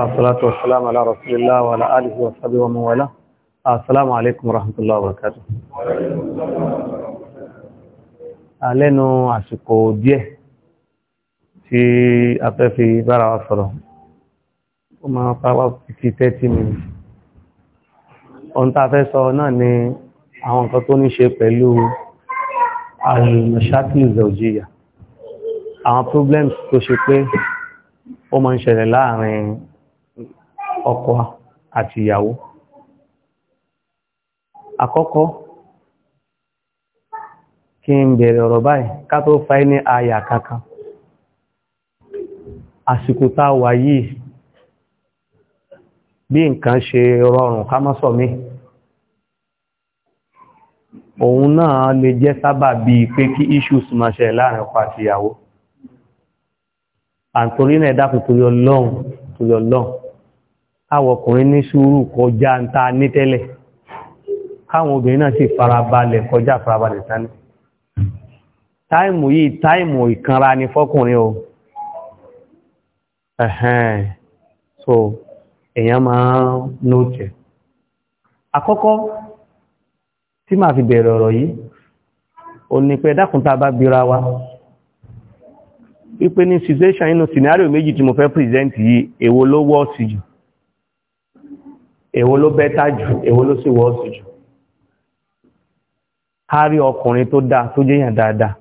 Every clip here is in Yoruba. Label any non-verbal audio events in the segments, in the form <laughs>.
الصلاة والسلام على رسول الله وعلى آله وصحبه ومن والاه السلام عليكم ورحمة الله وبركاته alẹ́nu àsìkò díẹ̀ tí a fẹ́ fi bára wa sọ̀rọ̀ ó máa pàwà fi tẹ́tí mi ohun tá a fẹ́ sọ náà ni àwọn nǹkan tó ní ṣe pẹ̀lú al-mashaakil zawjiyya àwọn problems tó ṣe pé ó máa ń ṣẹlẹ̀ láàrin ọkọ àti ìyàwó àkọ́kọ́ kí n bẹ̀rẹ̀ ọ̀rọ̀ báyìí ká tó fa ní àyà kankan àsìkò tá wà yìí bí nǹkan ṣe rọrùn ká má sọ mí òun náà lè jẹ́ sábà bíi pé kí issues ma ṣe láàrin ọkọ àti ìyàwó náà káwọkùnrin ní sùúrù kọjá ń ta ní tẹ́lẹ̀ káwọn obìnrin náà sì farabalẹ̀ kọjá farabalẹ̀ sani táìmù yìí táìmù ìkanra ni fọ́kùnrin o ẹ̀hẹ́n so èèyàn máa ń nóòtẹ̀ àkọ́kọ́ tí màá fi bẹ̀rẹ̀ ọ̀rọ̀ yìí ò ní pé dákun bá bira wa wípé ní situation inú scenario méjì tí mo fẹ́ present yìí èwo ló wọ́ sí jù èwo ló bẹ́tà jù èwo ló sì wọ́ọ̀sì jù a rí ọkùnrin tó dáa tó jẹ́yàn dáadáa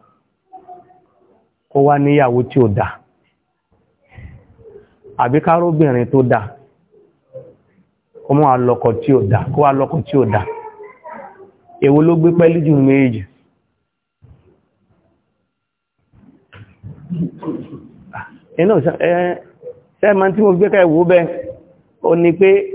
kó wá níyàwó tí ó dáa àbí káróbìnrin tó dáa kó mọ́ alọ́kọ̀ tí ò dáa kó wá tí ó dáa èwo ló gbé pẹ́lú jù méjì inú ṣe ẹ ṣe máa tí mo gbé ká ẹ̀wò bẹ́ẹ̀ ó ní pé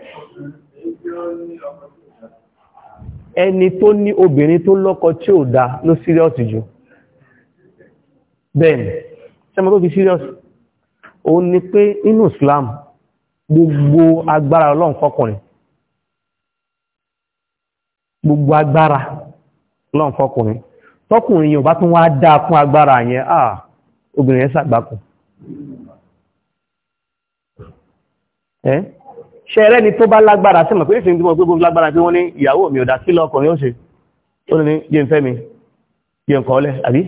ẹni tó ní obìnrin tó lọ́kọ tí ò dá ló síríọ́sì jù bẹ́ẹ̀ni sẹ́mọ́ tó fi síríọ́sì ó ní pé inú Islam gbogbo agbára ọlọ́run fọ́kùnrin gbogbo agbára ọlọ́run fọ́kùnrin tọ́kùnrin yóò bá tún wá dáa fún agbára yẹn ah obìnrin yẹn ṣàgbákùn ẹ́ eh? ṣẹ̀rẹ́ ni tó bá lágbára sí mọ̀pé ìsìn tí wọ́n gbogbo lágbára tí wọ́n ní ìyàwó mi ọ̀dá sí lọ́kùnrin ó ṣe ó ní jẹ́ mi jẹ́ àbí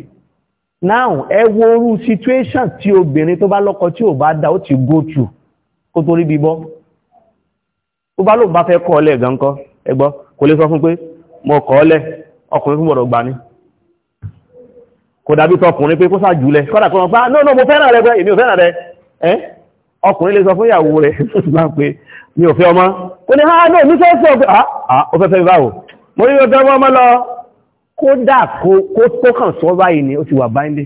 now ẹ wo orú situation tí obìnrin tó bá lọ́kọ tí ò bá dá ó ti go through kó tó rí bíbọ́ tó bá lóun bá fẹ́ kọ́ọ́lẹ̀ gan kọ́ kò lè sọ fún pé mo kọ́ọ́lẹ̀ ọkùnrin fún gbọ́dọ̀ gbà ni kò dàbí tọkùnrin pé kó sàjúlẹ̀ kọ́dà kọ́ lọ ah, no no mo fẹ́ràn rẹ pé èmi ò fẹ́ràn rẹ ọkùnrin lè sọ fún ìyàwó rẹ̀ tó <laughs> ti bá ń pé ní òfẹ́ ah, ọmọ kò ah, ní ah, ààrẹ ní sẹ́ẹ̀sẹ̀ ọ̀fẹ́ ọ̀fẹ́fẹ́ ìbáwò mo rí ọjọ́ ọmọ lọ kódà kó tó kàn sọ báyìí ni ó ti wà báyìí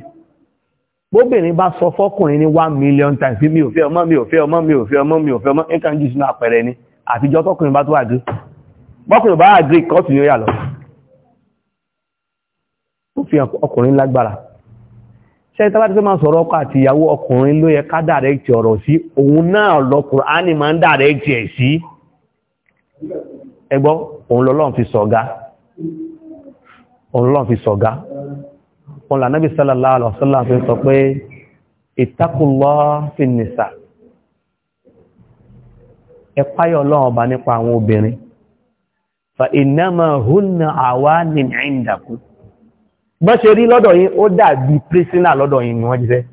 bóbìnrin bá sọ fọ́kùnrin ní one million times mi ò fẹ́ ọmọ mi ò fẹ́ ọmọ mi ò fẹ́ ọmọ mi ò fẹ́ ọmọ nǹkan jù sínú àpẹẹrẹ ni àtijọ́ tọkùnrin bá tó àgé bọ́kùnrin bá àgé kọ́ọ̀tù sẹ́ta bá ti fẹ́ máa sọ̀rọ̀ ọkọ àti ìyàwó ọkùnrin ló yẹ ká dàrẹ́kì ọ̀rọ̀ sí òun náà lọ ní máa ń dàrẹ́kì ẹ̀ sí ẹgbọ́ òun lọ́lọ́n fi sọ̀gá òun lọ́lọ́n fi sọ̀gá wọn lànàbí sallallahu fi sọ pé ẹ páyọ̀ Ọlọ́run ọba nípa bọ́n ṣe rí lọ́dọ̀ yín ó dàbí prisoner lọ́dọ̀ yín ni wọ́n jíṣẹ́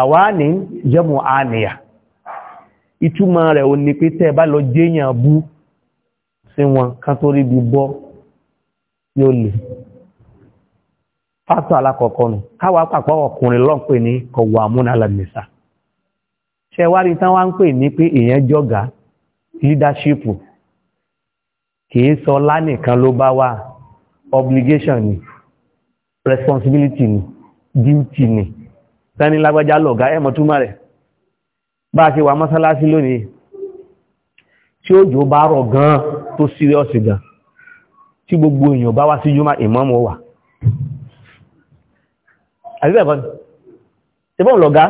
àwa ní jẹ́mù àníyà ìtumọ̀ rẹ̀ ò ní pé tẹ́ bá lọ jẹ́yàn bú sí wọn kan tó rí bí bọ́ yóò lè fátọ̀ alákọ̀ọ́kọ́ nù káwà pàpọ̀ ọkùnrin lọ́n pè ní kọ̀wọ̀ àmúnalàmìsà ṣe wá rí tán wá ń pè ní pé èèyàn jọ̀gá leadership kìí sọ lánìkan ló bá wà obligation ni responsibility ni duty ni tani lágbájá lọ̀gá ẹ̀mọ̀ túmọ̀ rẹ̀ bá a ṣe wà mọ́sálásí lónìí tí òjò bá rọ̀ gan tó serious gan tí gbogbo èèyàn bá wá sí yúmá ìmọ̀mọ̀ wà àbíbẹ̀kọ́ ìbọn lọ̀gá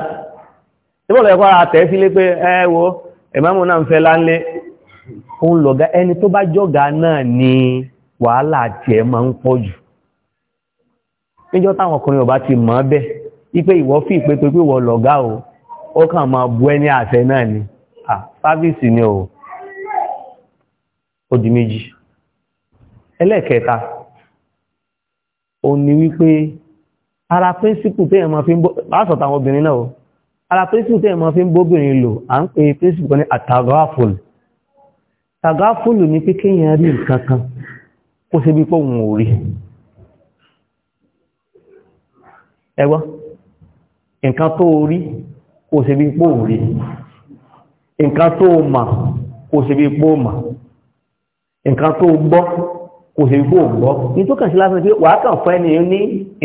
ìbọn lọ̀gá ara tẹ̀ sílé pé ẹwọ ìmọ̀mọ̀ náà ń fẹ́ láńlé òun lọ̀gá ẹni tó bá jọ́gá náà ni wàhálà tiẹ̀ máa ń pọ̀ jù níjọ́ táwọn ọkùnrin ọba ti mọ̀ ọ́ bẹ́ẹ̀ wípé ìwọ fi ìpè pé pé ìwọ lọ̀gá o ó kàn máa bu ẹni àṣẹ náà ni sáfíìsì ni o ó di méjì ẹlẹ́ẹ̀kẹta ó ní wípé ara píríncípù tẹ́yẹ̀ máa fi ń bó lásọ̀tà àwọn obìnrin náà o ara píríncípù tẹ́yẹ̀ máa fi ń bóbìnrin lò à ń pè píríncípù kan ní àtàgáfòlù tàgáfòlù ni pé kéèyàn rí nǹkan kan kó ṣe bí pé òun ò rí ẹgbọ́ nǹkan tó rí kó ṣe bí pé òun rí nǹkan tó mà kó ṣe bí pé ó mà nǹkan tó gbọ́ kò sí gbò gbọ́ ní tó kàn sí lásán pé wà á kàn fún ẹni ní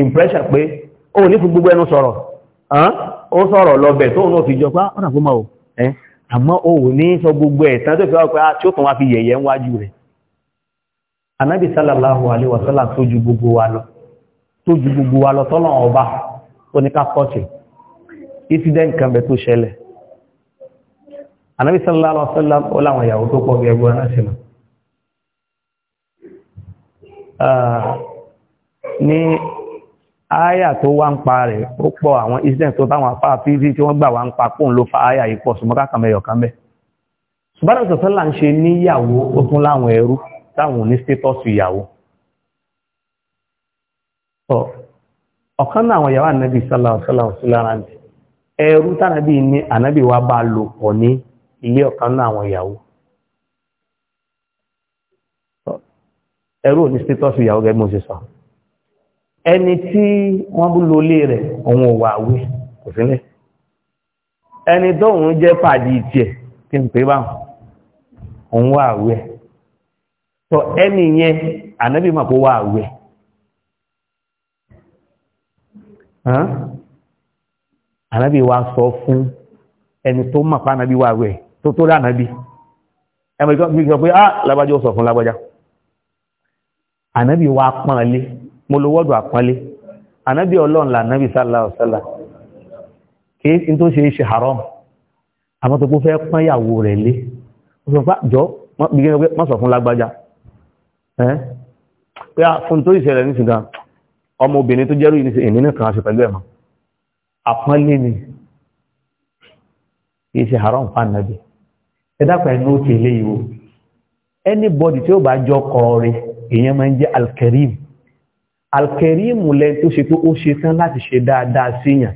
impression pé ó ní fún gbogbo ẹnu sọ̀rọ̀ ó sọ̀rọ̀ lọ́bẹ̀ tó náà fi jọ pá ọ̀nà fún ma ò àmọ́ ó ní sọ gbogbo ẹ̀ tán tó fi wá pé ah, tí ó tàn wá fi yẹ̀yẹ́ wájú rẹ̀ anábì sallallahu alaihi wasallam tó ju gbogbo wa lọ tó ju gbogbo wa lọ tọ́lọ̀ ọba oníkàkọ́tì incident kan bẹ tó ṣẹlẹ̀ anábì sallallahu alaihi wasallam ó láwọn ìyàwó tó pọ̀ bí ẹgbẹ́ náà sílọ ní áyà tó wá ń pa rẹ̀ ó pọ̀ àwọn incident tó táwọn afá fíìsì tí wọ́n gbà wá ń pa pòun ló fa áyà yìí pọ̀ ṣùgbọ́n kákàmẹ́yọ̀ kan bẹ́ẹ̀ ṣùgbọ́n àtọ̀sọ́lá ń ṣe níyàwó ó tún láwọn ẹrú táwọn ò ní stétọ́sù ìyàwó ọ̀kan náà àwọn ìyàwó ànábì sálàọ̀sálàọ̀sálàrán ẹrú tánàbí ní ànábì wa bá lò pọ̀ ní ilé ọ̀kan náà àwọn ìyàwó ẹrú ò ní stétọ́sù ìyàwó gẹ́gẹ́ mo ṣe sọ ẹni tí wọ́n so ẹni yẹn ànábì mà kó wá àwẹ̀ ànábì wa sọ fún ẹni tó mà pa ànábì wá àwẹ̀ tó tó rá ànábì ẹmọ ìgbà pé ah lábájá ó sọ fún lábájá ànábì wa pọ́nlé mo lo ànábì ọlọ́run ànábì sallallahu alaihi ah, sọ fún lágbájá pé fún tó ìṣẹ̀lẹ̀ ní ṣùgbọ́n ọmọ obìnrin tó jẹ́rú ìní nìkan ṣe pẹ̀lú ẹ̀mọ́ àpọ́nlé ni iṣẹ́ haram fánàbí ẹ̀dàpọ̀ ẹ̀nú ó tẹ̀lé ìwò anybody tí ó bá jọ kọ rẹ èèyàn máa ń jẹ́ alkerim alkerim lẹ tó ṣe pé ó ṣe tán láti ṣe dáadáa síyàn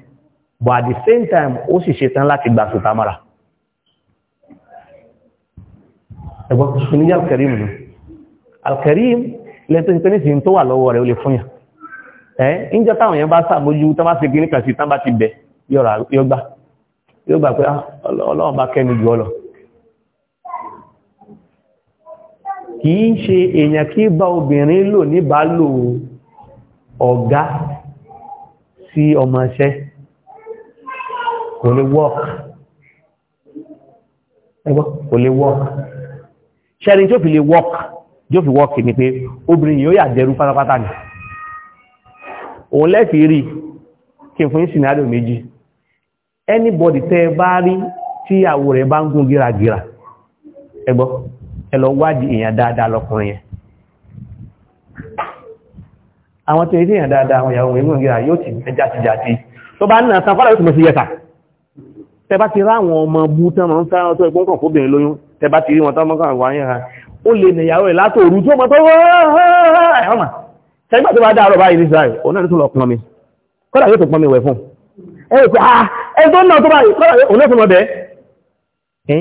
but at the same time ó sì ṣe tán láti gbà alkarim lẹ́tọ́ ti pẹ́lẹ́sì tó wà lọ́wọ́ rẹ̀ ó lè fúnyà ẹ́ ìjọ táwọn yẹn bá sàmójú tán bá fi kí níkàsí tán bá ti bẹ̀ yọgbà yọgbà pé ah, ọlọ́run bá kẹ́mi jù ọlọ kì í ṣe èèyàn kí bá obìnrin lò ní bálò ọ̀gá sí ọmọṣẹ́ kò lè wọ́ọ̀kì ṣẹ́rin tó fi lè wọ́ọ̀kì yóò fi wọ́ọ̀kì ni pé obìnrin yóò yà dẹrú pátápátá ni òun lẹ́fì rí kí fún scenario méjì anybody tẹ́ bá rí tí àwò rẹ̀ bá ń gún gíragíra ẹgbọ́ ẹlọ wádìí èèyàn dáadáa lọkùnrin yẹn àwọn tí èèyàn dáadáa àwọn ìyàwó ìgbìmọ̀ gíra yóò ti jẹ́ jàtijàti tó bá nà tán fọ́lá yóò ti mọ̀ sí yẹta tẹ bá ti ráwọn ọmọ bú tán mọ̀ ń fẹ́ ọtọ́ ìpọ́nkàn fóbìnrin lóyún tẹ bá ti rí wọn tán mọ́kàn wáyé ha ó lè nìyàwó ẹ̀ látòrú tí ó mọ́ tó ọmọ ṣẹgbà tó bá dáàrọ̀ báyìí nísìláì ọ̀nà tó lọ pọnmi kọ́dà yóò tó pọnmi wẹ̀ fún ẹ̀ẹ́dọ́ ah, náà tó báyìí kọ́dà yóò tó mọ́ bẹ́ẹ̀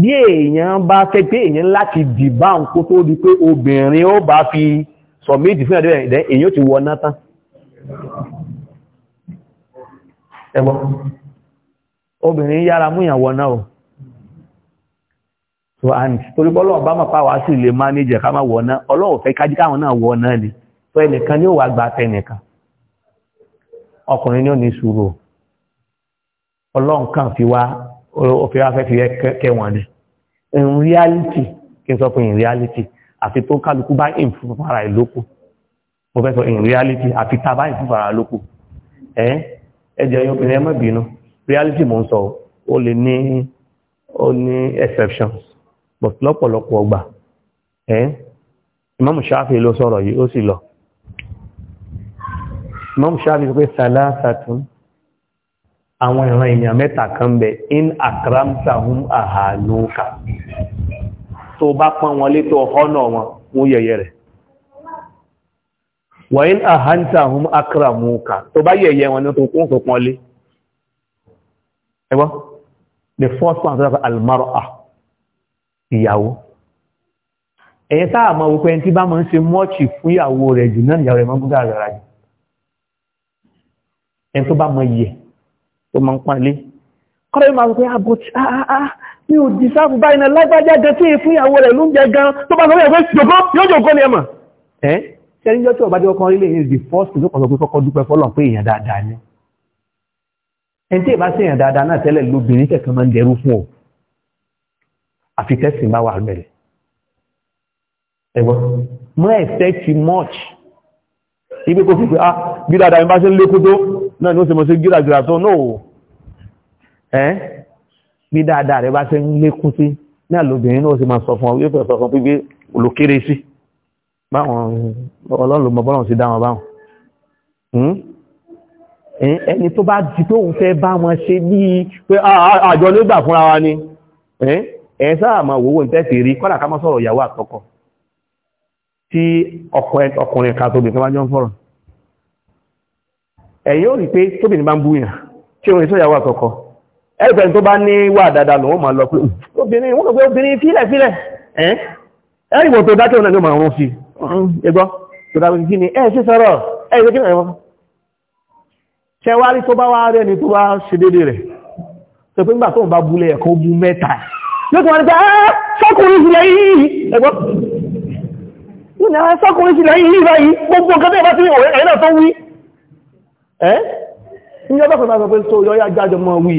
bí èèyàn bá fẹ́ pé èèyàn láti dìbà ń kó tó di pé obìnrin ó bá fi sọ̀mídì fún ẹ̀dẹ́ ẹ̀dẹ́ èèyàn ti wọ náà tán ẹgbọ́n obìnrin yára múyàn wọ náà so and torí bọ́ lọ́wọ́ bá mọ̀ pàwà sí lè mánéjẹ̀ ká máa wọ̀ná ọlọ́wọ́ fẹ́ kájí káwọn náà wọ̀ná ni tó ẹnìkan ni ó wà gba tẹnìkan ọkùnrin ni ó ní sùúrù ọlọ́nkan fi wá òfin afẹ́ fi kẹwọn ni in reality kí n sọ pé in reality àfi tó kálukú bá in fún ara ẹ̀ mo fẹ́ sọ in reality àfi tá bá in fún ara lóko ẹ ẹ jẹ́ yóò fi ní ẹ má reality mo ń sọ ó lè ní ó ní exceptions but lọ́pọ̀lọpọ̀ ọgbà ẹ́ imamu ṣáfi ló sọ̀rọ̀ yìí ó sì lọ imamu ṣáfi pé salasatun àwọn ìran èèyàn mẹ́ta kan bẹ in akramtahum ahanuka tó bá pọ́n wọn lé tó ọ̀nà wọn mú yẹyẹ rẹ̀ wa in ahantahum akramuka tó bá yẹyẹ wọn ní tó kún the first one is al-mar'ah ìyàwó ẹ̀yẹ sáà mọ̀ wípé ẹni tí bá máa ń ṣe mọ́ọ̀chì fún ìyàwó rẹ̀ jù náà ìyàwó rẹ̀ máa ń gúdà rárá jù ẹni tó bá mọ iyẹ̀ tó máa ń pánlé kọ́rẹ́ máa wípé àbòtí ah, àà ah, ah, mi ò dì sáàfù báyìí náà lágbájá gan tí èèfún ìyàwó rẹ̀ ló ń jẹ gan tó bá sọ́rọ̀ ẹ̀fẹ́ jòkó yóò jòkó ni ẹ̀mà ẹ́ ṣẹ́ni jọ́ tí ọba jẹ́ ọkọ̀ orílẹ̀ èdè the first thing tó kọ̀ sọ pé kọ́kọ́ dúpẹ́ fọ́lọ̀ pé èèyàn dáadáa ni ẹni tí ìbá sí èèyàn dáadáa náà tẹ́lẹ̀ lóbìnrin kẹ̀kẹ́ máa ń dẹrú fún ọ àfi tẹ́sìn bá wà bẹ̀rẹ̀ ẹ̀gbọ́n mọ́ ẹ̀fẹ́ ti much ibi kò fi pé ah bí dáadáa bá ṣe ń lékún tó náà ni ó sì mọ́ sí gíràgírà tó náà ẹ́ bí dáadáa rẹ̀ bá ṣe ń lékún sí náà lóbìnrin náà ó sì máa sọ fún ọ yóò fẹ́ sọ fún pípé olókéré sí báwọn ọlọ́run mọ bọ́lọ̀ sí dá wọn báwọn hmm? ẹni tó bá di tóun fẹ́ bá wọn ṣe bíi pé ah, ah, àjọ nígbà fúnra wa ni ẹ̀ sáà máa wòwò ìtẹ́sì rí kọ́lá ká máa sọ̀rọ̀ ìyàwó àtọkọ tí ọkùnrin ká tóbi tó bá jọ ń sọ̀rọ̀ ẹ̀yìn ò rí pé tóbi ní bá ń búyàn tí òun ìsọ̀yàwó àtọkọ ẹ̀fẹ̀n tó bá ní wà dáadáa lòun máa lọ pé obìnrin wọ́n pé obìnrin fílẹ̀ fílẹ̀ ẹ̀ ẹ̀rìnwò tó dákẹ́ ọ̀nà ni ó máa rún sí ẹgbọ́ tó dákẹ́ kí ni ẹ̀ yóò tún wọ́n gbá ah, sọ́kùnrin sílẹ̀ yìí ẹ̀gbọ́n yóò ah, sọ́kùnrin sílẹ̀ yìí báyìí gbogbo nǹkan bá ti ọ̀rẹ́ tó wí ẹ́ ní ọjọ́ kan sọ pé tó yọ́ jájọ mọ́ wí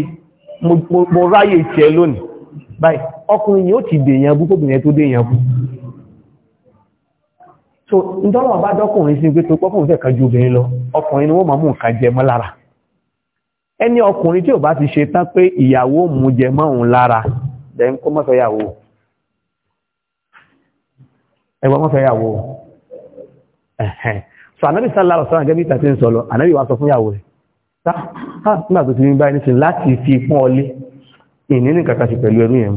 mo ráyè ìtẹ́ lónìí báyìí ọkùnrin yóò ti dèèyàn ẹni ọkùnrin tí ò bá ti ṣe tán then kó mọ́ fẹ́yàwó ẹwọ́ mọ́ fẹ́yàwó ẹ̀hẹ́ so anábì sálà ọ̀sán àgẹ́bí ìtàtí ń sọ̀lọ anábì wá sọ fún yàwó rẹ̀ tá nígbà tó ti ní báyìí nísìn láti fi pọ́n ọlé ìní ní kàkà sí pẹ̀lú ẹrú yẹn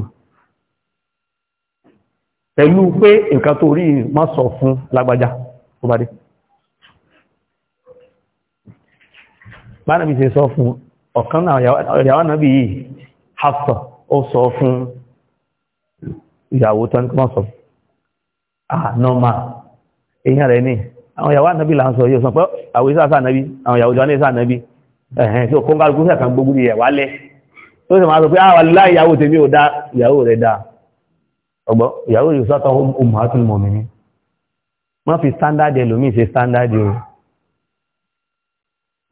pẹ̀lú pé nǹkan tó rí má sọ fún lágbájá ó bá dé bá nàbì ṣe sọ fún ọ̀kan náà yàwó nàbì yìí hafsah ó sọ fún ìyàwó tán kí wọ́n sọ ànọ́mà èèyàn rẹ̀ ní àwọn ìyàwó ànábì là ń sọ yóò sọ pé àwọn ìsá sànábì àwọn ìyàwó ìjọ náà sànábì ẹ̀hẹ́n tí ó kó ń kálukú sẹ̀kan gbogbo ìyẹ̀ wálẹ̀ tó sì máa sọ pé àwọn ah, aláì ìyàwó tèmi ò dá ìyàwó rẹ̀ dá ọgbọ́ ìyàwó rẹ̀ sọ́tọ̀ ohun àtúnú mọ̀mí ni wọ́n fi standard ẹlòmíì o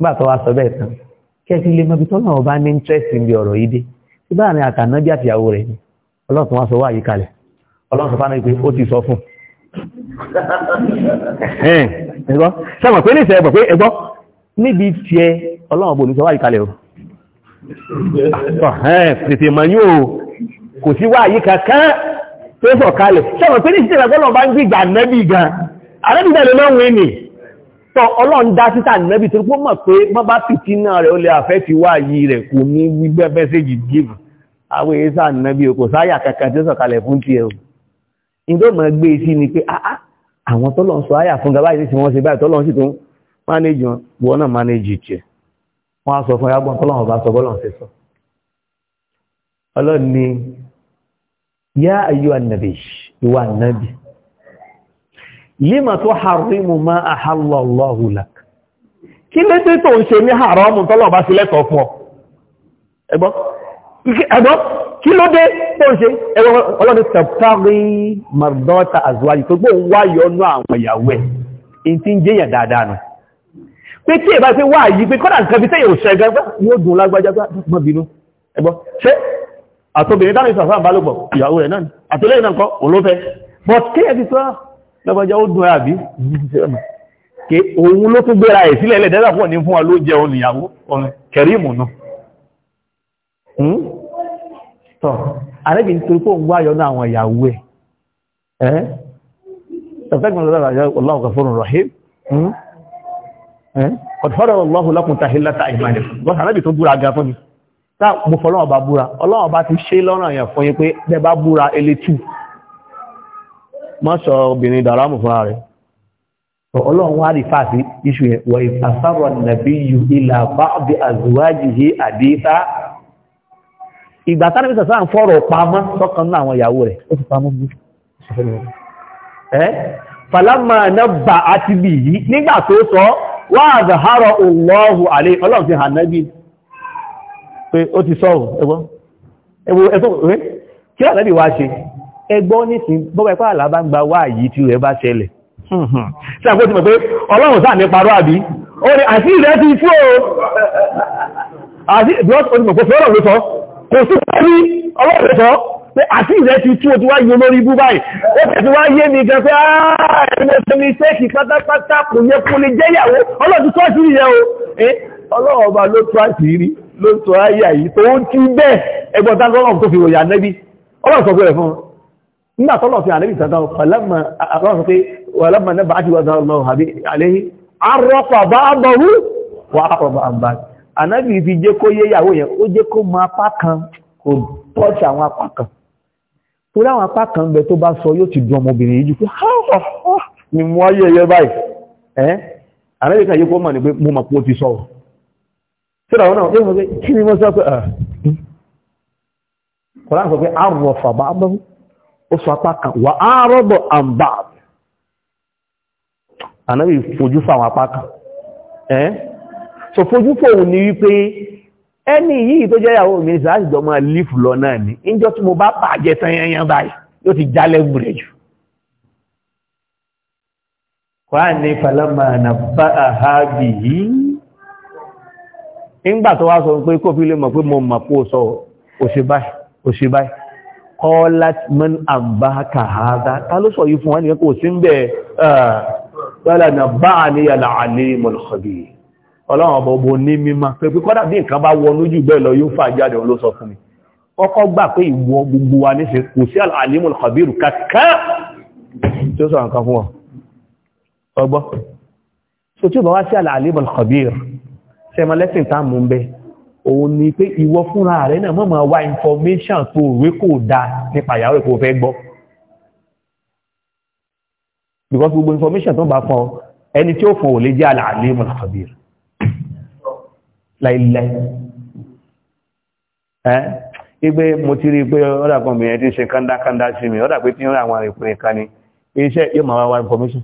nígbà tó wá sọ bẹ́ẹ̀ tán kẹ́sì lè mọ ibi tó náà bá ní interest níbi ọ̀rọ̀ yìí láàrin àtànábí àtìyàwó rẹ̀ ni ọlọ́run wá sọ wá yìí kalẹ̀ ọlọ́run fánà pé ó ti sọ fún ẹgbọ́ sọ́mọ̀ pé ní ìṣẹ́gbọ̀ pé ẹgbọ́ níbi tí ẹ ọlọ́run tọ́ ọlọ́run dá títà nẹ́bí tó pọ́ mọ̀ pé mọ́ bá fìtí náà rẹ̀ ó lè àfẹ́ ti wá yìí rẹ̀ kò ní wígbẹ́ mẹ́sẹ́jì gíìmù àwọn èésà nẹ́bí kò sáyà kankan tí ó sọ̀kalẹ̀ fún ti ẹ̀ ìdó mọ̀ gbé e sí ni pé ah, ah, àwọn tọ́lọ́run sọ áyà fún gabáyé tí wọ́n ṣe báyìí tọ́lọ́run sì tún mánéjì wọn wọn náà mánéjì tiẹ̀ wọ́n á sọ fún yàgbọ́n tọ́lọ́run bá sọ bọ́lọ́run ṣe sọ ọlọ́run ni yá ayọ́ ànàbì ìwà ànàbì lima tó harimu ma ahallallahu lak kí lé tí tó ń ṣe ní haramu tọ́lọ̀ bá sí lẹ́tọ̀ọ́ fún ọ ẹgbọ́ kí ló dé tó ń ṣe ẹgbọ́ ọlọ́dún tẹ̀párí mardọ́ta azuwájú tó gbóhùn wáyọ̀ ní àwọn ìyàwó ẹ̀ in ti ń jẹ́yàn dáadáa nù pé tí ẹ̀bá pé wà yí pé kọ́nà nǹkan fi tẹ́yẹ̀ òṣẹ́ gẹ́gbẹ́ yóò lọ́gbọ́jọ́ ó dùn àbí ke òun ló tún gbéra ẹ̀ sílẹ̀ lẹ́dẹ́dà pọ̀ ní fún wa ló jẹ olùyàwó ọ̀rìn kẹrìmù náà hmm? tọ́ arẹ́bìn tó kó ń wáyọ náà àwọn ìyàwó ẹ̀ ẹ̀fẹ́gbọ̀n lọ́dọ̀ hmm? ọlọ́run ọba ti ṣe lọ́rọ̀ èèyàn fún yín pé bẹ́ẹ̀ bá búra elétù má sọ obìnrin dàrámù fúnra rẹ̀ ọlọ́run wá rí fàásí iṣu ẹ̀ wọ ìfàsárọ̀ nàbí yù ilà bá bí àzúwájì yí àdíta ìgbà tánà bí sàtàn fọ́rọ̀ pamọ́ sọ́kan náà àwọn ìyàwó rẹ̀ ó ti pamọ́ falama náà bá a ti bì yí nígbà tó sọ wà àzàhárọ̀ olóòhù àlè ọlọ́run ti hàn nábì pé ó ti ẹgbọ́ nísìn bọ́bá ipá àlàbá ń gba wáàyí tí rẹ̀ bá ṣẹlẹ̀ tí a kó ti mọ̀ pé ọlọ́run sáà ní parọ́ àbí ó ní àti rẹ̀ ti fú o àti ìdíwọ́n kò fẹ́ràn ló sọ kò sí pẹ́rí ọlọ́run ló sọ pé àti rẹ̀ ti tú o ti wá yí olórí ibú báyìí ó ti wá yé mi gan pé ah, ààrẹ ọlọ́run sọ pé rẹ̀ fún nígbà tọ́lọ̀ fi ànábì tàtà ọ̀pọ̀lọ́mà náà àti wàzà ọlọ́run àbí àléhì arọ́pọ̀ bá bọ̀rú wà ápọ̀bà àbá ànábì fi jẹ́ kó yé yàwó yẹn ó jẹ́ kó mọ apá kan kò tọ́ọ̀tì àwọn apá kan tó láwọn apá kan bẹ tó bá sọ yóò ti dùn ọmọbìnrin yìí jù pé ni mo ayé ẹyẹ ó sọ apá kan wà á rọ́bọ̀ àmbà ànábì fojú fáwọn apá kan ẹ́ so fojú fóun ní wípé ẹni yìí tó jẹ́ ìyàwó mi sáà ìjọ lífù lọ náà ni níjọ́ tí mo bá bàjẹ́ tán yanyan báyìí yóò ti já lẹ́gbù jù wà ní falama na bá àhábì yìí nígbà mo mọ̀ pé ó sọ òṣèbáyìí kọ́lát mọ́n àbáhàkà hádá ta ló sọ yìí fún wọn ni kò sí ń bẹ̀ ẹ̀ẹ́lá na bá ní àlàálé mọ̀lọ̀kọ̀bí ọlọ́run ọba ọbọ̀ ní mímá pẹ̀pẹ̀ kọ́dà bí nǹkan bá wọnú jù bẹ́ẹ̀ lọ yóò fà jáde ló sọ fún mi kọ́kọ́ gbà pé ìwọ gbogbo wa ní kò sí òun ni pé ìwọ fúnra rẹ̀ náà mọ́ wá information tó rí kò dá nípa ìyàwó rẹ̀ kò fẹ́ gbọ́ because gbogbo information tó bá fún ọ ẹni tí ó fún ò lè jẹ́ àlàálé mọ̀láfàbí rẹ̀ láìláì ẹ́ igbe mo ti rí pé ọ̀dà kan mìíràn ti ṣe kándákándá sí mi ọ̀dà pé tí ó àwọn ìpínlẹ̀ kan ni iṣẹ́ yóò máa wá information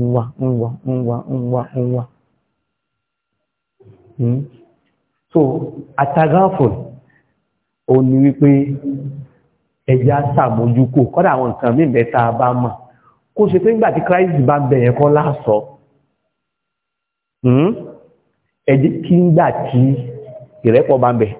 ń wá ń wá ń wá ń wá ń wá hmm? so atagáfòn ó ní wípé ẹja sàmójúkò kọ́dà àwọn nǹkan mí mẹ́ta bá mọ̀ kó ṣe pé nígbàtí christ bá bẹ̀yẹn kọ́ lásọ hmm? ẹjẹ́ kí nígbàtí ìrẹ́pọ̀ bá bẹ̀yẹn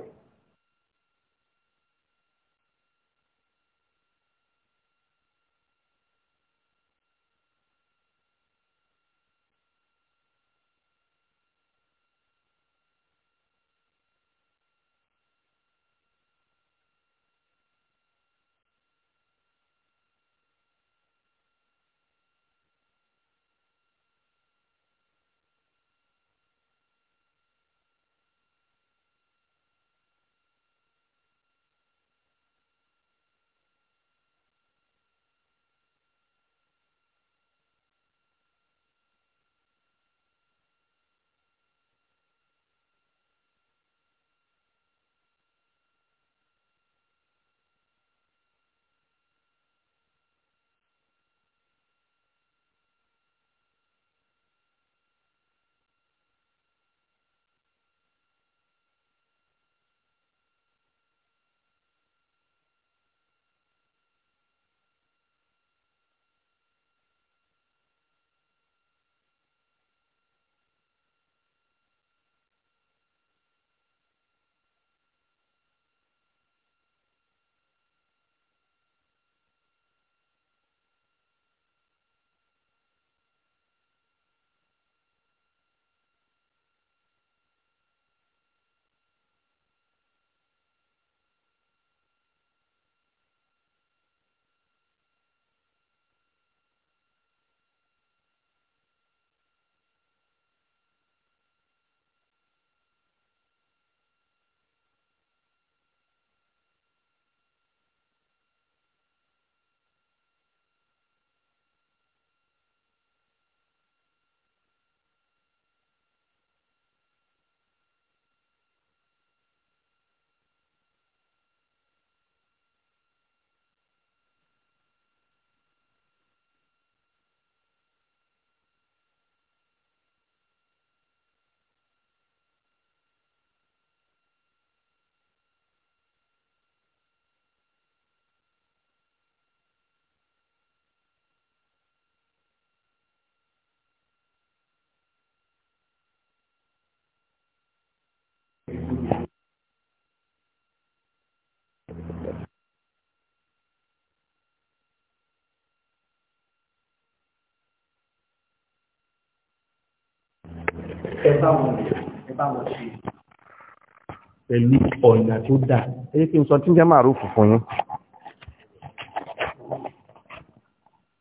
pẹ̀lú ọ̀nà tó dáa èyí kí n sọ tí ń jẹ́ màrúfù fún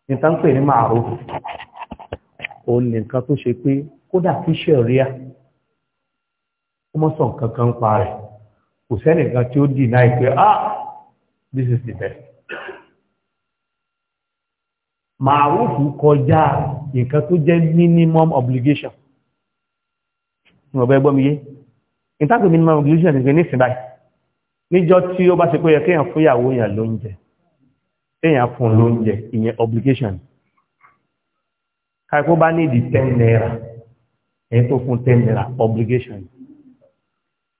yín nǹkan pè ní màrúfù òun nìkan tó ṣe pé kódà kí ṣẹ̀ríà ó mọ́ sọ nǹkan kan pa rẹ̀ kò sẹ́nìkan tí ó dì náà pé ah this is the best màrúfù kọjá nǹkan tó jẹ́ minimum obligation ní ọ̀bẹ́ gbọ́mi yé ìtàkì minimum religion ti fi ní ìsìn báyìí níjọ́ tí ó bá ṣe pé kéèyàn fún èèyàn lóúnjẹ èèyàn fún lóúnjẹ ìyẹn obligation káàkó bá ní ìdí ten naira èyí tó fún ten naira obligation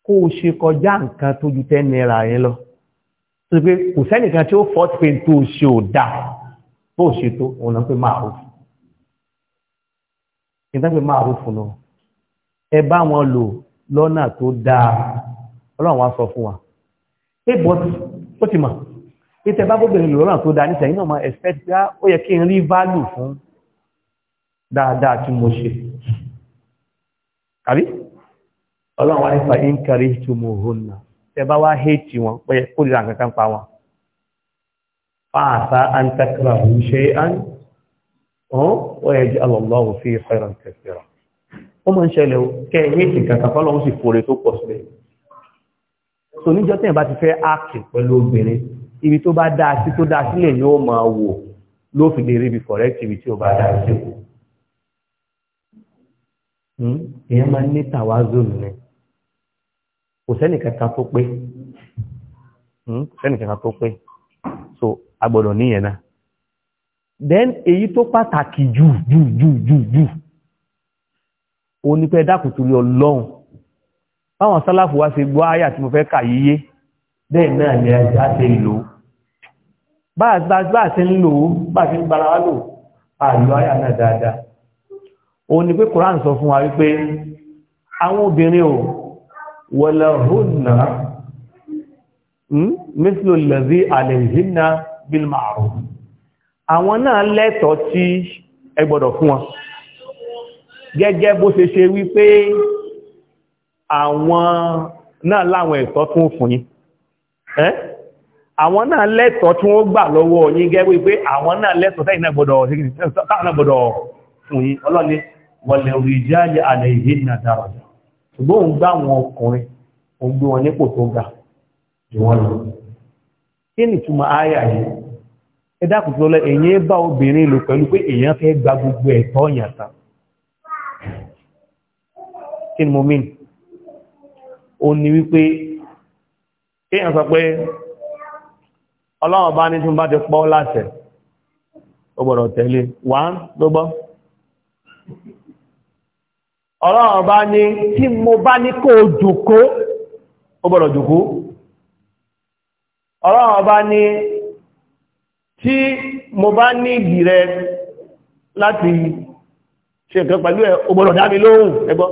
kó o ṣe kọjá nǹkan tó ju ten naira yẹn lọ tó pé kò sẹ́nìkan tí ó fọ́ọ̀tì pé tó ṣe ò dáa tó ṣe tó òun náà pé máa rò fún ìtàkì máa rò fún náà. ẹ bá wọn lò lọ́nà tó dáa ọlọ́run wá sọ fún wa ẹ bọ́ ó ti mọ̀ ìtẹ̀ bá bóbìnrin lò lọ́nà tó dáa náà máa expect pé ah, ó yẹ kí n rí value fún dáadáa tí mo ṣe àbí ọlọ́run wá nípa inkari tó mo hòn náà tẹ bá wá hate wọn ó yẹ kó lè pa wọn antakra ṣe án ó yẹ jẹ́ alọ́lọ́wọ́ fi ó mọ̀ ń ṣẹlẹ̀ o kẹ́ ẹ̀yẹ́ ìsìn kankan fọ́lọ́hún sì fòrè tó pọ̀ sílẹ̀ so níjọ́ tẹ̀yìn bá ti fẹ́ áàkì pẹ̀lú obìnrin ibi tó bá dáa sí tó dáa sílẹ̀ ni ó máa wò ló fi lè rí ibi correct ibi tí ó bá dáa sí o hmm? èèyàn máa ní tàwa zone ni kò sẹ́nì hmm? tó pé so a gbọ́dọ̀ níyẹn náà then èyí tó pàtàkì jù jù jù jù jù onípẹ́ dákùn torí ọlọ́run báwọn sálàfù wá ṣe gbọ́ àyà tí mo fẹ́ kà yíyé bẹ́ẹ̀ náà ni a ṣe lò bá ṣe ń lò bá ṣe ń gbára wá lò àlò àyà náà dáadáa òun ni pé Quran sọ fún wa wípé àwọn obìnrin ò walahunna hmm, mislu allazi alayhinna bil ma'ruf àwọn náà lẹ́tọ̀ọ́ tí ẹ fún wọn gẹ́gẹ́ bó ṣe ṣe wípé àwọn náà láwọn ẹ̀tọ́ tún fún yín ẹ́ àwọn náà lẹ́tọ̀ọ́ tí wọ́n gbà lọ́wọ́ yín gẹ́gẹ́ wípé àwọn náà lẹ́tọ̀ọ́ sẹ́yìn náà gbọ́dọ̀ fún yín ọlọ́ni wọlé orí jáde àlẹ́ ìdí nà dáradà ṣùgbọ́n òun gbá àwọn ọkùnrin òun gbé wọn nípò tó ga jù kí ni mo mean ó ní wípé kéèyàn sọ pé ọlọ́run bá ní tí mo bá ti pọ́ láṣẹ ó gbọ́dọ̀ tẹ̀lé wá gbogbo ọlọ́run bá ní tí mo bá ní kó jòkó ó gbọ́dọ̀ jòkó ọlọ́run bá ní tí mo bá ní ìdí láti ṣe nǹkan pẹ̀lú ẹ̀ ó gbọ́dọ̀ dá lóhùn ẹgbọ́n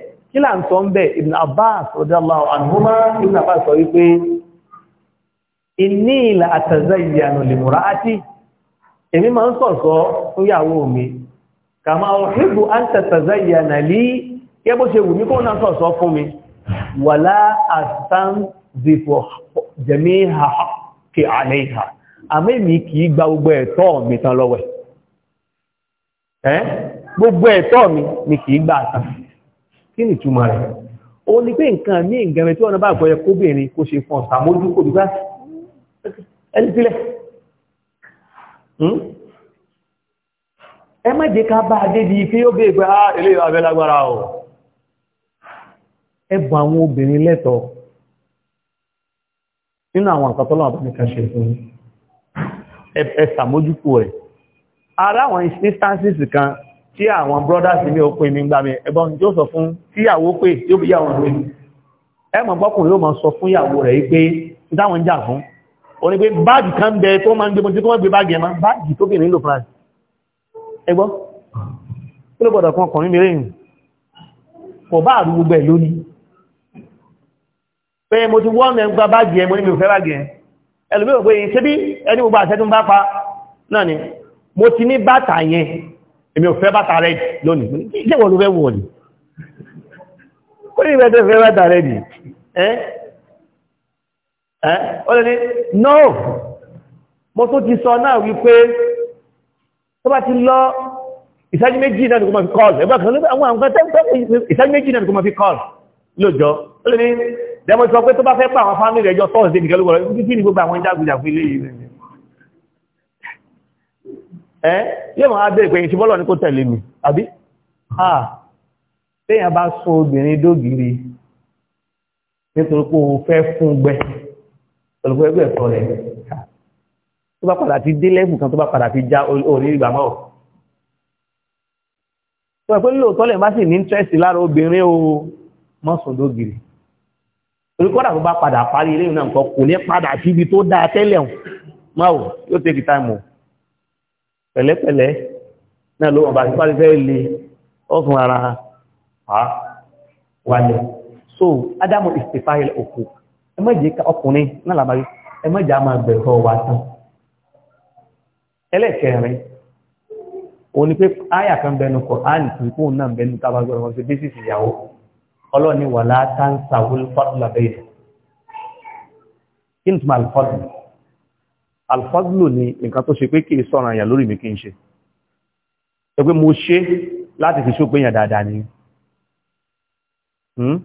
kí là ń sọ ń bẹ̀ ibn abbas radiyallahu anhuma ibn abbas sọ wípé inni la atazayyanu li mura'ati èmi máa ń sọ̀sọ́ fún yàwó mi kama uhibbu an tatazayyana li kẹ́ bó ṣe wù mí kó náà sọ̀sọ́ fún mi wala astanzifu jami'a haqqi 'alayha gbogbo ẹ̀tọ́ mi ni kì gbà tán kí ni ìtumọ̀ rẹ̀ ó ní pé nǹkan ní ìgbẹ̀rẹ̀ tí wọ́n bá gbọ́yẹ kóbìnrin kó ṣe fún ọ̀sàmójú kò dùgbà ẹni sílẹ̀ hmm? ẹ má jẹ́ ká bá adé di pé ó bèèrè pé á ah, ilé abẹ́lágbára ọ̀ ẹ bọ àwọn obìnrin lẹ́tọ̀ọ́ nínú àwọn àkàtọ́lọ́ àbáníkà ṣe fún ẹ ṣàmójúkú rẹ̀ ara àwọn instances kan tí àwọn brothers mi ó pè mí gbà mí ẹ̀bọ́n tí ó sọ fún tíyàwó pé tí ó bí yàwó pé ẹmọ̀ gbọ́kùnrin ó máa sọ fún ìyàwó rẹ̀ pé ìdáwọn ń jà fún o ní pé báàgì kan bẹ tó máa ń gbé mọ́tí tó wọ́n gbé báàgì ẹ̀mọ́ báàgì tó bìnrin lò france ẹgbọ́ tí ló gbọ́dọ̀ kan ọkùnrin mìíràn yìí kò bá àrú gbogbo ẹ̀ lónìí pé mo ti wọ́n mẹ́ gba báàgì ẹ̀ mo ní mi ò fẹ́ báàgì ẹ̀ ẹlòmíràn pé ṣé bí ẹni gbogbo àṣẹ tó ń bá pa náà ni èmi ò fẹ́ bàtà rẹ̀ lónìí ìjẹ́wọ̀ ló fẹ́ wọ̀ ní kó ní ìrẹ́tẹ́ fẹ́ bàtà rẹ̀ ní ẹ́ ó lè ní no mo tó ti sọ náà wípé tó bá ti lọ ìsájú méjì náà kò máa fi kọ́ọ̀lù ẹgbẹ́ kan àwọn àwọn ìsájú méjì náà kò máa fi kọ́ọ̀lù lóòjọ́ ó lè ní dẹ́mọ̀ sọ pé tó bá fẹ́ pa àwọn fámìlì ẹjọ́ tọ́ọ̀sì ẹ́ yóò máa bẹ́ ìpẹ̀yìn tí bọ́lọ̀ ní kó tẹ̀lé mi àbí àà téèyàn bá sún obìnrin dógiri nítorí pé o fẹ́ fún gbẹ olùkọ́ ẹgbẹ́ ẹ̀tọ́ rẹ̀ tó bá padà ti dé lẹ́fù kan tó bá padà ti já orí ìgbà náà tó ẹ̀pẹ́ lóòótọ́ lẹ̀ má sì ní íńtírẹ́sì lára obìnrin o mọ́ sùn dógiri olùkọ́ dà tó bá padà parí ilé ìrìnà nǹkan kò ní padà síbi tó dáa tẹ́lẹ̀ máa wò yóò tẹ́kì táìmù o pẹ̀lẹ́pẹ̀lẹ́ náà ló wọ̀n bá ti pàdé fẹ́ lè ọ̀fún ara wálẹ̀ so adamu istifahil òkú ẹ má jẹ́ ká ọkùnrin náà làbáyé ẹ má jẹ́ a máa gbẹ̀rọ wa tán ẹlẹ́kẹrin o ní pé áyà kan bẹnu kọ áàlì tó kó náà bẹnu tá a bá gbọ́dọ̀ wọn ṣe bí sísì ìyàwó ọlọ́ọ̀ni wàlá táǹsà wọlé fọ́tùlà bẹ́ẹ̀ kí ni túmọ̀ àlùfọ́tùlà alfazlu ni nǹkan tó ṣe pé kí sọ́ràn àyà lórí mi kí n ṣe ẹ pé mo ṣe láti fi ṣó pé yàn dáadáa ni hmm?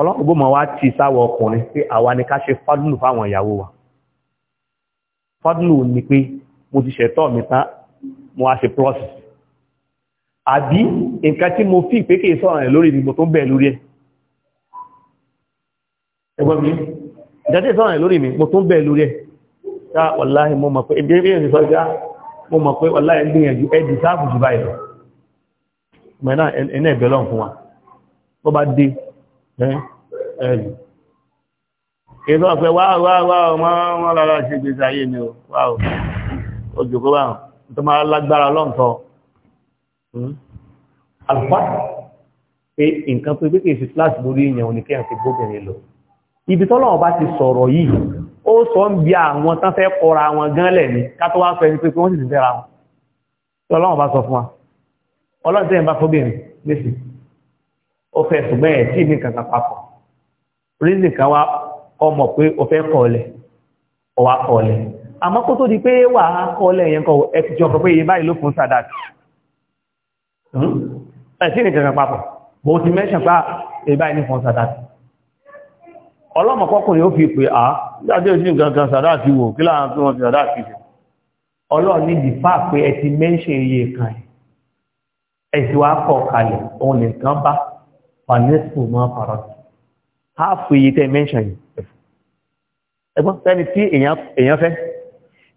ọlọ́run gbọ́mọ̀ wá ti sáwọ ọkùnrin pé àwa ni ká ṣe fádùlù fáwọn ìyàwó wa fádùlù ni pé mo ti ṣẹ̀tọ́ mi tán mo wá ṣe prọ́sì àbí nǹkan tí mo fi ìpé kìí sọ̀rọ̀ lórí ni mo tó ń bẹ̀ lórí ẹ̀ ẹgbọ́n mi nǹkan tí sọ̀rọ̀ lórí mi mo tó ń bẹ̀ lórí ẹ̀ tá wàláhì mo mọ̀ pé ebi ebi èsì sọ́jà mo mọ̀ pé wàláhì ń gbìyànjú ẹ di sáàbù jù báyìí lọ mẹ́nà ẹ̀nà ẹ̀bẹ̀ lọ́n fún wa ó bá dé ẹ̀rì èso ọ̀fẹ́ wá wá wá ọmọ wọn lára ṣe gbèsè ayé mi o wá o ó jòkó bá wọn tó máa lágbára lọ́ǹtọ́ hmm? àlùfáà pé nǹkan ibi tọ́lọ́wọ́n bá ti sọ̀rọ̀ yìí ó sọ ń bí àwọn tán fẹ́ kọra wọn gan lẹ̀ ní kátó wá fẹ́ ní pé wọ́n sì ti fẹ́ra wọn tí ọlọ́run bá sọ fún wa ọlọ́run tẹ́yìn bá fọ́bìnrin gbèsè ó fẹ́ ṣùgbọ́n ẹ̀ tí ìmí kankan papọ̀ rízìn kan wá ọmọ pé ó fẹ́ kọ̀ọ̀lẹ̀ ọwá kọ̀ọ̀lẹ̀ àmọ́ kó tó di pé wà á kọ̀ọ̀lẹ̀ yẹn kọ̀ ẹ ti jọ pé iye báyìí ló fún sadat ẹ̀ tí ìmí kankan papọ̀ bó ti mẹ́ṣàn pá ah, iye báyìí ní fún sadat ọlọ́mọkọ́kùnrin gbájẹ́ òsì nǹkan kan sàdáàkì wò kí láàrín tí wọ́n ti sàdáàkì ṣe ọlọ́run ní dìfà pé ẹ ti mẹ́ṣẹ̀ iye kan ẹ̀sì wá kọ̀ kalẹ̀ òun nìkan bá fanesco máa fara sí háàfù iye tẹ́ mẹ́ṣẹ̀ yìí ẹgbọ́n fẹ́ni tí èèyàn fẹ́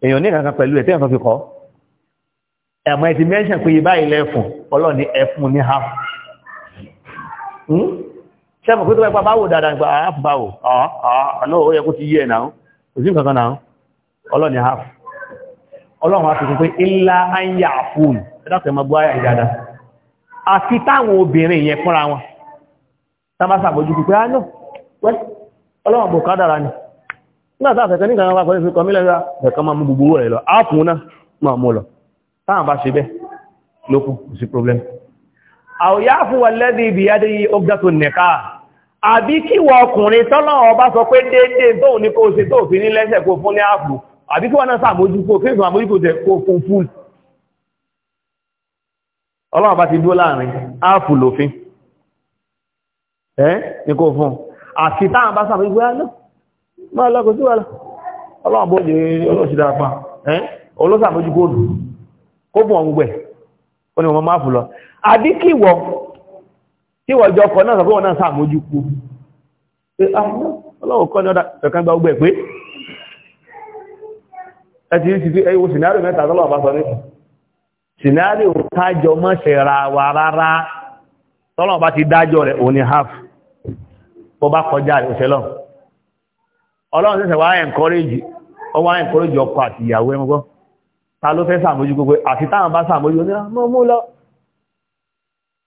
èèyàn ní kankan pẹ̀lú ẹ̀ tẹ́yàn kan fi kọ́ ẹ̀mọ́ sẹ́mù pé tó bá báwò dáadáa nípa ah, half báwò ọ̀nà ah, ah, ó yẹ kó ti yé ẹ̀ náà kò sí kankan náà ọlọ́ni half ọlọ́run àti pé ilá ayà fún ẹ̀dàkọ̀ ẹmọ gbáyà ìdádá àti táwọn obìnrin yẹn fúnra wọn tàbá sàbójú pípẹ́ ánà wẹ́ ọlọ́run bò kádàrà ni nígbàtà àfẹ́kẹ́ nígbàtà wà pẹ̀lú ìfikọ̀ mílẹ̀ ẹ̀kọ́ máa mú gbogbo rẹ̀ lọ áàfún náà problem àwòyá fún wà lẹ́dí ibi yá dé tó nẹ̀ká àbí kíwọ ọkùnrin tọ́lọ̀ ọba sọ pé déédéé tó ní kó ṣe tó fi ní lẹ́sẹ̀ kó fún ní ààbò àbí kí wọ́n náà sàmójúkó fíìsù àmójúkó tẹ kó fún fún ọlọ́wọ́ bá ti dúó láàrin áàpù lòfin ẹ́ ní kó fún àti táwọn bá sàmójúkó ah, ẹ́ náà lọ́kọ̀ sí wọ́n ọlọ́wọ́ bó jẹ́ olóṣìdára pa ẹ́ olóṣàmójúkó tí wọ́n jọ ọkọ̀ náà sọ pé wọ́n náà sàmójú kú ah, ọlọ́wọ́ kọ́ ní ọdá ẹ̀kan gba ogbẹ̀ pé ẹti ní ti ẹwọ scenario mẹ́ta tọ́lọ́wọ́ bá sọ ní scenario tájọ mọ́ ṣẹ̀ra wà rárá tọ́lọ́wọ́ bá ti dájọ́ rẹ̀ òní half bọ́ bá kọjá rẹ̀ òṣèlọ́ ọlọ́run encourage ọwá encourage ọkọ̀ àti ìyàwó ẹmọgbọ́ ta ló fẹ́ sàmójú gbogbo àti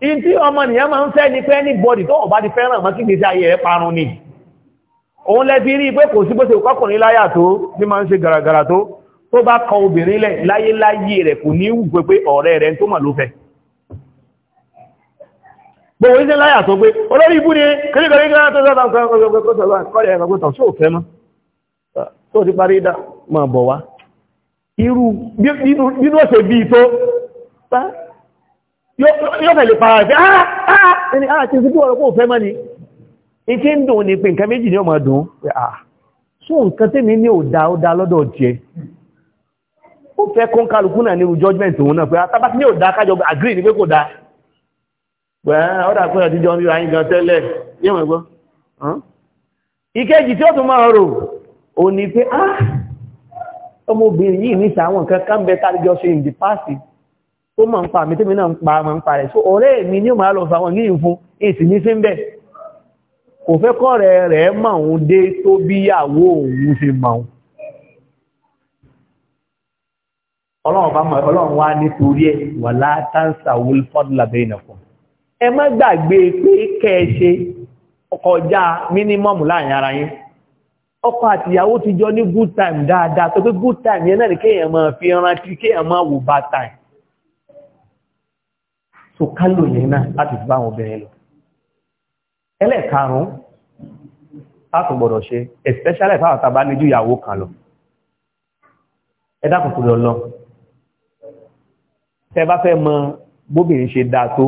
in tí ọmọ nìyàn máa ń fẹ́ ní pé anybody tó ọ̀bá ti fẹ́ràn mọ́ kí gbèsè ayé ẹ̀ parun ni òun lẹ́bí rí pé kò sí bó ṣe kọkùnrin láyà tó ní máa ń ṣe gàràgàrà tó tó bá kọ obìnrin lẹ̀ láyé láyé rẹ̀ kò ní wù pé ọ̀rẹ́ rẹ̀ tó mọ̀ ló fẹ́ gbogbo ìṣẹ́ láyà tó pé olórí ibú ni kíríkọ̀rí yóò fẹ́ lè fara tí ah, ah, ah, ìfẹ́ ọ̀rọ̀ kó fẹ́ mọ́ ni ìfẹ́ ń dùn ní pé nǹkan méjì ní ọmọ dùn pé àà ṣó nǹkan tí mi ní ò dá ó dá lọ́dọ̀ jẹ ó fẹ́ kó kálukú náà nírú judgment òun náà pé atábá ní ò dá kájọ agree ní pé kò dá ọ̀dà pé ah ó mọ̀ ń pa àmì tèmi náà ń pa mọ̀ ń pa rẹ̀ so ọ̀rẹ́ mi ní òmà lọ fàwọn ní ìfún èsì ní sí ń bẹ̀ kò fẹ́ kọ́ rẹ̀ rẹ̀ mọ̀ òun dé tó bí ìyàwó òun ṣe mọ̀ òun ọlọ́run bá àtìyàwó ti jọ ní good time dáadáa tó pé good time yẹn náà ní kéèyàn máa fi rántí kéèyàn máa wò bad time so kálò yẹn náà láti fi bá àwọn obìnrin lọ ẹlẹ́ẹ̀karùn-ún a kò ṣe especially fáwọn tàbá níjú ìyàwó kan lọ ẹ dákun tó lọ lọ tẹ bá fẹ́ mọ bóbìnrin ṣe dáa tó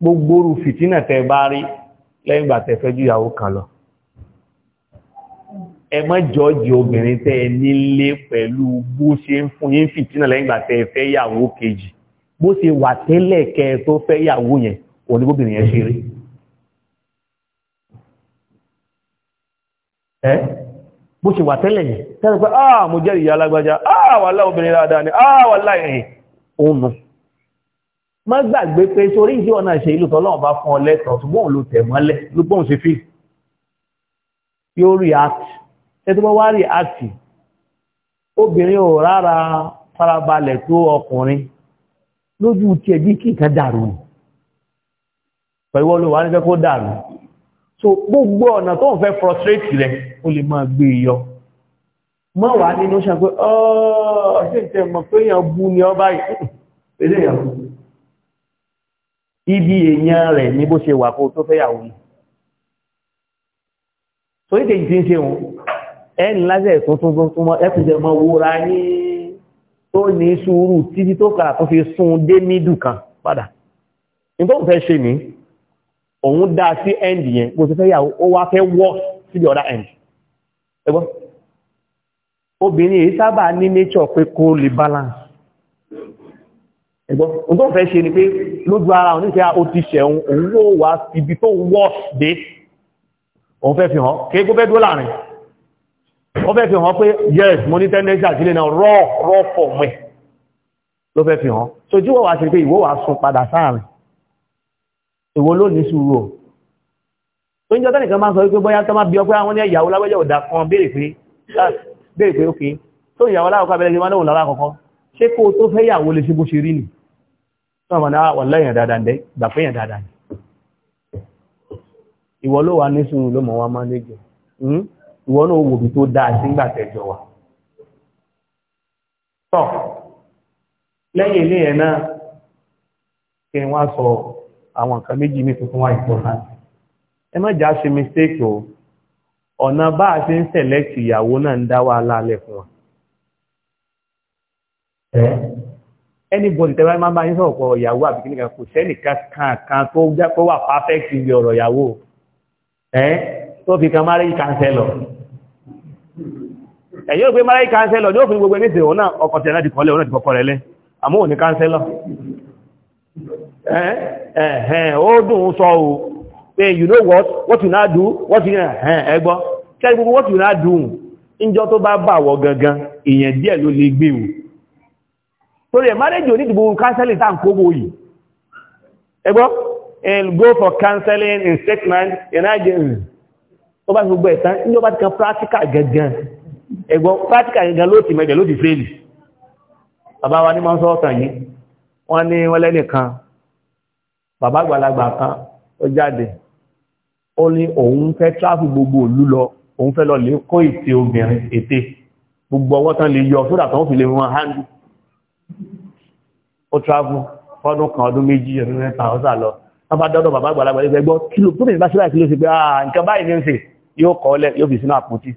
gbogbo orú fìtínà tẹ bá rí lẹ́yìn ìgbà tẹ fẹ́ ju ìyàwó kan lọ ẹ má jọ́ọ̀jì obìnrin tẹ́ ẹ nílé pẹ̀lú bó ṣe ń fún yín fìtínà lẹ́yìn ìgbà tẹ́ ẹ fẹ́ yàwó kejì bó ṣe wà tẹ́lẹ̀ kẹ́ tó fẹ́ yàwó yẹn oníbóbìnrin yẹn ṣe rí. ẹ bó ṣe wà tẹ́lẹ̀ yẹn tẹ́lẹ̀ pé ah mo jẹ́ ìyá alágbájá ah wà láwọn obìnrin dáadáa ni ah wà láì ẹ̀yìn òun nù. má gbàgbé pé sórí ìṣe ọ̀nà ìṣe ìlú tọ́lọ́run bá fún ọ lẹ́tọ̀ọ́ ṣùgbọ́n òun ló tẹ̀ mọ́lẹ̀ ló gbọ́n ṣe fi yóò react ẹ̀tọ́ bá wá rí àti obìnrin ò rárá farabalẹ̀ tó ọkùnrin lójú tí ẹjí kí nǹkan dàrú pẹ̀lú olùwà ní kó dàrú so gbogbo ọ̀nà tó ń fẹ́ frustrate rẹ̀ ó lè máa gbé e yọ mọ́ wà nínú ṣàpẹ́ ni ọ <laughs> ibi èèyàn rẹ̀ ní bó ṣe wà kó tó fẹ́yàwó ni so ìkèjì tí ń ṣe wọn ẹni lájẹ̀ tó tún tún mọ́ ẹkùnjẹ́ mọ́ wúra ní tó ní sùúrù títí tó kàrà tó fi sún dé mídù kan padà nítorí fẹ́ ṣe ní òun dá sí end yẹn bó ti fẹ́ yà ó wá fẹ́ wọ́ sí the other end ẹgbọ́n obìnrin èyí sábà ní nature pé kó lè balance ẹgbọ́n nítorí fẹ́ ṣe ni pé lójú ara òun níṣẹ́ ó ti ṣẹ̀un òun yóò wá ibi tó wọ́ dé òun fẹ́ fi hàn kéégó fẹ́ dúró láàrin ó fẹ́ fi hàn pé yes mo ní tẹ́ndẹ́sì àtílé náà rọ́ rọ́ pọ̀ mẹ́ ló fẹ́ fi hàn sojú wọ́n wá sí pé ìwọ wá sún padà sáàrin ìwọ ló ní sùúrù o tó ń jọ tẹ́nìkan máa sọ wípé bóyá tó máa bí ọpẹ́ àwọn ní ìyàwó lábẹ́jẹ́ òdà kan béèrè pé ah, béèrè pé ókè tó ìyàwó aláwọ̀kọ́ abẹ́rẹ́ ìgbìmọ̀ lóhùn lára kọ̀ọ̀kan ṣé kó tó fẹ́ yàwó lè ṣe bó ṣe rí nì tó ló wà ní sùúrù ló mọ̀ wá máa ń ìwọ náà wòbí tó dáa sí ńgbà tẹjọ wa tọ lẹ́yìn ilé yẹn náà kí sọ àwọn nǹkan méjì ní tuntun wá important ṣe mistake o ọ̀nà bá a ṣe ń select ìyàwó náà ń dá wa lálẹ́ fún wa tẹ́wàá máa bá yín sọ̀rọ̀ pọ̀ ìyàwó wà perfect ibi ọ̀rọ̀ ìyàwó tó fi kan ẹ̀yìn òpé mara ìkánsẹ́lọ̀ ní fi gbogbo ẹgbẹ́sẹ̀ òun náà ọkọ̀ tẹ̀lá ti kọlẹ̀ òun náà lẹ́ àmú òní kánsẹ́lọ̀ ẹ̀ẹ̀ẹ̀ ó sọ o you know what you do what you gbogbo what you do and go for counseling in statement in gbogbo ní ti kan practical ẹgbọ́ practical gẹ́gẹ́ ló ti mẹ́jẹ̀ ló ti fẹ́lì bàbá wa ní mọ́sán ọ̀tàn yìí wọ́n ní wọ́n lẹ́nìkan bàbá àgbàlagbà kan ó jáde ó ní òun fẹ́ tráfù gbogbo òlú lọ òun fẹ́ lọ lè kó ète obìnrin ète gbogbo ọwọ́ tán lè yọ sódà tán fi lè wọn hándù ó tráfù fọ́dún kan ọdún méjì ọdún mẹ́ta ọ̀sà lọ wọ́n bá dọ́dọ̀ bàbá àgbàlagbà ló fẹ́ gbọ́ kí ló tó bẹ̀rẹ̀ bá síláì kí ló ṣe pé ah nǹkan báyìí ní ń ṣe yóò kọ́ lẹ̀ yóò fi sínú àpótí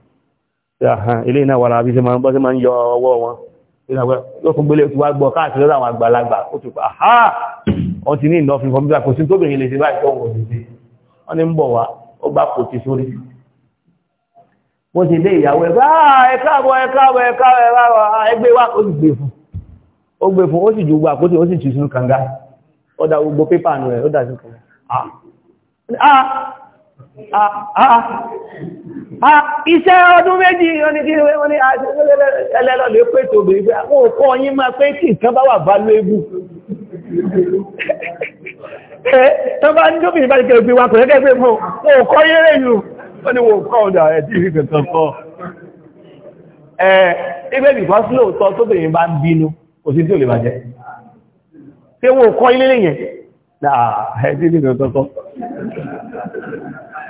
ilé iná wà láàbí sí ma ń yọ ọwọ́ wọn yóò fún gbélé wá gbọ́ káàkiri àwọn àgbàlagbà ó ti pa ha wọ́n ti ní ìná fún fọ́nbíà kò sí tóbìnrin lè ṣe báyìí wọ́n ti wọ́n ní ń bọ̀ wá ó bá kò ti sórí wọ́n ti dé ìyàwó ẹgbẹ́ ẹ̀káàbọ̀ ẹ̀káàbọ̀ ẹ̀káàbọ̀ ẹgbẹ́ wá ó sì gbé fún ó gbé fún ó sì ju gbà kótó ó Ah, ah, ah, iṣẹ́ ọdún méjì oníkíwé meji pètò bèèrè àwọn òkú ọyín máa pé tí nǹkan bá wà bá lóébù <laughs> eh, tó bá ń dókìí bá jẹ́ ìgbé kò rẹ́gẹ́ pé mọ́ òkọ́ yẹ́rẹ́ yìí wọ́n kọ́ ọ̀dà eh, lè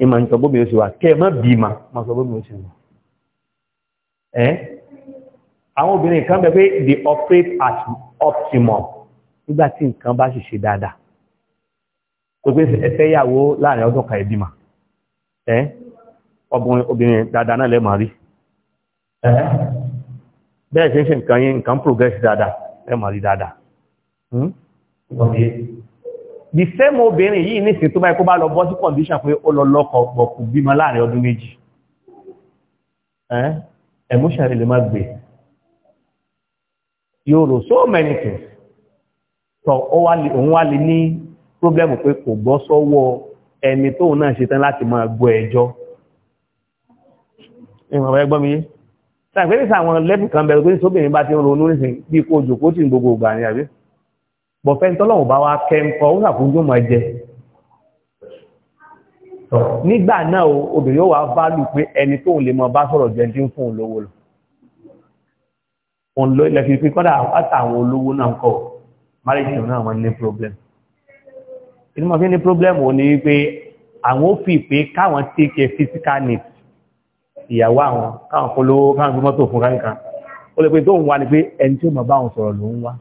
ìmọ̀ ń tọ́gbọ́ mi ó sì wà kẹ́ mọ́ bí ma ma sọ́gbọ́ mi ó sì wà ẹ́ àwọn obìnrin kan bẹ pé they operate at optimum nígbà tí nǹkan bá sì ṣe dáadáa tó pé ẹsẹ́ ìyàwó láàrin ọdún kan ẹbí ma ẹ́ obìnrin dáadáa náà lẹ́mọ̀ rí bẹ́ẹ̀ ṣe ń ṣe nǹkan yín nǹkan progress dáadáa lẹ́mọ̀ rí dáadáa hmm? the same obìnrin yìí ní ìsìn tó báyìí kó bá lọ bọ́ sí condition pé ó lọ lọ́kọ pọ̀kù bímọ láàrin ọdún méjì emotion rẹ̀ lè má gbé yóò rò so many things so òun wá lè ní problem pé kò bọ́ sọ́wọ́ ẹni tóun náà ṣetán láti máa gbọ́ ẹjọ́ ìwọ̀n ọ̀rẹ́ gbọ́ mi yé bọ̀fẹ́ tọ́lọ́wọ̀ bá wá kẹ́ǹkọ́ ó sàfúnjú mọ̀ jẹ nígbà náà obìnrin yóò wá válù pé ẹni tó lè mọ bá sọ̀rọ̀ jẹ tí fún olówó lọ òun pín kọ́dà àtàwọn olówó náà ń kọ̀ marriage náà wọ́n ní problem inú problem ò ní pé àwọn ó fi pé káwọn take a physical need ìyàwó àwọn káwọn polówó káwọn fi mọ́tò fún kankan ẹni tí ó mọ̀ bá àwọn sọ̀rọ̀ ló ń wá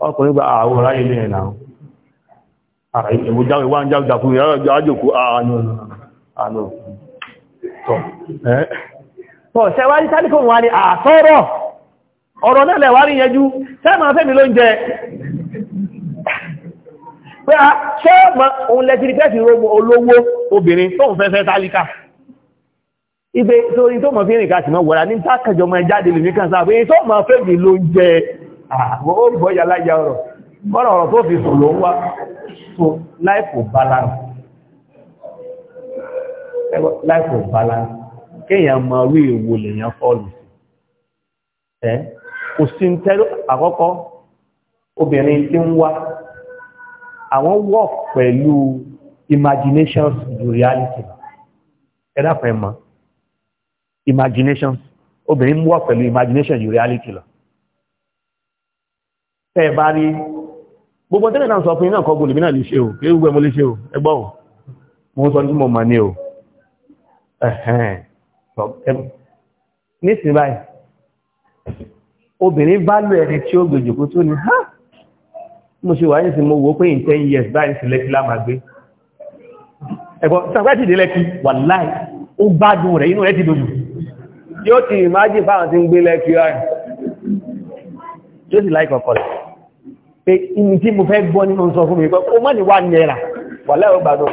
ọkùnrin gba àwòrán ilé ẹ̀nà àrà ìwòjáwé wá ń jáwé fún ìrọ̀ àjòkú àánú àánú tọ́ ṣẹwárí tálíkò wà ní àtọ́rọ̀ ah, ọ̀rọ̀ náà lẹ̀wárí yẹjú sẹ́mà fẹ́mi ló ń jẹ pé a ah, ṣe ma òun lẹ́tìrí tẹ́sì olówó obìnrin tó ń fẹ́fẹ́ tálíkà ibe torí tó mọ̀ fi rìn ká sì mọ̀ wọ̀rà ní tákàjọ mọ̀ jáde lè ní kan sáà pé tó mọ̀ fẹ́mi ló ń jẹ àwọn olùbọ̀ yà láyà ọ̀rọ̀ bọ́rọ̀ ọ̀rọ̀ tó fi sùn ló ń wá so life of balance life of balance kéèyàn mọ orí èwo lèèyàn fọ́ọ̀lù sí ẹ́ kò sí ń tẹ́lẹ̀ àkọ́kọ́ obìnrin tí ń wá àwọn work pẹ̀lú imaginations to reality ẹ̀dàpẹ̀ mọ́ imaginations obìnrin wọ́ pẹ̀lú imagination to reality lọ tẹ́ bá rí gbogbo tẹ́lẹ̀ náà sọ fún iná kọgùn lèmínà lè ṣe o kí gbogbo ẹmọ lè ṣe o ẹgbọ́n mo sọ ní mo mà ní o nísìn báyìí obìnrin bá lọ ẹni tí ó gbèjòkó tó ní ha mo ṣe wà ní sí mo wò pé in ten years báyìí sí lẹ́kí lámà gbé ẹ̀kọ́ sàgbẹ́tì dé lẹ́kí wà láì ó gbádùn rẹ̀ inú rẹ̀ ti dojú yóò ti ìmájì fáwọn tí ń gbé lẹ́kí rẹ̀ yóò sì láì kọ̀kọ̀ pé inú tí mo fẹ́ gbọ́ nínú sọ fún mi pé o mọ́ ní wà nẹ́ra wà lẹ́rọ gbàdọ̀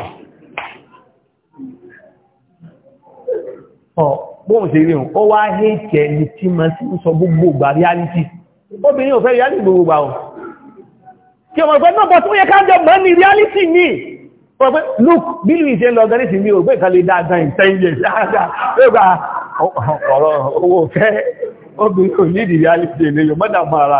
ọ̀ bóhùn sí ríhùn ó wá hẹ́ẹ̀kẹ́ ní tí ma sí sọ gbogbo ìgbà reality obìnrin ò fẹ́ reality gbogbo ìgbà o kí ọmọ ìgbẹ́ náà bọ̀ tó yẹ ká mọ́ ní reality ní pẹ̀pẹ́ look bílù ìṣe lọ gan nísìn mi ò gbé ìkan lè dáadáa in ten years dáadáa <laughs> gbégbà ọ̀rọ̀ owó fẹ́ obìnrin ò ní ìdí reality lè yọ mọ́dà mọ́ ara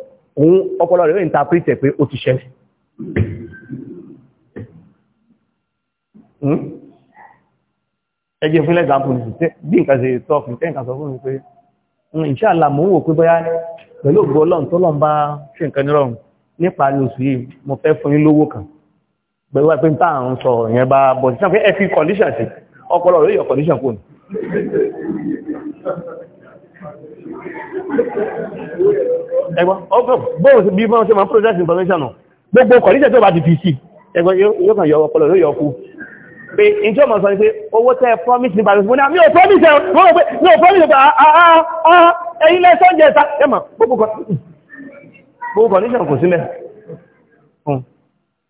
òun ọpọlọ rẹ̀ ìntàpírítẹ̀ pé ó ti ṣẹlẹ̀ hmm? ẹgbẹ́ fún example bí nǹkan ṣe tọ́ fún tẹ́ǹkan sọ fún mi pé hmm, inshallah mò ń wò pé bóyá pẹ̀lú ògbọ́ ọlọ́run tó lọ́n bá ṣe nǹkan nírọ̀rùn nípa lóṣù yìí mo fẹ́ fún yín lówó kan pẹ̀lú wáyé pé ń tàà ń sọ ìyẹn bá bọ̀ sí sáfẹ́ ẹ fi sí ọpọlọ rẹ̀ yọ condition kò ní ẹgbọ́n bóòrùn bí wọ́n ṣe máa process information gbogbo kọ̀lítẹ̀ tó bá ti fi sí ẹgbọ́n yóò kàn yọ ọpọlọ ló yọ kú pé in tí ó mọ̀ sọ ní pé owó tẹ́ promise ní balance money mi ò promise ẹ̀ wọ́n pé mi ò promise pé ah, ah, ah, ẹ̀yìn lẹ́sọ́ jẹ́ ẹ̀ta ẹ̀mà gbogbo condition kò sílẹ̀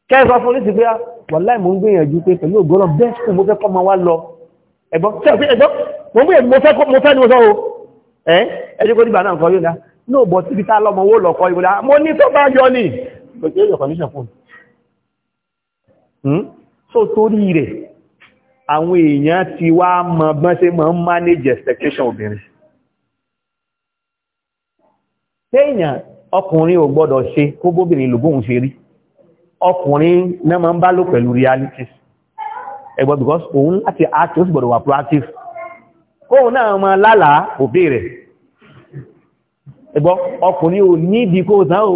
kẹ́ẹ̀sọ fún ní ti pé wàláì mo ń gbìyànjú pé pẹ̀lú ògbọ́nà best school mo fẹ́ kọ́ ma wá lọ ẹ̀gbọ́n mo fẹ́ ni mo sọ o ẹ̀ ẹ̀jẹ́ kó dìgbà náà kọ́ yóò dá náà bọ̀ síbi tá lọ́mọ owó lọ́kọ́ ìwòlá mo ní to bá yọ ní your condition fún hmm? so torí rẹ̀ àwọn èèyàn ti wá mọ bọ́n ṣe manage expectation obìnrin téèyàn ọkùnrin ò gbọ́dọ̀ ṣe kó bóbìnrin ọkùnrin na ma ń bá lò pẹ̀lú realities ẹgbọ́n because act wà proactive na lala ẹgbọ́ ọkùnrin ò ní ìdí kó tán o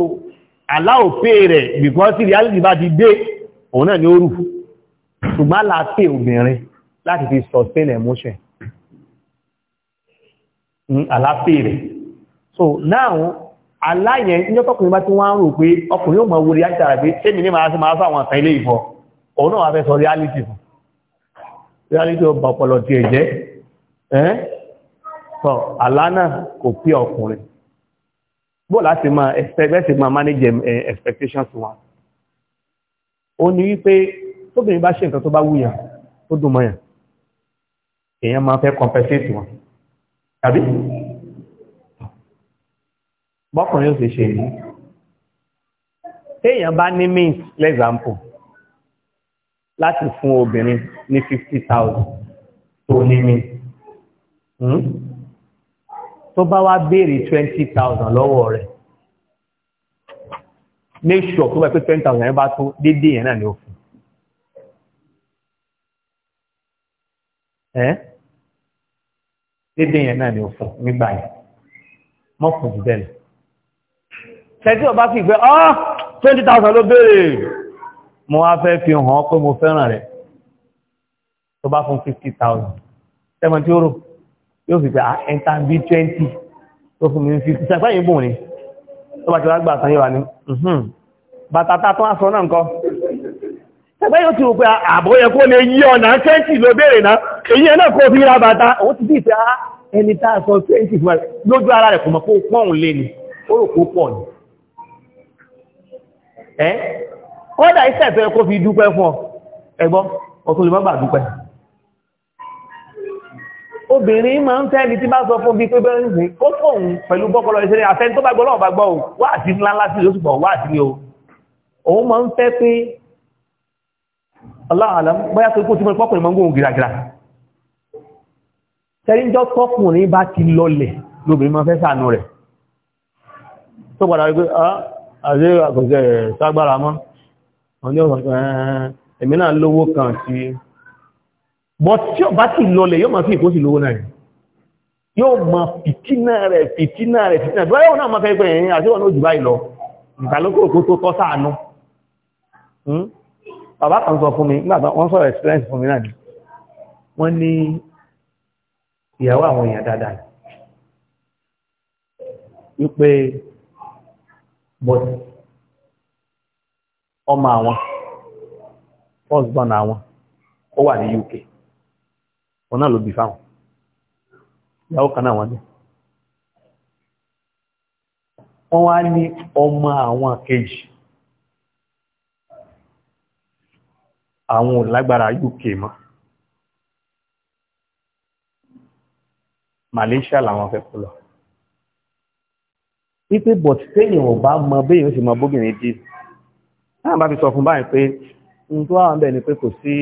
aláò pé rẹ̀ because reality bá ti dé òun náà ni ó rù ṣùgbọ́n láti obìnrin láti fi sustain emotion aláfẹ́ hmm, rẹ̀ so now aláyẹn ní ọkùnrin bá tí wọ́n ń rò pé ọkùnrin ó mọ̀ wo reality ara pé ṣé mi ní máa ilé ìfọ́ òun náà wà sọ reality fún reality ọpọlọ ti ẹ̀jẹ́ sọ kò bó láti máa expect bẹ́ẹ̀ sì máa manage eh, expectations wa ó ní wípé tóbìnrin bá ṣe nǹkan tó bá wúyàn tó dùn mọ́yàn èèyàn máa fẹ́ compensate wọn tàbí bọ́kùnrin ó sì ṣe yìí téèyàn bá ní means l'example láti fún obìnrin ní fifty thousand tó ní means. Hmm? tó bá wá béèrè twenty thousand lọ́wọ́ rẹ̀ make sure tó bá pé twenty thousand yẹn bá tó déédéé yẹn náà ni ó fún ẹ́ déédéé yẹn náà ni ó fún nígbà yẹn mọ́ fún jù bẹ́ẹ̀ lọ. ṣẹ́tí ọba fi ìgbẹ́ ọ́ twenty thousand ló béèrè mo wá fẹ́ fi hàn pé mo fẹ́ràn rẹ̀ tó bá fún fifty thousand ṣẹ́mọ̀ tí ó rò yóò fi pé ẹ̀ntà bí 20 tó fún mi ní 50 sẹ́fẹ́ yìí bùn ni tó bá ti wá gbà tán yóò wà ní bàtà tá tó wá sọ náà nǹkan sẹ́fẹ́ yóò ti rò pé àbóyẹ kó lè yí ọ̀nà 20 ló béèrè náà èyí ẹ̀ náà kó fi ra bàtà ó ti bí ìfẹ́ ah, ẹni tá a sọ 20 fún ẹ lójú ara rẹ̀ kò mọ̀ kó pọ́ùn lé ni ó rò kó pọ̀ ni ẹ́ kọ́dà iṣẹ́ ìfẹ́ kó fi dúpẹ́ fún ọ ẹgbọ́n ọ̀tún lè má gbà dúpẹ́ obìnrin máa ń tẹ́ni tí bá sọ fún bí pé bẹ́ẹ̀ ń sìn kó fóun pẹ̀lú bọ́kọlọ ìṣẹ́lẹ̀ àfẹ́ tó bá gbọ́ lọ́wọ́ bá gbọ́ ò wá àti ńlá ńlá sí lóṣùpọ̀ wá àti ní o òun máa ń fẹ́ pé aláàlá bóyá tó kó tí mo pọ́kùnrin máa ń gòun gìràgìrà tẹ́ríjọ́ tọ́kùnrin bá ti lọlẹ̀ lóbìnrin máa fẹ́ sànú ah, náà lówó kan sí but tí ó bá ti lọlẹ̀ yóò máa fi ìkó sí lówó náà yóò máa fìtínà rẹ̀ fìtínà rẹ̀ fìtínà rẹ̀ báyọ̀ náà máa fẹ́ pẹ́ ẹ̀yìn àti ọ̀nà òjì báyìí lọ ìgbàlókò òkú tó tọ́ sáànú hmm? bàbá kan sọ fún mi nígbà wọ́n sọ̀rọ̀ experience fún mi náà ni wọ́n ní ìyàwó àwọn èèyàn dáadáa wípé but ọmọ àwọn husband àwọn ó wà ní UK wọn náà ló bí fáwọn ìyàwó kan náà wọ́n jẹ́ wọ́n wá ní ọmọ àwọn kejì àwọn olágbára UK mọ́ Malaysia làwọn fẹ́ kó wípé but téèyàn ò bá mọ béèyàn sì mọ bóbìnrin dí náà bá fi sọ fún báyìí pé nǹkan àwọn bẹ́ẹ̀ ni pé kò sí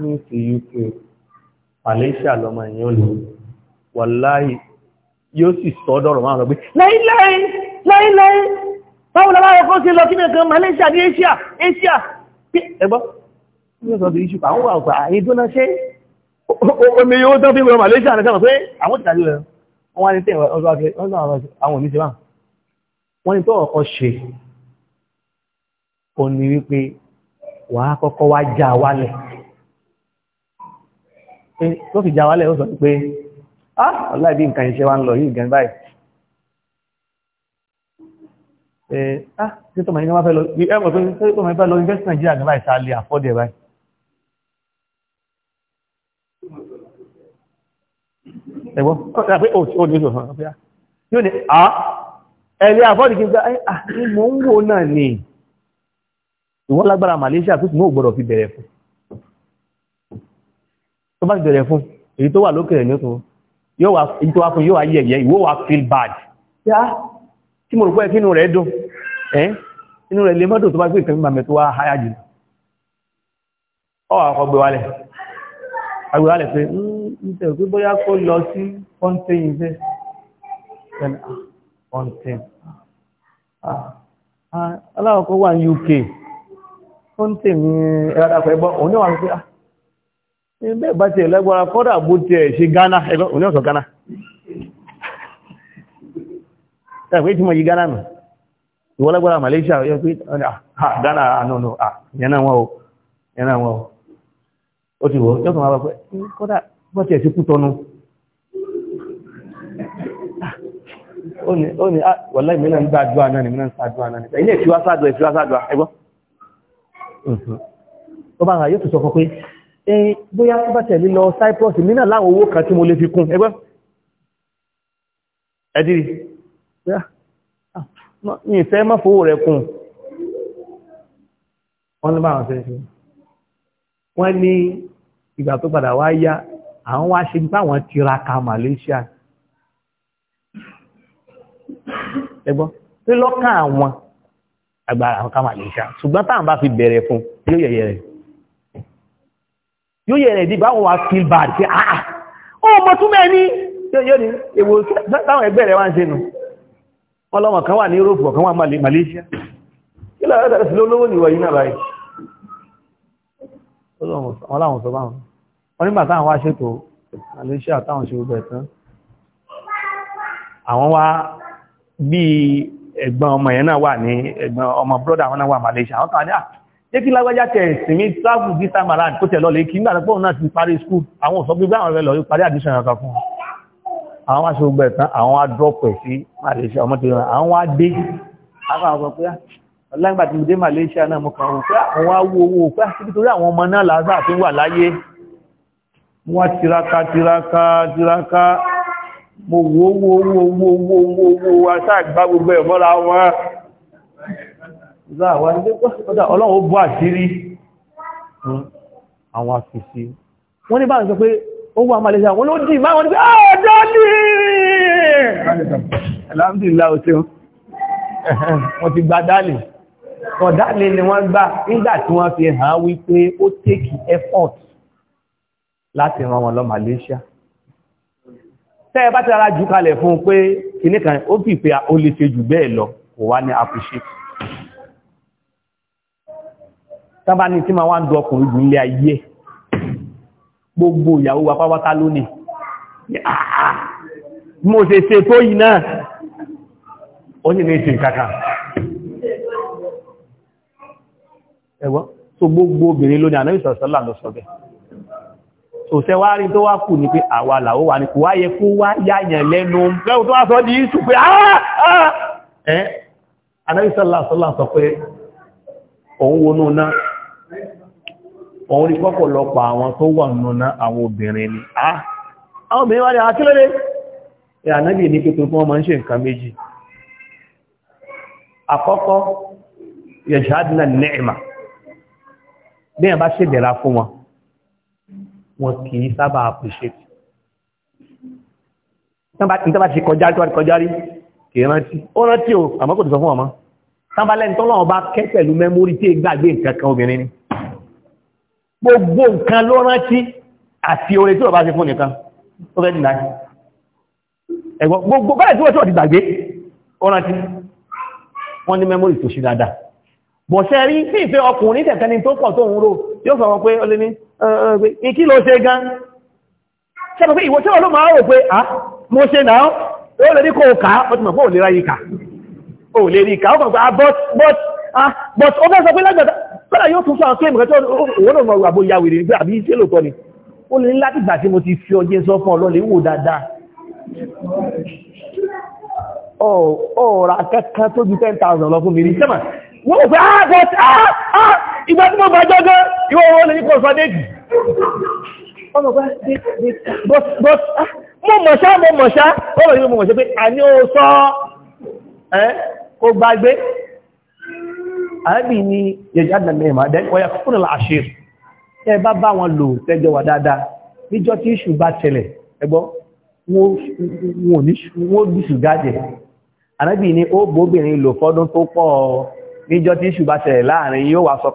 ní ti UK malaysia lọmọ ẹ̀yìn ò lò wàláì yóò sì sọ dọ̀rọ̀ máa lọ pé láíláí láíláí báwo la bá yẹ kó ṣe lọ kí ni kan malaysia ní asia asia ẹgbọ́ ní ọ̀sán ti ṣùkọ́ àwọn àwọn àyè tó náà ṣe omi yóò tán fi gbọ́n malaysia ní sọ́nà pé àwọn ti dájú rẹ̀ wọ́n wá ní pé tó fi já wálẹ̀ ó sọ pé ah ọ̀la ìbí nǹkan iṣẹ́ wa ń lọ yìí gan báyìí pé ah tí tó mọ̀ nígbà fẹ́ lọ ẹ̀mọ̀ pé tí tó mọ̀ nígbà invest Nigeria gan báyìí sáà lè afford ẹ̀ báyìí. ẹ̀gbọ́n ọ̀sẹ̀ àpé òdì oṣù hàn pé yóò ní à ẹ̀lẹ́ àfọ́dì kí n gbá ẹ̀ ah, mọ̀ ń wò náà ni ìwọ́n lágbára Malaysia tó sì mú ògbọ́dọ̀ fi bẹ̀rẹ̀ fún tó bá ti bẹ̀rẹ̀ fún èyí tó wà lókè rẹ̀ nítorí yóò wá èyí tó wá fún yóò wá yẹ̀yẹ́ ìwọ wá feel bad yá ah, tí mo rò pé kínú rẹ̀ dùn ẹ́ inú rẹ̀ lè mọ́dún tó bá gbé ìkẹ́mí màmẹ́ tó wá háyà jù ọ̀ àkọ́ gbé wálẹ̀ agbé wálẹ̀ pé ń hmm, tẹ̀ pé bóyá kó lọ sí fountain ah, ah, ní UK fountain ní ẹ̀rọ àdàpọ̀ ẹ̀bọ́ òun náà wà pé ah bẹ́ẹ̀ bá ti ẹ̀lẹ́gbọ́ra kọ́dà bó ti ẹ̀ ṣe Ghana ẹgbẹ́ òní ọ̀sọ̀ Ghana ẹgbẹ́ tí mo yí Ghana nù ìwọ́lẹ́gbọ́ra Malaysia yọ pé ah, ah, Ghana ànànà ah, yẹnà wọn o yẹnà wọn o ó ti wọ́ yọ́kàn wá pẹ́ eh, kọ́dà bó ti ẹ̀ sí kútọ́nu ó ní wọ́lá ìmìnà ń gbàdúrà náà ni mìíràn sàdúrà náà ni ilé ìfiwá sàdúrà ìfiwá sàdúrà ẹgbọ́ bóyá tó bá tẹ̀lé lọ Cyprus mínà láwọn owó kan tí mo lè fi kún ẹgbẹ́ ẹ̀dìrí ní ah, ìfẹ́ má fowó rẹ̀ kún wọ́n ní báwọn sẹ́ṣẹ́ wọ́n ní ìgbà tó padà wá yá àwọn wá ṣe báwọn tiraka Malaysia ẹgbọ́n tí lọ́kàn àwọn àgbà àwọn ká Malaysia ṣùgbọ́n táwọn bá fi bẹ̀rẹ̀ fún yóò yẹ̀yẹ̀ rẹ̀ yóò yẹ̀rẹ̀ ìdí báwọn wá feel bad pé àà ah, ah, ó mọ̀ tún mẹ́ ní yóò ní èwò táwọn ẹgbẹ́ rẹ̀ wá ń ṣe nù ọlọ́mọ̀ kan wà ní Europe ọ̀kan wà Malaysia ilẹ̀ ọ̀rẹ́dà sí lólówó ní ìwọ̀ yìí náà báyìí ọlọ́run sọ báwọn wọ́n nígbà táwọn wá ṣètò Malaysia táwọn ṣe gbogbo ẹ̀tán àwọn wá bí ẹ̀gbọ́n ọmọ yẹn náà wà ní ẹ̀gbọ́n ọmọ brọ́dà Malaysia àwọn kan jẹ́ kí lágbájá tẹ̀ sinmi travel this time around kó tẹ̀ lọ́lẹ̀ kí nígbà tó pọ̀n náà ti parí school àwọn òsọ gbígbà àwọn rẹ̀ lọ parí admission kankan fún àwọn aṣọ gbogbo ẹ̀tàn àwọn á drop ẹ̀ sí Malaysia ọmọ tẹ̀lé àwọn á dé àwọn àwọn pé ọlágbà tí mo dé Malaysia náà mo kàn wò pé àwọn á wo owó pé àti nítorí àwọn ọmọ náà làásà tó wà láyé wọ́n ìgbà àwọn ọlọ́run ó bọ́ àṣírí fún hmm. àwọn àfìsí wọ́n ní bá ń sọ pé ó wà Malaysia wọ́n ló dì máa wọ́n ní pé ah, ọjọ́ ní alhamdulillah òṣèlú wọ́n ti gba dálì ọ̀dálì ni wọ́n gbà nígbà tí wọ́n fi hàn wípé ó take effort láti ràn wọn lọ Malaysia tẹ́ ẹ bá ti rárá jù kalẹ̀ fún un pé kìnnìkan ó fi pé ó lè ṣe jù bẹ́ẹ̀ lọ kò wá ní appreciate tábà ní tí ma wá ń du ọkùnrin jù nílé ayé gbogbo ìyàwó wa pápátá lónìí mo ṣe ṣe tó yìí náà ó sì ní ṣe kàkà ẹ̀wọ́ tó gbogbo obìnrin lónìí àná ìsọ̀sọ́là lọ sọ bẹ́ẹ̀ òṣẹ́ wá rí tó wá kù ní pé àwa wà ní kò wáyé kó wá yáyàn lẹ́nu ah, ah. òun wọnú náà òun rí pọ́pọ̀lọpọ̀ àwọn tó wà nùnà àwọn obìnrin ni a ah, àwọn obìnrin wá ní àkílẹ́lẹ́ ah, ẹ̀ ànábì ní pé tuntun wọ́n máa ń ṣe nǹkan méjì àkọ́kọ́ yẹ̀ṣàdínà nẹ́ẹ̀mà bí ẹ̀ bá ṣèdẹ̀ra fún wọn wọn kì í sábà appreciate tán bá ti kọjá tó wá kọjá rí kì í rántí ó rántí o àmọ́ kò tó sọ fún ọmọ tán bá lẹ́ni tọ́lọ́wọ́ bá kẹ́ pẹ̀lú mẹ́mórí tí gbàgbé nǹkan gbogbo nǹkan ló rántí àti oore tí ó bá ti fún nìkan ó fẹ́ dìnà ẹ̀gbọ́n gbogbo báyìí tí wọ́n tí wọ́n ti gbàgbé ó rántí wọ́n ní mẹ́mórì tó ṣe dáadáa bọ̀ ṣe rí sí ìfẹ́ ọkùnrin tẹ̀tẹ́ni tó pọ̀ tó ń rò yóò sọ wọn pé ó lé ní ikí ló ṣe gan ṣẹ́bọ̀ pé ìwọ ṣẹ́wọ̀ ló máa rò pé à ah, mo ṣe náà ó lè rí kó kà á ó ti mọ̀ pé ò lè ráyìí kà ó lè rí kà ó kàn pé ah but but ah but ó fẹ́ sọ pé lágbàdá kọ́lá yóò tún sọ́rọ̀ fíìmù kẹtọ́ òun náà mọ̀rọ̀ àbò ìyàwó ìrìn àbí iṣẹ́ lòtọ́ ni ó lè láti gbà tí mo ti fi ọjẹ́ sọ fún ọlọ́lẹ̀ wò dáadáa ọ̀rọ̀ akẹ́kẹ́ tó ju 10,000 lọ fún mi rí sẹ́mà wọ́n fẹ́ ìgbà tí mo bá jọ́gọ́ ìwọ̀ owó lè ní kò sọ déjì ah, mo mọ̀ṣá mo mọ̀ṣá ó rọ̀ yìí mo mọ̀ṣá pé àní ó sọ ẹ́ kò gbàgbé àábì ni yẹjáàdà mẹ́mà ọ̀yà kúrò láàṣír ẹ bá bá wọn lò tẹ́jọ wà dáadáa níjọ́ tí ìṣù bá tẹ̀lẹ̀ ẹgbọ́ wọ́n bí ṣùgá jẹ àábì ó bóbìnrin lò fọ́dún tó pọ̀ níjọ́ tí bá tẹ̀lẹ̀ láàrin yóò sọ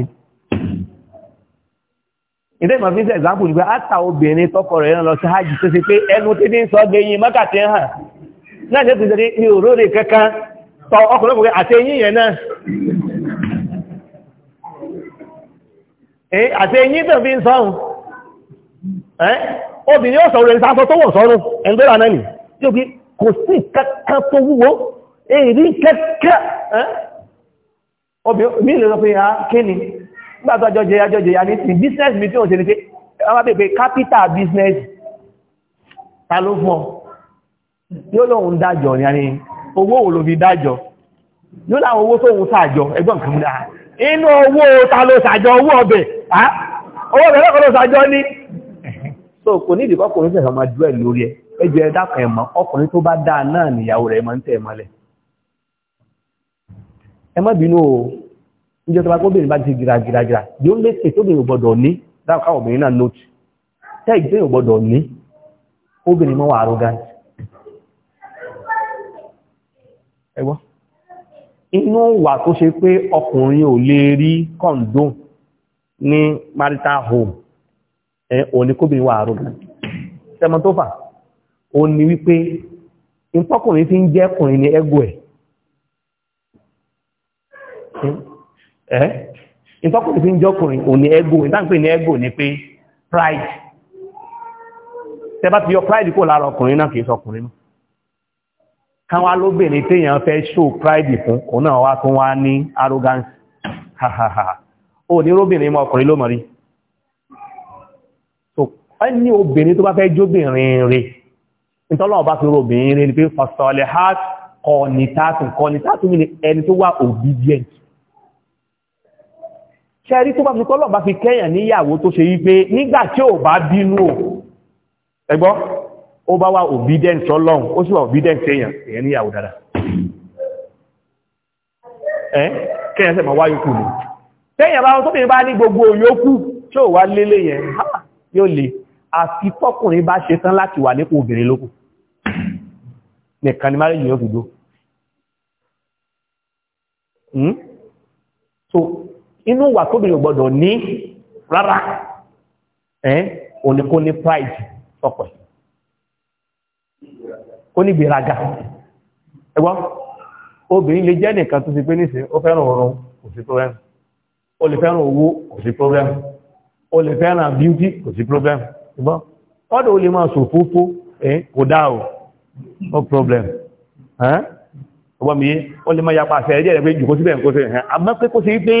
ti ìdẹ́ ìmọ̀ fi ń sẹ́ example nígbà áta obìnrin tọ́kọ rẹ̀ lọ sí hajj tó ṣe pé ẹnu tí ní sọ gbé yín mọ́kàtí hàn náà ní ẹ̀sìn ìdẹ́rí ní kankan tọ ọkùnrin ọkùnrin àti eyín yẹn náà èyí àti eyín tó fi ń sọ́run obìnrin tó tó rà kò sí kankan tó wúwo gbàtọ́ jọjẹ ya ya ní business mi tí pé ọmọ capital business ta ló fún ọ yóò lóun dájọ́ ní àní owó wo ló fi yóò láwọn owó tóun sàjọ ẹgbọ́n kan múlá inú owó ta ló sàjọ owó ọbẹ̀ owó ọbẹ̀ lọ́kọ̀ ló sàjọ ní so kò ní ìdíkọ́ kò ní sẹ̀sọ̀ máa dúẹ̀ lórí ẹ ẹ dákọ̀ ẹ̀mọ́ ọkùnrin tó bá dáa níjọ́ tó bá gbóbìnrin bá ti gìràgìràgìrà yóò lè ṣe tó bìnrin gbọ́dọ̀ ní dákàwọ̀ obìnrin náà nóòtù tẹ́ ìgbéyàn gbọ́dọ̀ ní obìnrin mọ́ wà arrogant ẹgbọ́ inú wà home òní kóbìnrin wà arrogant tó fà ó ní wípé ẹ́ ìtọ́kùnrin fi ń jọkùnrin ò ní ego ni ní ego ni pé pride tẹ́bá ti yọ pride kó lára ọkùnrin náà kìí sọkùnrin mọ́ káwá lóbìnrin téèyàn fẹ́ show pride fún òun wá tún wá ní arrogance ha ha ha ó ní róbìnrin mọ́ ọkùnrin ló mọ̀ ha ha obìnrin tó bá fẹ́ jóbìnrin rẹ̀ ìtọ́lọ̀ ọba fi ṣẹ́rí tó bá fi kọ́lọ̀ bá fi kẹ́yàn níyàwó tó ṣe yí pé nígbà tí ò bá bínú ò ẹgbọ́ ó bá wá obedience ọlọ́run ó sì wá obedience èèyàn èèyàn níyàwó dáadáa ẹ́ kẹ́yàn sẹ́mọ̀ wá yókù ní tẹ́yàn bá tó bìnrin bá ní gbogbo yókù tí ò wá lélé yẹn yóò lè àfi tọkùnrin bá ṣe tán láti wà nípò obìnrin lókù nìkan ni márìjì yóò fi gbó hmm? so inú wà tóbi ò gbọdọ̀ ní rárá ẹ́ òní kó ní pride ọ̀pọ̀ ó ní gbèraga ẹgbọ́ obìnrin lè jẹ́ nìkan tó ti pé nísìn ó fẹ́ràn ọ̀run kò sí problem ó lè fẹ́ràn owó kò sí problem ó lè fẹ́ràn beauty kò sí problem ṣùgbọ́n ọdọ̀ ó lè máa ṣòfófó ẹ́ kò dá o no problem ọgbọ́n mi ó lè máa yapa àṣẹ ẹ̀jẹ̀ rẹ̀ pé jù kó síbẹ̀ nǹkan sí àmọ́ pé kó sí pé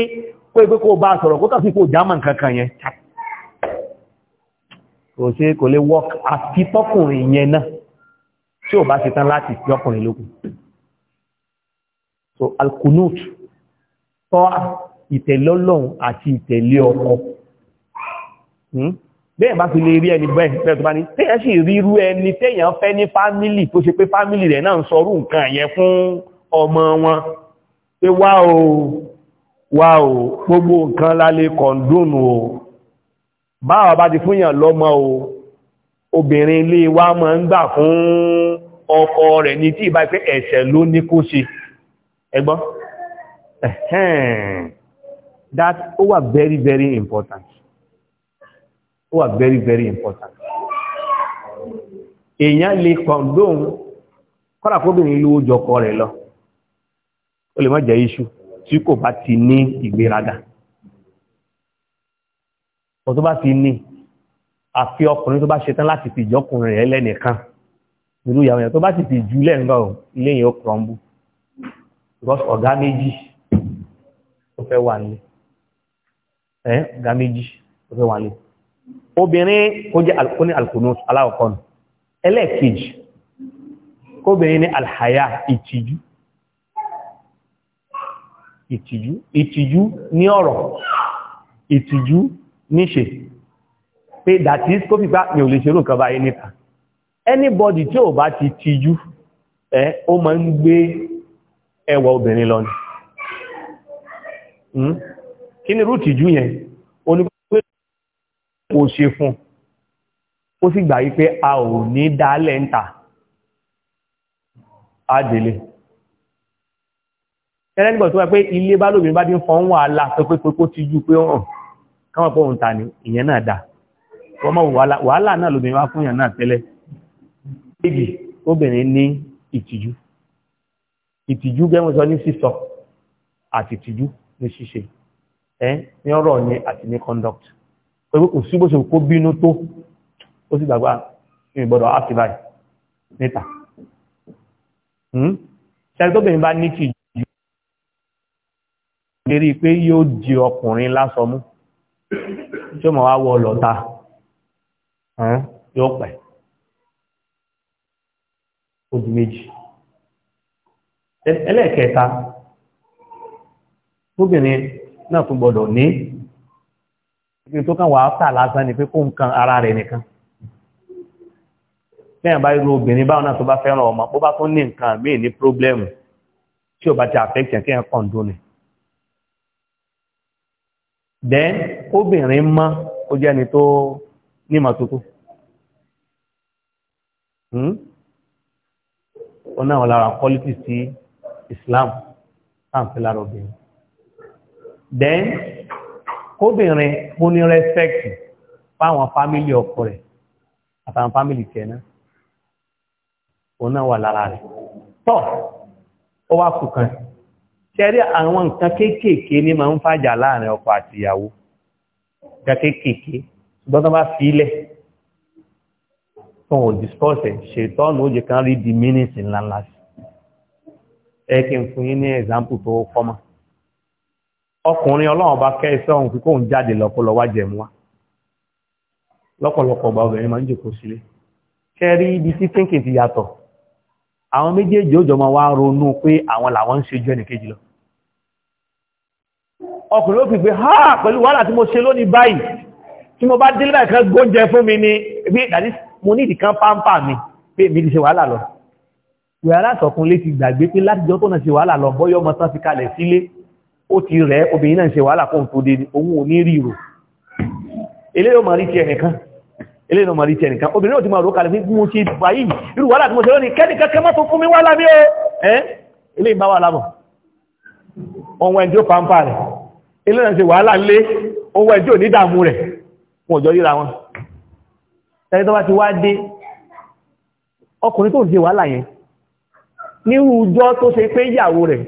pé pé kó bá sọ̀rọ̀ kó kàfí kó jámà kankan yẹn kò ṣe kò lè work àti tọkùnrin yẹn náà tí ò bá ṣe tán láti fi ọkùnrin lókun so alkunut tọ́ ìtẹ̀lé ọlọ́run àti ìtẹ̀lé ọkọ hmm? bẹ́ẹ̀ bá fi lè rí ẹni bẹ́ẹ̀ bẹ́ẹ̀ tó bá ní téèyàn sì ríru ẹni téèyàn fẹ́ ní fámílì tó ṣe pé fámílì rẹ̀ náà ń sọrú nǹkan yẹn fún ọmọ wọn pé wá o wá o gbogbo nǹkan lálẹ́ kọ̀ǹdùnù o báwa bá ti fúnyàn lọ́mọ o obìnrin ilé wa máa ń gbà fún ọkọ rẹ̀ ní tí ìbá pé ẹ̀ṣẹ̀ ló ní kó ṣe ẹgbọ́n that ó wà very very important ó wà very very important èèyàn lè kọ̀ǹdùnù kọ́lá kóbìnrin ló jọkọ rẹ̀ lọ ó lè má jẹ́ issue tí kò bá ti ní ìgbéraga o tó bá ti ní àfi ọkùnrin tó bá ṣetán láti fi ìjọkùnrin rẹ̀ lẹ́nìkan irú ìyàwó yẹn tó bá sì fi jù lẹ́ǹgbà ò léyìn ó kọ̀ọ̀mbù because ọ̀gá méjì ó fẹ́ wà nílé ẹ̀ ọ̀gá méjì ó fẹ́ wà nílé obìnrin kó jẹ́ kó ní alkunut aláwọ̀kọ́nù ẹlẹ́ẹ̀kejì kóbìnrin ní alhaya ìtìjú ìtìjú ìtìjú ní ọ̀rọ̀ ìtìjú níṣe pé dàtí kó fi gbá mi ò lè ṣerú nǹkan báyé níta anybody tí ò bá ti tìjú ẹ ó máa ń gbé ẹwà obìnrin lọ ni hmm? kí ni irú ìtìjú yẹn ó ní pé kò ṣe fún ó sì gbà yí pé a ò ní dálẹ̀ ń tà á ẹlẹ́nìgbọ̀n tó wà pé ilé bá lómi bá dín fọ́n wàhálà tó pé pé kó ti jú pé hàn káwọn pọ̀ òun ta ni ìyẹn náà dà wọ́n mọ̀ wàhálà náà lómi wá fún yàn náà tẹ́lẹ̀ méjì obìnrin ní ìtìjú ìtìjú gẹ́gùn ní sísọ àti ìtìjú ní ṣíṣe ẹ ní ọ̀rọ̀ ni àti ní conduct pé kò sí bó ṣe kó bínú tó ó sì gbàgbá ìgbọ̀dọ̀ áfíbáì níta hmm? ṣẹ́ni tóbìnrin lérí pé yóò di ọkùnrin lásọmú tí ó mọ̀ wá wọ lọ́ta yóò pẹ̀ odù méjì ẹlẹ́ẹ̀kẹta tóbìnrin náà tún gbọdọ̀ ní ibi tó kàn wà áfà lásán ni pé kó ń kan ara rẹ̀ nìkan lẹ́yìn bá irú obìnrin báwọn náà tó bá fẹ́ràn ọmọ bó bá tún ní nǹkan míì ní pírọ́blẹ́mù tí ò bá ti àfẹ́kẹ̀ kàn dún ni then obìnrin mọ́ ó jẹ́ ni tó nímọ̀ tuntun hmm? ó náà wọ́n lára quality sí Islam sáǹfẹ́ lára obìnrin then obìnrin mú ní respect fáwọn fámílì ọkọ rẹ̀ àtàwọn fámílì kẹ́ẹ̀ná ó náà wà lára rẹ̀ tọ́ ó wá kù kan ṣẹ́rí àwọn nǹkan kekeke ní ma ń fàjà láàrin ọkọ àti ìyàwó nǹkan ṣùgbọ́n tó bá fílẹ̀ tó ò ṣètọ́nù ó kan rí di mínìsì ńláńlá sí fún ní example tó kọ́mọ́ ọkùnrin ọlọ́run bá kẹ́ iṣẹ́ òun jáde lọ́pọ̀lọ́ wá wa lọ́pọ̀lọpọ̀ ọgbà obìnrin máa ń jòkó sílé ibi sí thinking ti yàtọ̀ àwọn méjèèjì ó jọ máa wá ronú àwọn làwọn ń ṣe jọ ẹnìkejì lọ ọkùnrin ó fi pé ha pẹ̀lú wàhálà tí mo ṣe lónìí báyìí tí mo bá délé báyìí kan góúnjẹ fún mi ni bí ìdàdí mo ní ìdìkan pàmpà mi pé mi ti ṣe wàhálà lọ wẹ̀rẹ́ àtọ̀kùn lè ti gbàgbé pé láti jọ tó náà ṣe wàhálà lọ bọ́yọ́ ọmọ tán fi kalẹ̀ sílé ó ti rẹ̀ obìnrin náà ṣe wàhálà fún tó dé òun ò ní ọmọ rí o eléyìí bá wà lábọ̀ ọ̀wọ́n ẹni pàmpà rẹ̀ ilé náà ṣe wàhálà lé owó ẹjọ́ ò ní dààmú rẹ̀ wọn jọ ríra wọn ẹni tó bá ti wá dé ọkùnrin tó ń ṣe wàhálà yẹn nírú ọjọ́ tó ṣe pé ìyàwó rẹ̀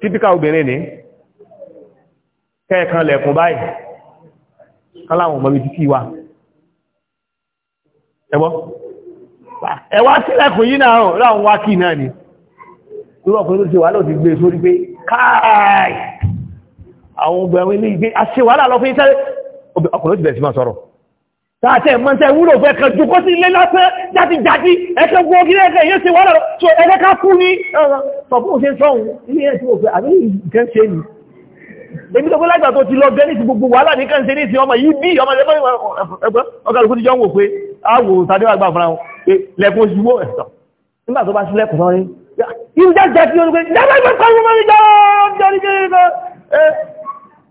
típíkà obìnrin ní kẹ́ẹ̀kan lẹ̀kùn báyìí káláwọn ọmọ ibi títí wa ẹgbọ́ ẹwà sílẹ̀kùn yí náà ráun wákì náà ni irú ọkùnrin tó ṣe wàhálà ò ti gbé e sórí pé káàì àwọn obìnrin ilé ìgbé aṣèwàlá lọ fún iṣẹ́ ọkùnrin ti bẹ̀rẹ̀ sí máa sọ̀rọ̀ tààtẹ̀ mọ́tẹ̀ wúlò fẹ́ kan jù kó sí ilé lásán játi játi ẹ̀kẹ́ gbọ́ kí lẹ́ẹ̀kẹ́ yẹ́ ṣe wọ́lọ̀ tó ẹgbẹ́ ká kú ní ọ̀pọ̀ òṣèlú sọ́hun ilé ẹ̀ tí ó fẹ́ àbí ìkẹ́ ṣe ní èmi tó gbọ́lágbà tó ti lọ gẹ́ ní ti gbogbo wàhálà ní kàn ṣe ní ti ọmọ yìí bí ọmọ ẹgbẹ́ ọkàlùkù ti jọ ń wò pé àwò tàbí àgbà fúnra wọn pé lẹ́kùn oṣù wó ẹ̀sọ̀ nígbà tó bá sí lẹ́kùn sọ́rin ìjẹ́ jẹ́ kí olùgbé jẹ́ bá ìgbà sọ́rin mọ́rin jẹ́ ọjọ́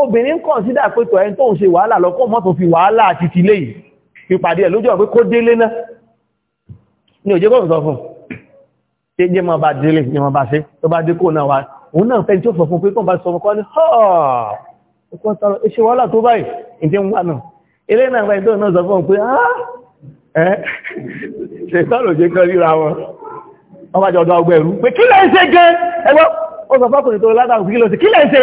obìnrin kọ̀nsídà pé tọ̀ ẹni tó ń ṣe wàhálà lọ́kọ́ mọ́tò fi wàhálà àti ti lè ìpàdé ẹ̀ lójú ọ̀pẹ́ kó délé náà ní òjé kọ́ sọ fún ṣe jẹ́ máa bá délé ní máa bá ṣe tó bá dé kó náà wá òun náà fẹ́ tí ó sọ fún pé kọ́ bá sọ fún kọ́ ní ṣe wàhálà tó báyìí ìdí ń wà náà ilé náà fẹ́ tó náà sọ fún pé ṣe tọ́lù jẹ́ kan ríra wọn wọ́n bá jọ ọdọ ọgbẹ̀rú pé kí lẹ́ ń ṣe gẹ́ ẹgbọ́ ó sọ fọ́kùnrin tó ládàá kí lẹ́ ń ṣe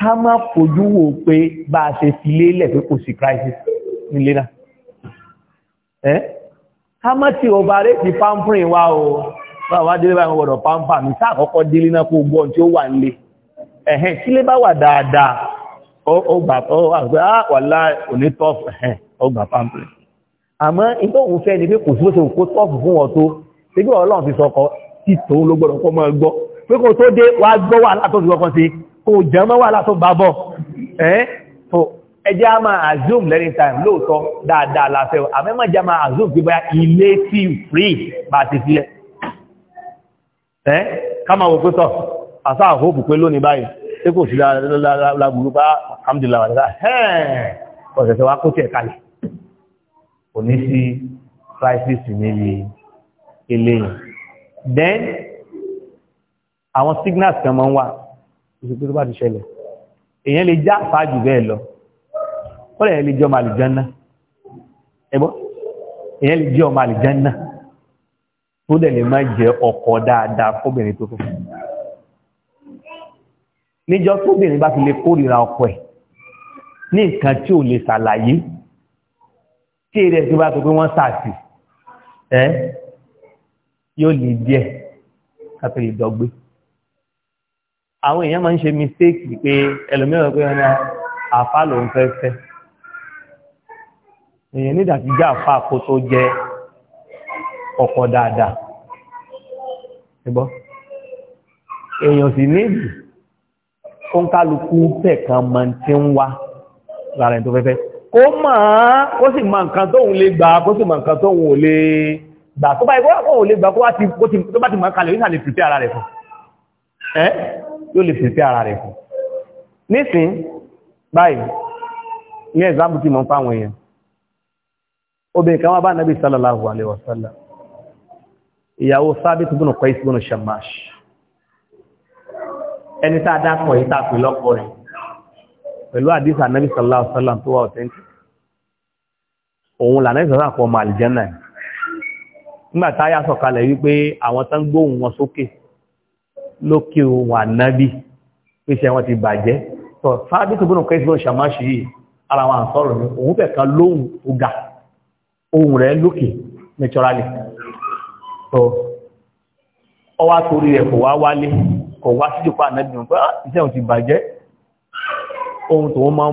ká má fojú wò pé bá a ṣe fi lélẹ̀ pé kò sí crisis nílé náà ẹ́ ká má ti ọ̀bàrẹ́ ti pampering wá o wá délé báyìí wọ́dọ̀ pampa mi sáà kọ́kọ́ délé náà kó gbọ́n tí ó wà nílé ẹ̀hẹ́n tí lé bá wà dáadáa ó gbà wà láì òní tọ́fù ẹ̀hẹ́n ó gbà pampering àmọ́ ìtọ́ òun fẹ́ ni pé kò sí bó ṣe kó tọ́fù fún ọ tó ṣe bí ọlọ́run fi sọkọ títò ló gbọ́dọ̀ kọ́ mọ́ gbọ́ wà látọ́jú kọ́kọ́ sí kò jẹmọ́ wà látọ́ bàbọ̀ ẹ́ tó ẹjẹ́ a máa assume learning time lóòtọ́ dáadáa láfẹ́ àmẹ́mọ́ jẹ́ máa assume pé báyá ilé tí free bá ti sílẹ̀ ẹ́ káma wò pé tọ́ àṣà àhóòpù pé lónìí báyìí tí kò sí lágbùrú bá alhamdulillah ọ̀sẹ̀sẹ̀ wa kó tẹ̀ kalẹ̀ kò ní sí crisis then àwọn signals kan máa ń ìṣòkú tó bá ti ṣẹlẹ̀ èèyàn lè já fàájù bẹ́ẹ̀ lọ kọ́lẹ̀ èèyàn lè jẹ́ ọmọ àlìjánná ẹgbọ́ èèyàn lè jẹ́ ọmọ àlìjánná tó dẹ̀ lè má jẹ ọkọ dáadáa fóbìnrin tó fún níjọ tóbìnrin bá fi lè kórìíra ọkọ ẹ̀ ní nǹkan tí ò lè ṣàlàyé tí èrè ẹ̀ tó bá sọ pé wọ́n sàṣì ẹ́ yóò lè díẹ̀ ká tó lè dọ́gbé àwọn èèyàn máa ń ṣe mistake pé ẹlòmíràn pé wọn àfá ló ń fẹ́ fẹ́ èèyàn nígbà tí jẹ́ àfá kó tó jẹ́ ọkọ dáadáa ẹgbọ́ èèyàn sì níbi kó ń kálukú fẹ́ kan mọ tí ń wá lára ẹni tó fẹ́fẹ́ kó máa kó sì mọ nǹkan tóun lè gbà kó sì mọ nǹkan tóun ò lè gbà tó bá ti mọ̀ kalẹ̀ nígbà lè pìtẹ́ ara rẹ̀ fún yóò lè fèsì ara rẹ̀ fún nísìn báyìí ní ẹ̀zámbù tí mọ̀ fáwọn èèyàn obìnrin kan wá bá nàbí sallallahu alaihi wasallam ìyàwó sábẹ́tù bùnú Qais bùnú Shamash ẹni tá a dákọ̀ yìí tàbí lọ́pọ̀ rẹ̀ pẹ̀lú àdísà nàbí sallallahu alaihi wasallam tó wà ọ̀tẹ́ntì òun lànà ìsọ̀rọ̀ àpọ̀ màlìjẹ́nà nígbà táyà sọ̀kalẹ̀ wípé àwọn tán gbóhùn wọn sókè lókè ohun ànábì pèsè àwọn ti bàjẹ́ tọ́ sáábí tó gbónà kẹ́sìlọ́ ṣàmáṣì yìí ara wọn sọ̀rọ̀ ní òun fẹ̀kan lóhùn tó ga ohun rẹ̀ lókè naturally tọ́ ọwá torí rẹ̀ kò wá wálé kò wá sí jùpá ànábì wọn pé ah, iṣẹ́ òun ti bàjẹ́ ohun tó wọ́n ah, ah,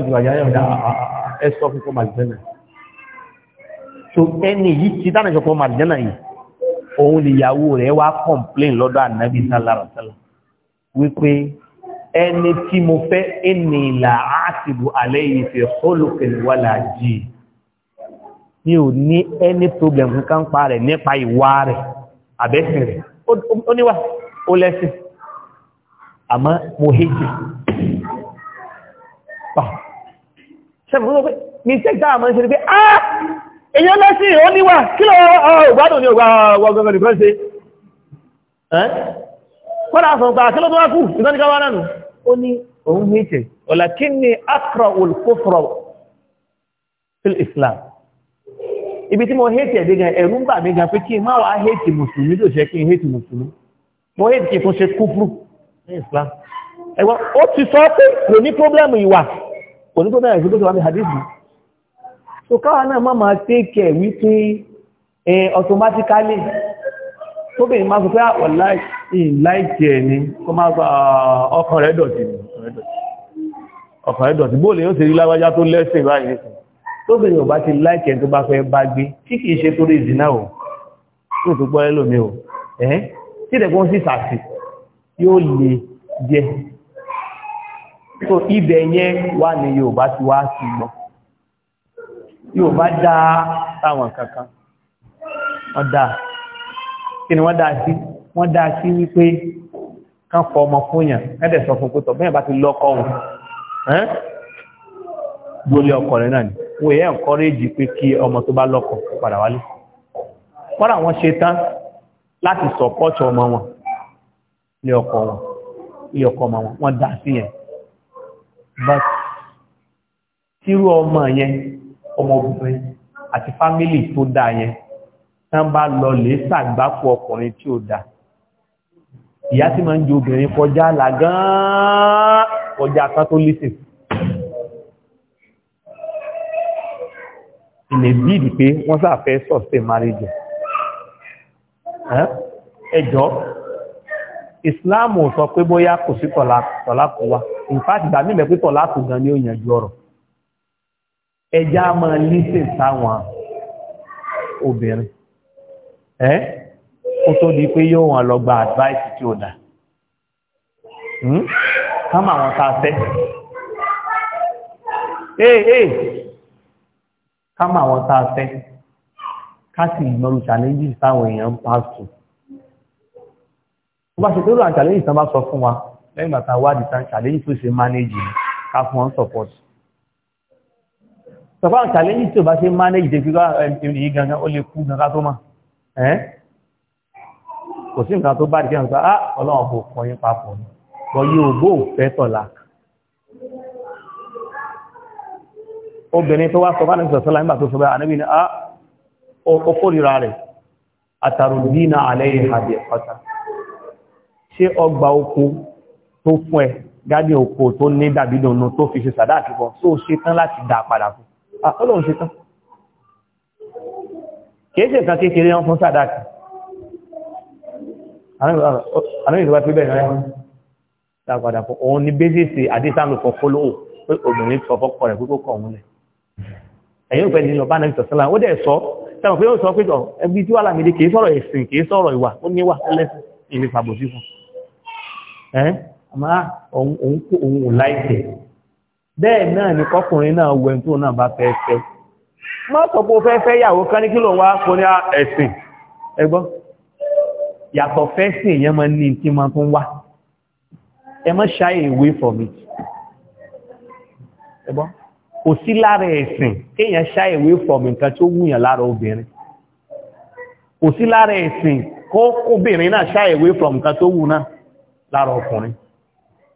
ni ó yàn ti sọ fún kọ́ màlúfẹ́ so ẹni yìí ti dáná ìṣọ̀pọ̀ màdínà yìí òun nìyàwó rẹ̀ wá complain lọ́dọ̀ ànábì sallallahu alaihi wasallam wípé ẹni tí mo fẹ́ ẹni ìlà áàtìbù alẹ́ yìí fi khuluqin wala jì mi ò ní ẹni problem kankan pa rẹ̀ nípa ìwà rẹ̀ àbẹ́sìn rẹ̀ ó níwà ó lẹ́sìn àmọ́ mo hejì ṣe mo sọ pé mi ṣe gbá àmọ́ ṣe rí pé áà ah! èyí lẹ́sìn ó níwà kí lọ ọgbádùn ní ọgbọ̀gbọ̀n nìkan ṣe kọ́nà àfọ̀npá kí ló tó wá kú ìtọ́níká wá nánú ó ní òun hìtì ọ̀là kí ni akra olùkófọ̀rọ̀ fil islam ibi tí mo hìtì ẹ̀dẹ́ gan ẹ̀rú ń bà mí gan pé kí n má wàá hìtì mùsùlùmí tó ṣe kí n hìtì mùsùlùmí mo hìtì kí n tó ṣe kúfúrú ní islam ẹ̀wọ̀n ó ti sọ pé kò ní pọ́blẹ́mù ìwà kò ní pọ́blẹ́mù ìwà so káwa náà má máa take care wípé automatically tóbìnrin máa sọ pé àpọ̀ ah, láìkẹ̀ ni kó máa sọ ah, ọkàn rẹ̀ dọ̀tí ọkàn rẹ̀ dọ̀tí bóòlù yóò ti rí lágbájá tó lẹ́sìn báyìí nìkan tóbìnrin ò bá ti láìkẹ̀ tó bá fẹ́ bá gbé tí kìí ṣe so ibẹ̀ yẹn wà ní Yorùbá ti wá sí gbọ́n yóò bá dá táwọn kankan wọ́n dá kí ni wọ́n dá sí wọ́n dá sí wípé kán fọ ọmọ fúnyàn ẹ́dẹ̀ sọ fún kótó bẹ́ẹ̀ bá ti lọ́kọ́ wọn gbólé ọkọ rẹ̀ náà ni wọ́n èyẹ́ encourage pé kí ọmọ tó bá lọ́kọ̀ padà wálé wọ́n àwọn ṣe tán láti support ọmọ wọn ilé ọkọ wọn ilé ọkọ ọmọ wọn wọ́n dá sí yẹn but tírú ọmọ yẹn ọmọbìnrin àti fámílì tó dáa yẹn tán bá lọ lè ṣàgbákò ọkùnrin tí ó dáa ìyá tí máa ń ju obìnrin kọjá làgán kọjá kan tó lísìn ilẹ̀ bíìdì pé wọ́n sáfẹ́ sọ̀sẹ̀ marriage ẹjọ́ ìsìláàmù sọ pé bóyá kò sí tọ̀lákù wá in fact ìgbà mímẹ̀ pé tọ̀lákù gan ni ó yànjú ọ̀rọ̀ ẹjá mọ́ lísìn sáwọn obìnrin ẹ́ ó tó di pé yóò wọn lọ gba advice tí ó dà kámà hmm? wọn ká fẹ́ ee ee kámà wọn ká fẹ́ ká sì ìmọ̀lù challenges táwọn èèyàn pass through wọ́n bá ṣe pé lóòrùn challenges tán bá sọ fún wa lẹ́yìn bàtà wádìí tán challenges tó ṣe manage ká fún wọn support sọ̀fà àtàlẹ́ yìí tí ó bá ṣe manage the figure ẹni yìí gangan ó lè kú gangan tó máa ẹ́ kò sí nǹkan tó bá dìkẹ́ nǹkan á ọlọ́run kò kọ́ yín papọ̀ ni bọ́ yí ògbó òfẹ́ tọ̀la obìnrin tó wá sọ̀fà àti sọ̀sọ́lá nígbà tó sọ̀fà ànábì ni á ah, ó kórìíra rẹ̀ àtàrùdínà alẹ́ ìhàdì ọ̀tà ṣé ọgbà oko tó fún ẹ gádìí oko tó Ah, ọlọ́run ṣe tán kìí ṣe nǹkan kékeré wọn fún sàdáàkì àwọn ìlú wa ti bẹ̀rẹ̀ rẹ̀ dápadà fún òun ni bẹ́sẹ̀sì àdísàlù fọ́kọ́lọ́ pé obìnrin sọ fọ́kọ́ rẹ̀ púpọ̀ kọ̀ òun lẹ̀ ẹ̀yìn òpẹ́ nínú ọba náà sọ̀sọ́lá ó dẹ̀ sọ sẹ́wọ̀n pé ó sọ pé ẹbí tí wà lámìdí kìí sọ̀rọ̀ ẹ̀sìn kìí sọ̀rọ̀ ìwà ó níwà lẹ́sìn ìlú fàbòsí fún ẹ́ àmọ́ òun láìpẹ́ bẹ́ẹ̀ náà ni kọkùnrin náà wẹ tó náà bá fẹ́ fẹ́ má sọ pé ó fẹ́ fẹ́ yàwó ká ní kí ló wá kó ní ah, ẹ̀sìn ẹgbọ́n yàtọ̀ fẹ́sìn èyàn máa ní tí máa tún wá ẹ má shy away from it ẹgbọ́n kò sí lára ẹ̀sìn kéèyàn shy away from nǹkan tó wúyàn lára obìnrin kò sí lára ẹ̀sìn kó obìnrin náà shy away from nǹkan tó wù náà lára ọkùnrin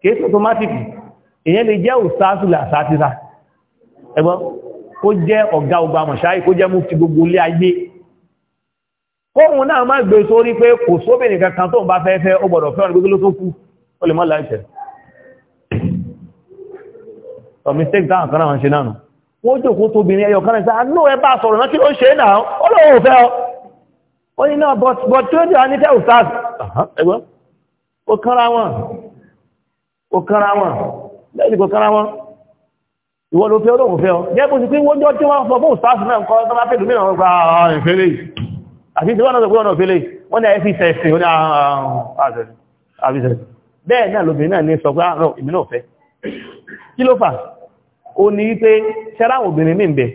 kìí sọ automatically èyàn lè jẹ́ òsáàtùlà sátírà ẹgbọ́n kó jẹ́ ọ̀gá ọgbà mọ̀ṣáì kó jẹ́ mú fi gbogbo ilé ayé kóhun náà má gbé sórí pé kò sóbìnrin kankan tó ń bá fẹ́ fẹ́ ó gbọ́dọ̀ fẹ́ ọ̀rẹ́ gbogbo tó kú ó lè mọ́ láìpẹ́ mistake táwọn kan náà ń ṣe náà nù wọ́n jòkó tóbìnrin ẹyọ kan náà ah, sáà ní wọn ó wọn lẹ́yìn kò kára wọn ìwọ ló fẹ́ olóògùn fẹ́ ọ jẹ́ bó ti pín wọ́jọ́ tí wọ́n fọ́ fún ìsáàfù náà kọ́ tó bá fẹ́ lómìnà wọn gba ìfẹ́lẹ̀ àti ìdíwọ́n náà gbọ́nà ìfẹ́lẹ̀ wọ́n ní ẹ̀fí sẹ̀sì ó ní àbíṣẹ̀sì bẹ́ẹ̀ náà lóbìnrin náà ní sọ pé àrùn ìmìnà ọ̀fẹ́ kí ló fà ó ní wípé ṣẹ́rá obìnrin mí ń bẹ̀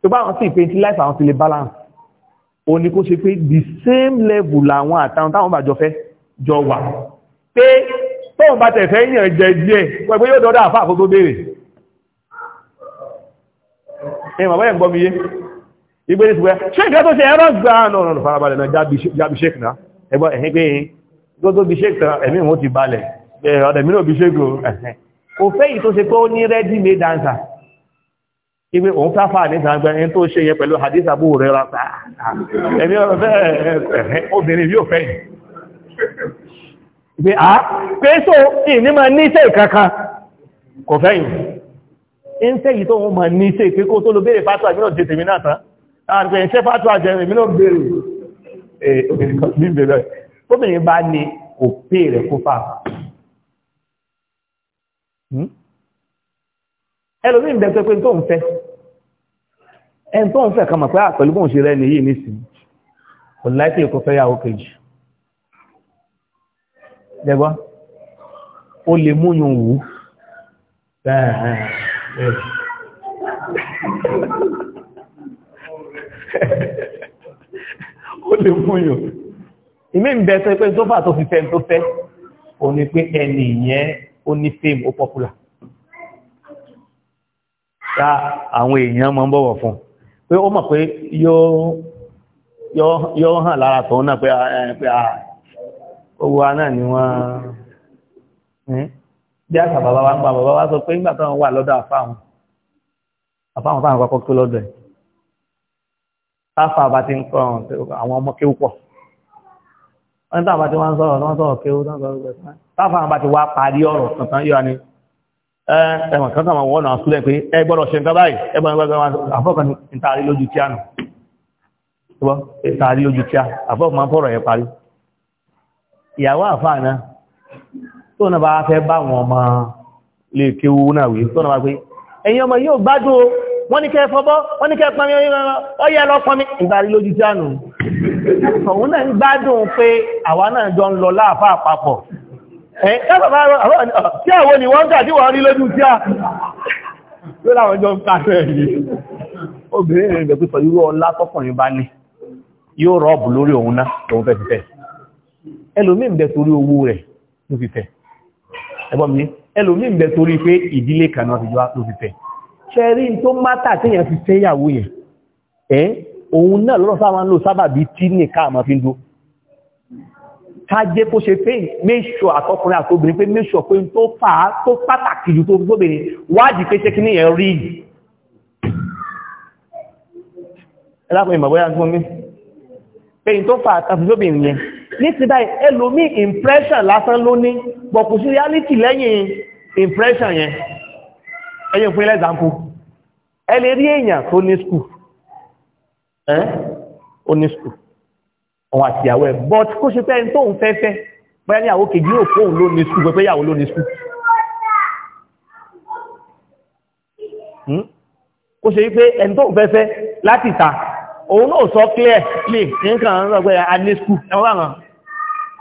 tó bá wọn sì pé tí life àwọn ti lè balance ó ní kó ṣe pé the same level làwọn àtàwọn táwọn bàjọ fẹ́ jọ wà pé tóun bá tẹ̀fẹ́ yàn jẹ díẹ̀ pẹ̀lú yóò dọ́dá àfáà kó tó béèrè ẹmọ̀ bọ́yẹ̀ gbọ́mí yé igbé ní ṣùgbẹ́ ṣe ìgbẹ́ tó ṣe ẹ̀rọ gbà náà nà farabalẹ̀ náà jábi ṣe kìnà ẹgbọ́n ẹ̀hìn pé tó tó bí ṣe kìnà ẹ̀mí wọn ti balẹ̀ ọ̀dẹ̀mí náà bí ṣe kò òfẹ́ yìí tó ṣe pé ó ní ready made dancer ibi òun káfà ní gbangba ẹni tó ṣe yẹ pẹ̀lú hadith Abu Hurairah ẹ̀mí ọ̀rọ̀ fẹ́ obìnrin yóò fẹ́ yìí pé a ah, pé so ìní ma ní iṣẹ́ ìkankan kò fẹ́yìn in tẹ́ yìí tó wọ́n ma ní iṣẹ́ ìpé kó tó ló béèrè fátúwà mínú jẹ́ tèmi náà tán àti ẹ̀ṣẹ́ fátúwà jẹ́ mínú béèrè obìnrin bá ní òpé rẹ̀ kó fà hmm? ẹlòmí ìbẹ̀ẹ́ pé tó ń fẹ́ ẹn tó ń fẹ́ kàmà pé àpẹ̀lú ah, bóun ṣe rẹ̀ nìyí nísìn kò láìpẹ́ kó fẹ́ yàwó kejì lẹ́gbọ́ ó lè múyùn wù ó lè múyùn ìmé ìbẹ̀ tó pé tó fà tó fi fẹ́ tó fẹ́ o ní pé ẹni ìyẹn o ní fame ó popular ta àwọn èèyàn mọ́ bọ̀wọ̀ fún pé ó mọ̀ pé yóò hàn lára tó náà pé àà owó aná ni wọ́n bí àṣà bàbá wa ń pa bàbá wa sọ pé nígbà táwọn wà lọ́dọ̀ àfáwọn àfáwọn táwọn kọ́kọ́ tó lọ́dọ̀ ẹ̀ táfà bá ti ń kọ́ àwọn ọmọ kéwú pọ̀ wọ́n táfà ti wọ́n sọ̀rọ̀ wọ́n sọ̀rọ̀ kéwú táfà bá ti wá parí ọ̀rọ̀ kankan yóò ní ẹ̀wọ̀n kankan wọn wọ́n náà súlẹ̀ pé ẹ gbọ́dọ̀ ṣe nǹkan báyìí ẹ gbọ́dọ̀ ìyàwó àfáàná tó náà bá fẹ́ bá wọn ọmọ lè kéwú náà wí tó náà bá pé ẹ̀yin ọmọ yóò gbádùn o wọ́n ní kẹ́ fọ́bọ́ wọ́n ní kẹ́ pọnmi ọyẹ́ lọ pọnmi ìgbàrí lójú tí ànù òun náà ń gbádùn pé àwa náà jọ ń lọ láàfá àpapọ̀ tí àwọn ni wọ́n ń gàdí wọ́n rí lójú tí à ló láwọn jọ ń kàfẹ́ yìí obìnrin rẹ̀ pípọ̀ irú ọlá tọkùnrin bá ní yóò rọ́ọ̀bù lórí òun náà òun fẹ́ fẹ́ ẹlòmí ń bẹ torí owó rẹ̀ ló fi fẹ́ ẹgbọ́n mi ẹlòmí ń bẹ torí pé ìdílé kan náà ti jọ ló fi fẹ́ ṣẹ́rí tó mátà téèyàn fi fẹ́ ìyàwó yẹn ẹ́ òun náà lọ́rọ̀ sáwọn lò sábàbí tí nìkan àmọ́ fi ń do kájé kó ṣe pé méṣọ́ àtọkùnrin àtobìnrin pé méṣọ́ pé tó fà á tó pàtàkì jù tó fi gbóbìnrin wádìí pé ṣé kí ní ẹ̀rí ẹlápọ̀ ìmọ̀ bóyá fún mi pé tó fà á tàbí gbóbìnrin yẹn níti báyìí ẹlòmí impression lásán ló ní bọ̀kù sí reality lẹ́yìn impression yẹn ẹyìn fún ilẹ̀ example ẹ lè rí èèyàn tó ní school ẹ́ ó ní school òun àti ìyàwó ẹ̀ but kó ṣe pé ẹni tó ń fẹ́fẹ́ bẹ́ẹ̀ ní àwọn kejì yóò fóun ló ní school pẹ́pẹ́ ìyàwó ló ní school hmm? kó ṣe wípé ẹni tó ń fẹ́fẹ́ láti ta òun náà sọ clear clean nǹkan rọ̀gbẹ́ a ní school ẹwọ́n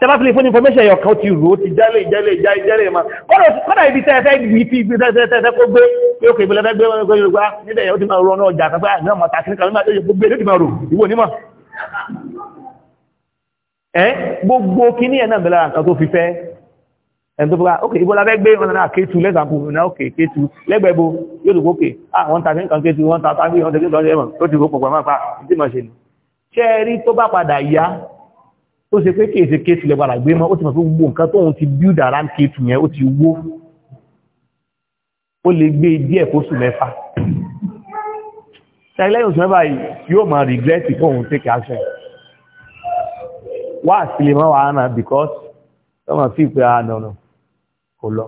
tẹ́bá fi lè fún information ẹ̀yọ̀ kan ti rò ó ti jẹ́lẹ̀ ìjẹ́lẹ̀ ìjẹ́lẹ̀ ma kọ́dà ibi tẹ́ẹ̀fẹ́ ìgbì fi gbé tẹ́ẹ̀fẹ́ kó gbé ókè ìbílẹ̀ fẹ́ gbé yorùbá nílẹ̀ yóò ti máa rọ ọjà kan pé àìyàn mọ̀ tàkìníkà nígbà tó yẹ gbé ló ti máa rò ìwò onímọ̀ ẹ́ gbogbo kíní ẹ̀ náà bẹ̀rẹ̀ nǹkan tó fi fẹ́ ẹni tó fọ́ra ókè ìbò lábẹ́ gbé ọ̀nà kéétu lẹ́sàkù ọ̀nà ókè kéétu lẹ́gbẹ̀ẹ́bo yóò lè gbókè àwọn tàbí nǹkan kéétu wọn tàbí ọ̀nà kéétu ọ̀nà ẹ̀mọ̀ tó ti ni ṣẹ́ẹ̀rí tó bá padà yá tó ṣe pé kéèsè kéèsì lè padà gbé mọ́ ó ti mọ̀ pé gbogbo nǹkan tóun ti build around kéètù yẹn ó ti wó ó lè gbé díẹ̀ kóṣù mẹ́fà ṣẹlẹ́yìn oṣù mẹ́fà yóò máa regret fóun take action wá àsìlè mọ́ wàá náà because ọmọ fi pé àánà ah, ọ̀nà kò lọ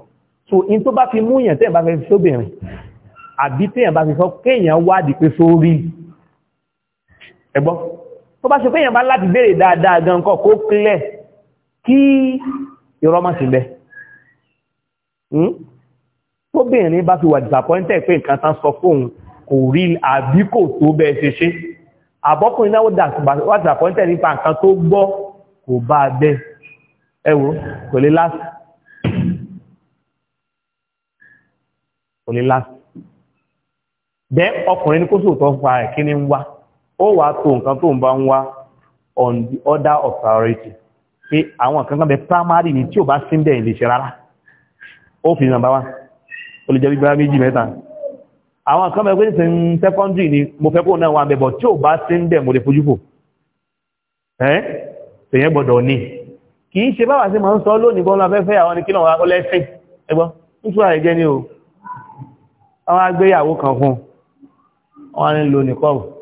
so in tó bá fi mú èèyàn tẹ́yàn bá fẹ́ sóbìnrin àbí tẹ́yàn bá fi sọ kéèyàn wádìí pé sórí ẹgbọ́n tó bá ṣe pé èèyàn bá láti béèrè dáadáa gan kọ́ kó kílẹ̀ kí ìrọ́mọ sí bẹ́ hmm? tóbìnrin bá fi wà disappointed pé nǹkan tán sọ fóun kò rí àbí kò tó bẹ́ẹ̀ ṣe ṣe àbọ́kùnrin náà wà disappointed nípa nǹkan tó gbọ́ kò bá bẹ́ ẹwọ kò lè last kò lè last bẹ́ ọkùnrin ní kó sòótọ́ fún ara ẹ̀ kí ni ń wá ó wà tó nǹkan tó ń bá ń wá on the order of priority pé àwọn kan kan bẹ primary ni tí ò bá sí ń bẹ̀ lè ṣe rárá ó fi nàmbá wá ó lè jẹ́ gbígbára méjì mẹ́ta àwọn kan bẹ pé ní secondary ni mo fẹ́ kó náà wà bẹ̀bọ̀ tí ò bá sí ń mo lè fojú fò ẹ́ tèyẹn gbọ́dọ̀ ní kì í ṣe báwa sí máa ń sọ lónìí bọ́n láfẹ́fẹ́ àwọn ní kí náà wà lẹ́sìn ẹgbọ́n nítorí àìjẹ́ ni o àwọn agbéyàwó kan fún wọn ní lónìí kọ́ọ̀bù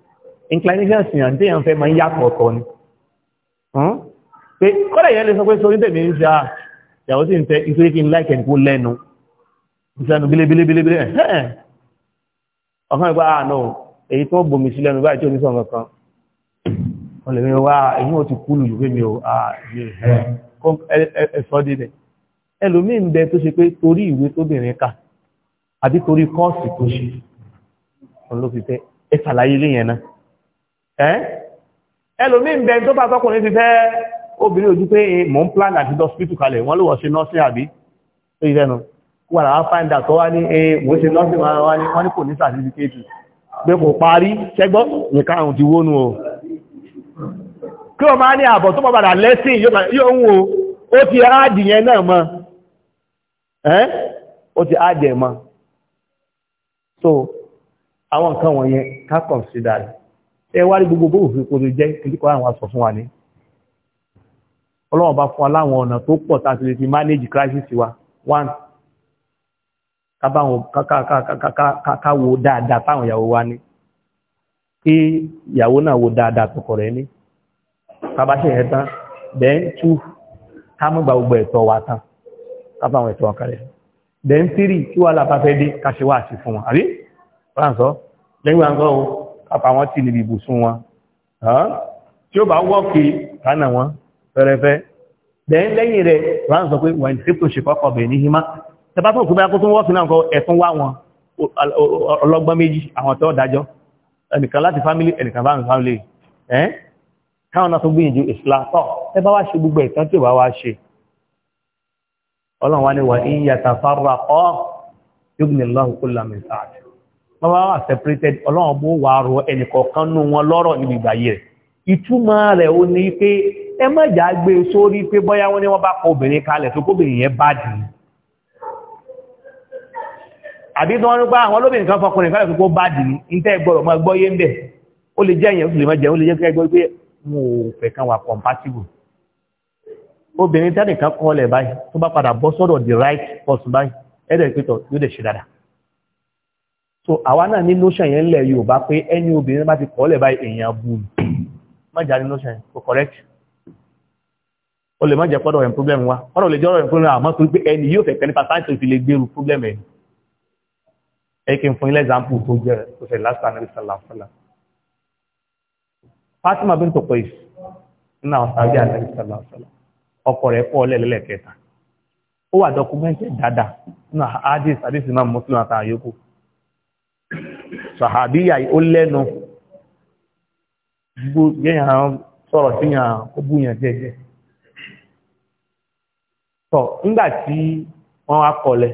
inclination sì hàn téèyàn fẹ́ máa ń yàtọ̀ ọ̀tọ̀ ni hmm? pé kọ́lẹ̀ yẹn lè sọ pé sórí tèmi ń ṣe à ah, ìyàwó sì ń tẹ nítorí kí n láìkẹ́ ní kó lẹ́nu ìṣẹ́nu bílébílébílé ọ̀kan ìgbà àánú ah, èyí tó bomi sí lẹ́nu báyìí tí ó ní sọ̀rọ̀ kan wọ́n lè rí wá èyí ò ti kú lù pé mi ò ẹ̀sọ́ dídẹ̀ ẹlòmíì ń bẹ tó ṣe pé torí ìwé tóbìnrin kà àbí torí kọ́ọ̀sì tó ṣe ọ̀n ló fi fẹ́ ẹ ṣàlàyé ilé yẹn náà ẹ́ ẹlòmíì ń bẹ tó bá tọkùnrin ti fẹ́ obìnrin ojú pé eh, mò ń plan àti hospital kalẹ̀ wọ́n ló wọ́n ṣe àbí tó yí lẹ́nu wọ́n àwọn find tó wá ní eh, wá ní wọ́n ní kò ní pé kò ti wónú o kí o máa ní àbọ̀ tó lẹ́sìn yóò ń wo ó ti áàdì yẹn náà mọ́ ó ti áàdì ẹ̀ mọ́ so ẹ wá rí gbogbo bó òfin kò lè jẹ́ kíkọ́ àwọn aṣọ fún wa ni ọlọ́run bá fún wa ọ̀nà tó pọ̀ tá lè fi manage crisis wa one kábàwọn káwo dáadáa táwọn ìyàwó wa ní kí ìyàwó náà wo dáadáa tọkọ rẹ̀ ní kábàṣẹ yẹn tán then two kámọ́gbà gbogbo ẹ̀tọ́ wa tán kábàwọn ẹ̀tọ́ wa kalẹ̀ then three kí wàhálà bá fẹ́ dé káṣíwáàsì fún wọn àbí wọ́n sọ lẹ́yìn wọn sọ apá wọn tì níbi ibùsùn wọn tí ó bá wọ́ọ̀kì kánà wọn fẹ́rẹ́fẹ́ bẹ́ẹ̀ lẹ́yìn rẹ̀ rán sọ pé wọ́n tí tó ṣe kọ́kọ́ bẹ̀ ní hímá tẹbá tó kú bá kó tún wọ́ọ̀kì náà ẹ̀tún wá wọn ọlọ́gbọ́n méjì àwọn tó dájọ́ ẹnìkan láti family ẹnìkan bá ń family wọ́n wá wà separated ọlọ́run bó wà rọ ẹnìkọ̀ọ̀kan nú wọn lọ́rọ̀ níbi ìgbàyè rẹ̀ ìtumọ̀ rẹ̀ ó ní pé ẹ má jà gbé e sórí pé bọ́yá wọ́n ní wọ́n bá kọ obìnrin kalẹ̀ tó kóbìnrin yẹn bá dì í àbí tó wọ́n ní pé àwọn olóbìnrin kan fọkùnrin kalẹ̀ tó kó bá dì í níta ẹgbọ́rọ̀ máa gbọ́ yé ń bẹ̀ ó lè jẹ́ èèyàn ó lè má jẹ́ ó lè jẹ́ kẹ́gbọ́ pé wọn ò fẹ́ kan wà compatible obìnrin tẹ́nìkan kọ́ ọlẹ̀ báyìí tó bá padà bọ́ sọ́dọ̀ the ẹ̀dẹ̀ ìpẹ́tọ̀ yóò dẹ̀ ṣe dáadáa so àwa náà ní notion yẹn lẹ̀ Yorùbá pé ẹni obìnrin bá ti kọ́ lẹ̀ báyìí èèyàn bú ni má jà ní notion correct o lè má jẹ́ pọ́dọ̀ ẹ̀ problem wa pọ́dọ̀ lè jọ́rọ̀ ẹ̀ problem àmọ́ torí pé ẹni yóò fẹ́ pẹ́ni pàtàkì tó fi lè gbèrú problem ẹ̀ ẹ kí n fún ilé example tó jẹ́ tó fẹ́ last time sallam sallam Fatima bint Qais nínú àwọn sàbí àlẹ́ sallam sallam ọkọ rẹ̀ kọ́ lẹ́lẹ́lẹ́kẹta ó wà documented dáadáa nínú àdìs àdìs imam Muslim àtàyókù sàhábíyà ó lẹ́nu gbogbo yẹn sí yàn ó bú jẹ́jẹ́ tọ̀ nígbà wọ́n wá kọlẹ̀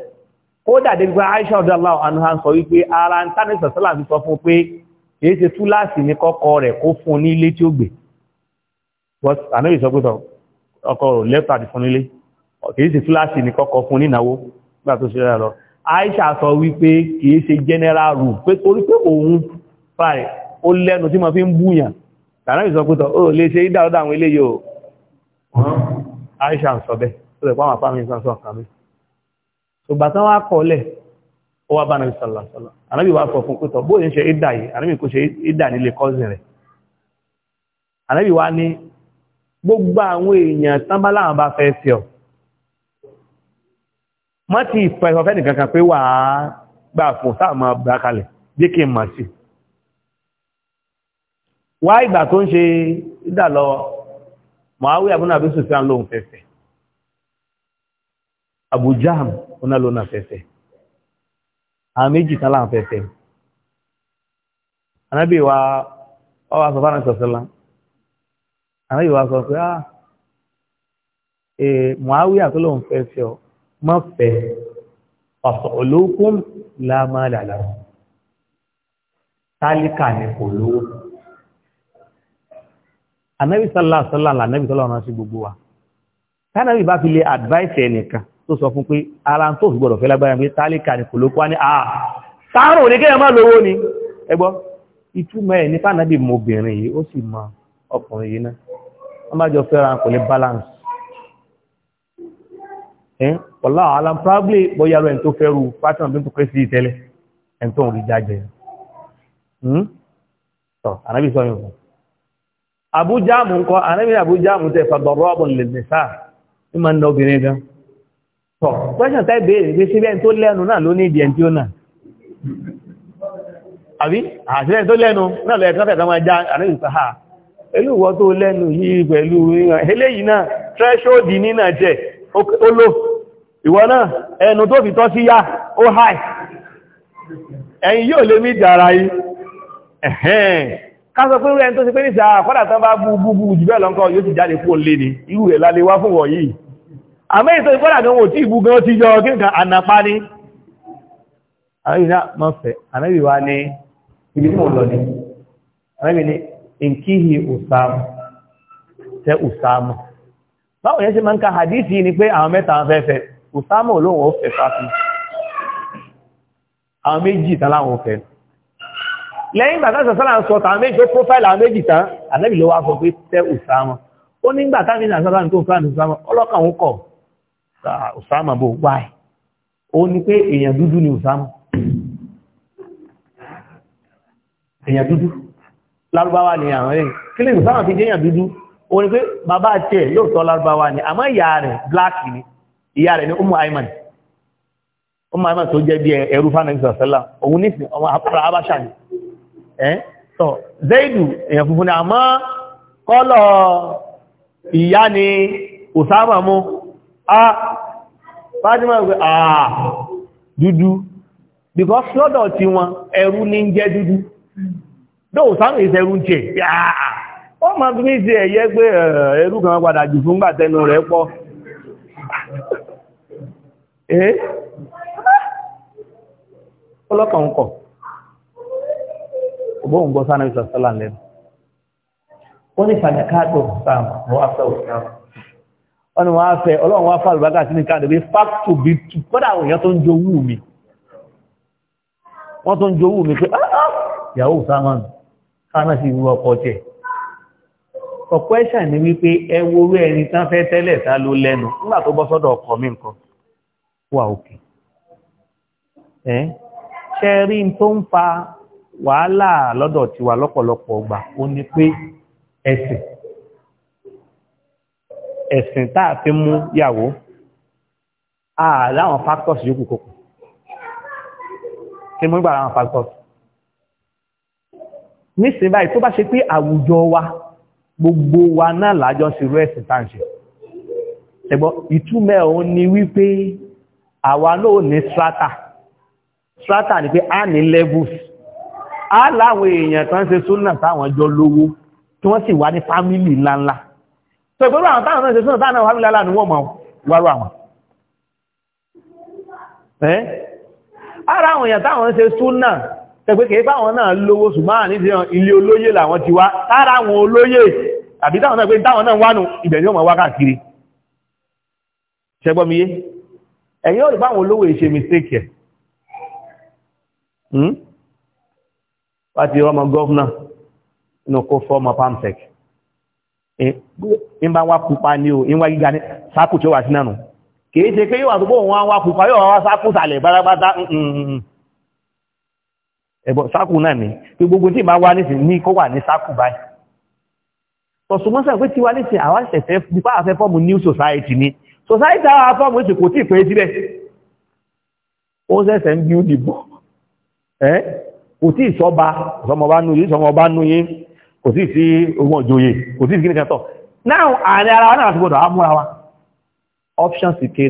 kódà Aisha ọ̀dọ́láwọ̀ anuha sọ wípé ara ń tánà ìsọ̀sọ́là fi sọ fún pé èyí ṣe túláàsì rẹ̀ kó fún ní ọkọ Aisha sọ wípé kìí ṣe general rule pé torí pé òun fàì ó lẹ́nu tí mo fi ń búyàn tààrà ìsọ pẹ́tọ̀ ó lè ṣe ìdàrọ́dà àwọn ilé yóò Aisha sọ bẹ́ tó lè pàwọn àpá mi sọ sọ kàmí ṣùgbà tán wá kọlẹ̀ ó wá bá nàbí sọ̀lọ̀sọ̀lọ̀ ànábì wá sọ fún pẹ́tọ̀ bóò ń ṣe ìdà yìí ànábì kò ṣe ìdà nílé kọ́sìn rẹ̀ ànábì wá ní gbogbo àwọn èèyàn tán bá láwọn bá fẹ́ sí ọ má ti ìfẹ́ fẹ́ nìkan kan pé wà á gbà fún sáàmà àbákalẹ̀ jẹ́ kí n mà sí wá ìgbà tó ń ṣe ìdàlọ Muawiya ibn Abi Sufyan lóhun fẹ́fẹ́ Abu Jahm ọ̀nà lónà fẹ́fẹ́ àwọn méjì kan láàrín fẹ́fẹ́ anábì wa ọwà sọ fánà sọ̀sọ́lá anábì wa sọ pé ah eh, má fẹ́ ọ̀sọ̀ olókùn lámàlàlà tálíkà ni kò lówó anabi sallallahu alaihi wasallam anabi sallallahu alaihi wasallam gbogbo wa tánàbí bá fi lè advice ẹnìkan tó sọ fún pé ara tó fi gbọ́dọ̀ fẹ́ lágbára pé tálíkà ni kò lókùn wá ní àà sáárùn ní kéèyàn má lówó ni ẹgbọ́ ìtumọ̀ ẹ̀ ní tánàbí mọ obìnrin yìí ó sì mọ ọkùnrin yìí náà wọ́n bá jọ fẹ́ra kò ní balance ọ̀lá eh, àlà probably bóyá rẹ̀ tó fẹ́rù Fatima bintu Qays tẹ́lẹ̀ ẹni tó ń rí jájẹ hmm? tọ́ ànábì sọ yóò fún Abu Jahm ńkọ́ ànábì Abu Jahm tẹ́ fadarabun lin-nisa ní ma ń da obìnrin gan tọ́ pẹ́sàn tẹ́ béèrè pé síbẹ̀ tó lẹ́nu náà ló ní ìdí ẹni tí ó àbí tó lẹ́nu náà káfẹ́ sọ ha tó lẹ́nu yìí pẹ̀lú eléyìí náà threshold jẹ́ ó lò ìwọ náà ẹnu tó fi tọ́ sí yá ó háì ẹ̀yìn yóò lè mí dára yìí ẹ̀hẹ́n káṣọ pé rẹ̀ tó ti pé ní ìsà àkọ́dà tán bá gbúgbú jù bẹ́ẹ̀ lọ́nkọ́ yóò ti jáde kó lè ní irú rẹ̀ lálé wá fún wọ̀nyí àmẹ́ ìtọ́ ìkọ́dà gan wò tí ìbú gan ti yọ kí nǹkan ànàpá ní àmẹ́bí wá ní ibi tí mo lọ ní àmẹ́bí ní ìkíhì òsàmù tẹ́ òsàmù báwọn yẹn ṣe máa ń ka hadithi ni pé àwọn mẹ́ta fẹ́fẹ́ Usama olóhun ó fẹ́ Fatima àwọn méjì tán láwọn ó fẹ́ lẹ́yìn bàtà sàsánà sọ tàwọn méjì ó profile àwọn méjì tán ànábì ló wá sọ pé tẹ́ Usama ó nígbà táwọn méjì àsánà tó ń fẹ́ Usama ọlọ́kàn ń kọ̀ Usama bò wáì ó ní pé èèyàn dúdú ni Usama èèyàn dúdú lárúbáwá ni àwọn èèyàn kí Usama fi jẹ́ èèyàn dúdú o ní pé bàbá àti ẹ̀ yóò tọ́ lárúbáwá ni àmọ́ ìyá rẹ̀ black ni ìyá rẹ̀ ni umu aiman umu aiman tó jẹ́ bí ẹrú fánàbí sọ̀sẹ́lá òun ní ọmọ àpárá abáṣà ni ẹ́ tọ́ zaidu èèyàn funfun ni àmọ́ kọ́lọ̀ ìyá ni osama mú a fatima gbé àà dúdú because lọ́dọ̀ tí wọn ẹrú ní jẹ́ dúdú dóòsánà ìṣẹ́rú ń jẹ́ yáà ó ma fi mí sí ẹ̀yẹ pé ẹrú kan padà jù fún gbàtẹnu rẹ̀ pọ̀ ẹ́ ọlọ́kàn ọgbọ́n gbọ́ sánà ìsọ̀sọ́là lẹ́nu ó ní sam wọ́n wọ́n ni wọ́n ọlọ́run wọ́n afẹ́ àlùbákà wọ́n ọ̀pọ̀ ni ní wípé ẹwọ orí ẹni tán fẹ́ tẹ́lẹ̀ tá ló lẹ́nu nígbà tó bọ́ sọ́dọ̀ ọkọ mi nǹkan wà òkè ẹ́ ṣe rí n tó ń fa wàhálà lọ́dọ̀ tiwa lọ́pọ̀lọpọ̀ ọgbà ó ní pé ẹ̀sìn ẹ̀sìn tá a fi mú yàwó àláwọn factors yókù kòkò kí mú gbà àwọn factors nísìnyí báyìí tó bá ṣe pé àwùjọ wa gbogbo wa náà lájọ́ sí rú ẹ̀sìn tàǹṣẹ̀ ẹgbọ́ ìtumẹ̀ òun ni wípé àwa náà ní strata strata ni pé a ní levels a láwọn èèyàn tán ṣe súnà táwọn jọ lówó tí wọ́n sì wá ní fámílì ńláńlá tó ìgbẹ́rú àwọn táwọn náà ṣe súnà táwọn fámílì ńláńlá ni wọ́n mọ̀ wárú àwọn ara àwọn èèyàn táwọn ṣe súnà tẹgbẹ́ kìí fáwọn náà lówó ṣùgbọ́n ní ti ilé olóyè làwọn ti wá tára àwọn olóyè àbí táwọn náà pé táwọn náà wánú ibẹ̀ ni ó mọ̀ wá káàkiri ṣẹgbọ́miyé ẹ̀yìn ò rí fáwọn olówó ìṣe mistake ẹ̀ láti hmm? ọmọ gọ́ọ̀nà inú kó fọ́ọ̀mọ̀ pamsec eh, ń bá wá pupa ní o ń wá gíga ní sáàkù tí ó wà sí náà nù kìí ṣe pé yóò wà tó bóun wá pupa yóò wá sáàkù sàlẹ̀ bárábátá ẹ̀bọ̀ sáàkù náà ní pé gbogbo tí ma wá nísìn ní kó wà ní sáàkù báyìí tọ̀sùmọ́sẹ̀ pé tí wá nísìn àwọn ìṣẹ̀fẹ́ nípa àfẹ́ fọ́ọ̀mù new society ni society àwọn afọ́ọ̀mù ìṣẹ̀ kò tí pẹ́ síbẹ̀ ó sẹ́sẹ̀ ń bí ó dìbò ẹ́ kò tí ìṣọ́ba ìṣọ́mọbánú yìí ìṣọ́mọbánú yìí kò tí sí ogun òjòyè kò tí sí kí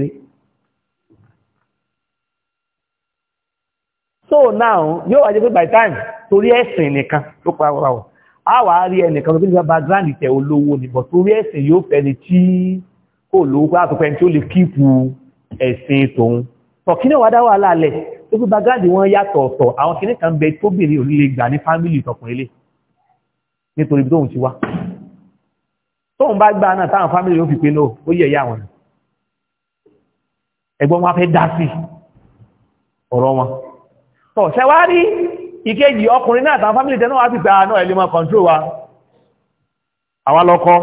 so now yóò wá jẹ́ pé by time torí ẹ̀sìn nìkan ló pa wà wọ̀ a wà á rí ẹnìkan tó fi nípa background tẹ̀ olówó ni but torí ẹ̀sìn yóò fẹ́ni tí kò lówó pé àtúpẹ́ tí ó lè kíìpù ẹ̀sìn tòun tọ̀kí náà wá dá wàhálà lẹ̀ tó fi background wọn yàtọ̀ ọ̀tọ̀ àwọn kìnnì kan bẹ tóbìnrin ò lè gbà ní family tọkùnrin lé nítorí bí tóun ti wá tóun bá gbà náà táwọn family yóò fi pé náà ó yẹ̀ yá àwọn ẹ̀gbọ́n wọn fẹ́ dá sí ọ̀rọ̀ wọn tọ̀ ṣẹwàá rí ìkejì ọkùnrin náà tàbí fámílì tẹ́nà wá ti pẹ̀ àánà ah, ẹ̀lẹ́mọ̀ kọ̀ntró wa àwa lọ́kọ́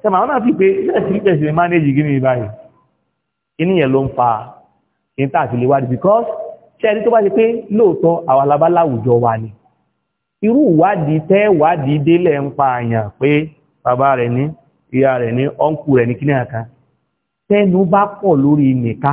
tẹ́mà wọn náà fi pé lẹ́sí pẹ̀sì lè mánéjì gíní báyìí inú yẹn ló ń fa ìntà àti lè wádìí because ṣẹ́ẹ̀rí tó bá ti pé lóòótọ́ àwa labá láwùjọ wa ni irú ìwádìí tẹ́ wádìí délẹ̀ ń pa àyàn pé bàbá rẹ̀ ní ìyá rẹ̀ ní ọ́nkù rẹ̀ ní tẹ́nu bá pọ̀ lórí nìka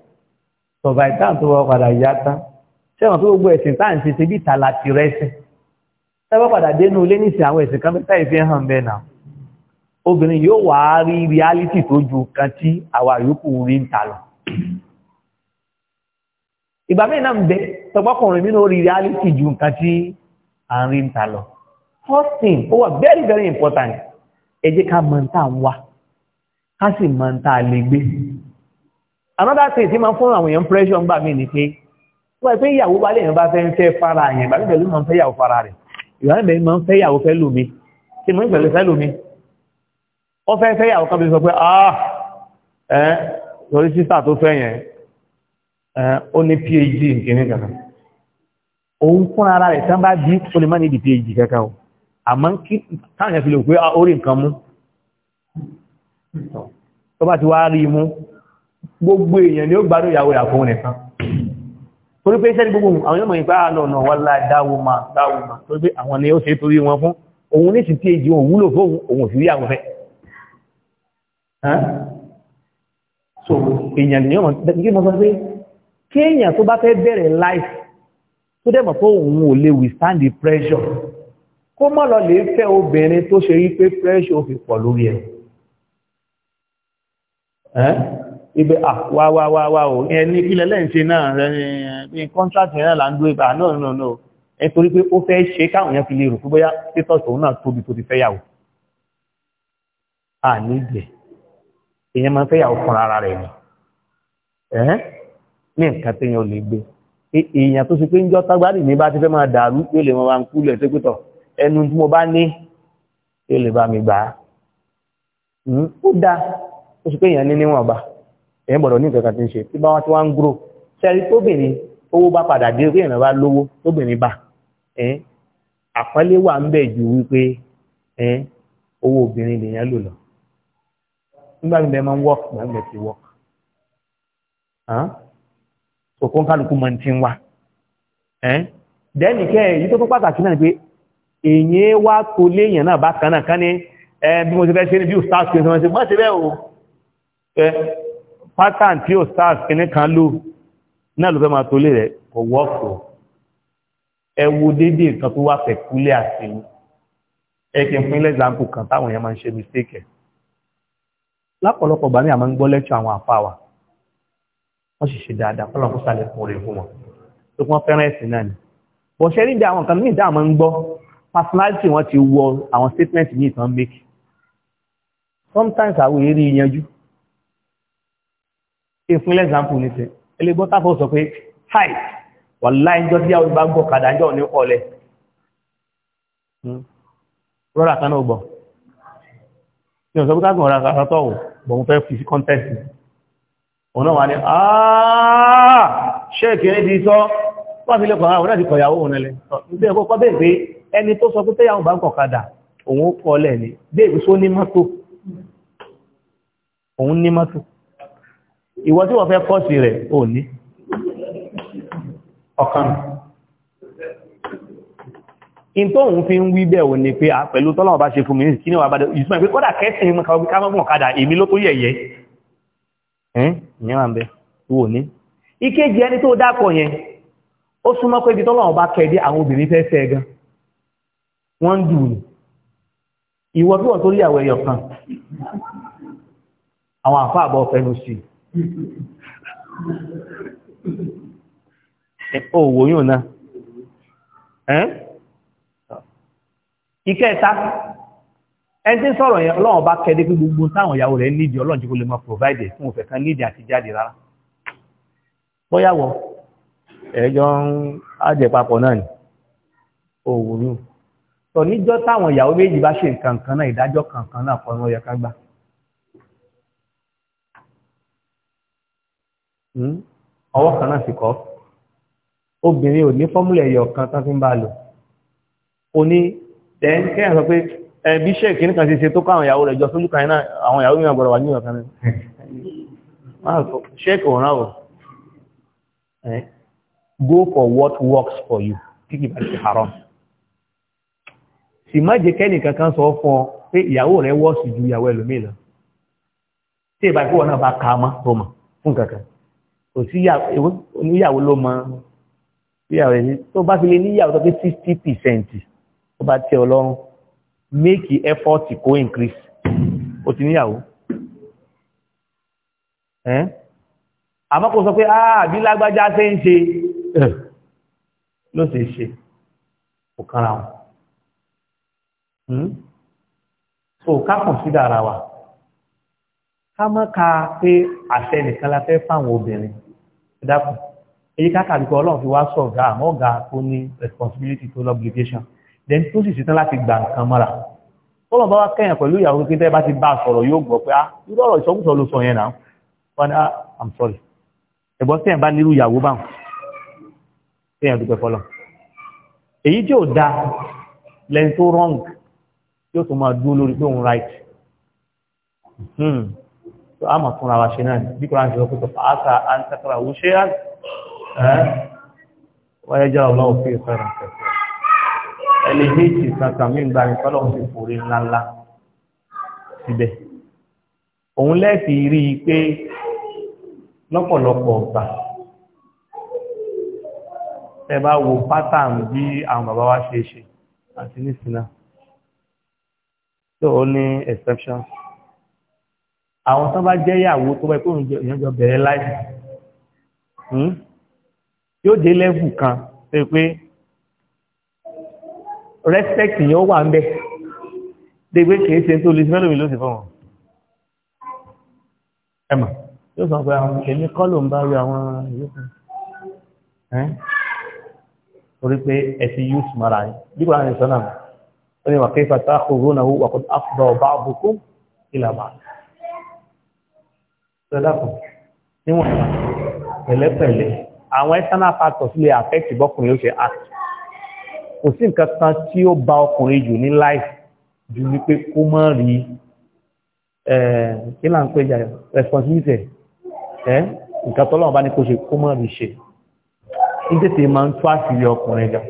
tọ̀bà ìtàn tó wọ́n padà yá tán sẹ́wọ̀n tó gbogbo ẹ̀sìn tá à ń ṣe ṣe bí ìtàlà ti rẹ́sìn tẹ́wọ́ padà dénú ilé nísìn àwọn ẹ̀sìn kan mẹ́ta ìfi hàn bẹ́ẹ̀ náà obìnrin yóò wá rí reality tó ju kan tí àwa yòókù rí ń ta lọ ìgbà míì náà ń bẹ tọgbọ́kùnrin nínú orí reality ju nǹkan tí à ń rí ń ta lọ first thing ó wà very very important ẹ jẹ́ ká mọ̀ ń tà ń wá ká sì mọ̀ ń tà lè gbé another thing tí máa fún àwọn èèyàn pressure ń gbà mí ni pé wọ́n pé ìyàwó bá lèèyàn bá fẹ́ ń fẹ́ fara àyàn ìgbà nígbà ló máa ń fẹ́ ìyàwó fara rẹ̀ ìgbà nígbà ló máa ń fẹ́ ìyàwó fẹ́ lómi tí mo ń pẹ̀lú fẹ́ lómi ó fẹ́ fẹ́ ìyàwó kan bí sọ pé ah ẹ sọrí sísà tó fẹ́ yẹn ẹ ó ní phd nkíní kankan òun fún ara rẹ̀ tán bá bí ó lè má ní di phd kankan o àmọ́ kí táwọn fi lè pé orí ah, nǹkan mú tó bá ti wá rí mú gbogbo èèyàn ni ó gbádùn ìyàwó rà fún nìkan torí pé iṣẹ́ ní gbogbo àwọn yóò mọ̀ ìgbà lọ́nà wà láì dáwò máa dáwò máa torí pé àwọn ni ó ṣe torí wọn fún òun ní sì tí èjì òun wúlò fún òun òfin ìyàwó fẹ́ so èèyàn ni ó mọ̀ kí mo sọ pé kí èèyàn tó bá fẹ́ bẹ̀rẹ̀ life tó dẹ̀ mọ̀ pé òun ò lè withstand the pressure kó mọ̀ lọ lè fẹ́ obìnrin tó ṣe rí pé pressure ó fi pọ̀ lórí ẹ̀ ibẹ̀ àwáwáwá ah, o ẹni kílẹ̀ lẹ́ǹṣe náà rẹ̀ kọ́ntrátì náà là ń gbé ibà náà náà náà ẹ torí pé ó fẹ́ ṣe káwọn yẹn fi lè rò fún bóyá status òun náà tóbi tó ti fẹ́yàwó à ní ìgbẹ̀ èèyàn máa ń fẹ́yàwó fún ara rẹ̀ ni ẹ̀hẹ́n ní nǹkan tí èèyàn ò lè gbé èèyàn tó ṣe pé ń jọ tágbárì ní bá ti fẹ́ máa dàrú yóò lè máa ń kú lẹ̀ sépètọ̀ ẹnu tí mo bá ní yóò lè bá mi gbà á hmm? ó dáa ó ṣe pé èèyàn ní níwọ̀nba ẹ̀ gbọ́dọ̀ ní nǹkan kan ti ń ṣe tí bá wọn ti wá ń grow sẹ́rí tóbìnrin owó bá padà dé pé lówó tóbìnrin bá wà ń bẹ̀ ju wípé owó obìnrin lèèyàn lò lọ nígbà mi máa ń máa ń kálukú máa ń pàtàkì náà ni pé èyí wá tó léèyàn náà bá kan náà ní bí mo ti pattern tí ó stars kìíní kan ló náà ló fẹ́ máa tolé rẹ̀ kò wọ́pọ̀ ẹ wo dédé nǹkan tó wá pẹ̀kúlẹ̀ àti ẹ kí n fún ilẹ̀ example kan táwọn èèyàn máa ń ṣe mistake ẹ̀ lápọ̀lọpọ̀ gbà ní àmọ́ ń gbọ́ lẹ́tọ̀ àwọn àfa wa wọ́n sì ṣe dáadáa fọlọ́n kó sálẹ̀ fún orin fún wọn tó kún fẹ́ràn ẹ̀sìn náà ni bọ̀ ṣe níbi àwọn kan míì dáàmọ́ ń gbọ́ personality wọn ti wọ àwọn statement míì make sometimes àwọn èrè yanjú ṣe fún ilé example ní sẹ ẹlẹgbọn táfọ sọ pé hi wàlá ẹjọ tí àwọn ìbá gbọ kàdá ẹjọ ní kọlẹ hmm. rọra kan náà gbọ ní ọ̀sán pé kágbọ̀n rárá rárá tọ̀wọ̀ bọ̀ mo fẹ́ fi sí contest òun náà wà ní àà ṣé ìkíní ti sọ wọ́n fi lẹ́kọ̀ọ́ àwọn láti kọ̀yàwó ah, òun ẹlẹ́ nígbà ẹ̀kọ́ ìwọ tí wọ́n fẹ́ kọ́sì rẹ̀ ò ní ọ̀kan in tó ń fi ń wí bẹ̀ ò ní pé a pẹ̀lú tọ́lọ́wọ́ bá ṣe fún mi kí ní wà bá ìsúnmọ̀ pé kọ́dà kẹ́sìn mú káwọn ọ̀kadà èmi ló tó yẹ̀yẹ́ ìyẹn wà ń bẹ wò ní ìkejì ẹni tó dákọ̀ àwọn àfáàbọ̀ fẹnu sí i òwò yóò náà ẹ́n ìkẹta ẹni tí sọ̀rọ̀ yẹn ọlọ́run bá kẹ́dé pé gbogbo táwọn ìyàwó rẹ̀ nídìí ọlọ́run jíkó lè máa provide fún òfẹ́ kan nídìí àti jáde rárá bóyáwọ̀ ẹjọ́ ń ájẹ papọ̀ náà ni òwò yóò sọ níjọ́ táwọn ìyàwó méjì bá ṣe nǹkan kan náà ìdájọ́ kankan náà kọ́ ni ká gbà Hmm? ọwọ́ kan náà sì kọ́ obìnrin ò ní fọ́múlà ẹ̀yọ̀ kan tán fi ń bá lò ó ní ẹ̀ńkẹ́ àsọ pé ẹbí eh, ṣe kìíní kan ṣe ṣe tó kọ́ àwọn ìyàwó rẹ̀ jọ sójú kan náà àwọn ìyàwó mi àgbọ̀rọ̀ wà ní ìyọ̀kan náà <laughs> ṣẹ́ẹ̀kì òun ráwọ̀ eh, go for what works for you tí kìí bá ti haram sì má jẹ́ kẹ́nì kankan sọ fún ọ pé ìyàwó rẹ̀ wọ́ọ̀sì ju ìyàwó ẹlòmíì lọ tí ìbá ìkówọ̀ náà bá ka mọ́ tó mọ̀ fún kankan kò sí oníyàwó ló mọ ìyàwó rẹ̀ tó bá fi lè níyàwó tó pé sixty percent tó bá tẹ́ ọ lọ́rùn make effort kó increase o ti níyàwó àmọ́ kò sọ pé ah, àbí lágbájá ṣe ń ṣe <clears throat> ló ṣe ṣe kò kára wọn hmm? so ká consider ara wa ká má ka pé àṣẹ nìkan la fẹ́ fáwọn obìnrin dákun èyí káàkà lùkọ́ ọlọ́run fi wá sọ ọ̀gá àmọ́ ọ̀gá tó ní responsibility tó lọ́bligation then tó sì ṣetán láti gbà nǹkan mọ́ra tọ́lọ̀ bá wá kẹ́yìn pẹ̀lú ìyàwó pé tẹ́lẹ̀ bá ti bá a sọ̀rọ̀ yóò gbọ́ pé ah irú ọ̀rọ̀ ìsọkúsọ ló sọ yẹn náà wọ́n ní ah i'm sorry ẹ̀gbọ́n tẹ́yìn bá nírú ìyàwó báwọn tẹ́yìn dúpẹ́ fọlọ́ èyí tí ò da lẹ́yìn tó wrong yóò tún máa dúró lórí pé òun right hmm tó a mọ̀ fúnra wa ṣe náà bí kúrò àṣẹ ọkùnrin tó fàáta à ń tẹ́kọ̀rọ̀ àwọn ṣe án wáyé jẹ́ ọlọ́wọ́ fi ìfẹ́ràn tẹ̀sẹ̀ ẹni hẹ́ẹ̀tì kankan mí gba ní tọ́lọ́ fi fòrí ńláńlá síbẹ̀ òun lẹ́ẹ̀fì rí i pé lọ́pọ̀lọpọ̀ ọ̀gbà ẹ bá wo pátán bí àwọn bàbá wa ṣe ṣe àti nísìnyá tó o ní exceptions àwọn tó bá jẹ́ ìyàwó tó bá ikú ìyànjọ bẹ̀rẹ̀ láìsí hmm? yóò dé lẹ́fù kan tó yẹ pé respect yẹn wà ń bẹ̀ dé pé kìí ṣe tó lè ṣe mẹ́lòmí ló sì fọ́n ẹ̀mà yóò sọ pé àwọn èmi kọ́ ló ń bá rí àwọn ìyókù torí pé ẹ̀sìn yóò sùn mara yín bí kò láti sọ náà ó ní wà kí fata kò rónà wà kó afọ àbùkù ìlàbà sọdọ́kùn níwọ̀n pẹ̀lẹ́pẹ̀lẹ́ àwọn external factors lè affect bọ́kùnrin ó ṣe act kò sí nǹkan kan tí ó ba ọkùnrin jù ní life ju wípé kó mọ́ rí kí là ń pè jà responsibility ẹ̀ nǹkan tọ́lọ́wọ́n bá ní kó ṣe kó mọ́ rí ṣe ní tètè máa ń tú àṣírí ọkùnrin jà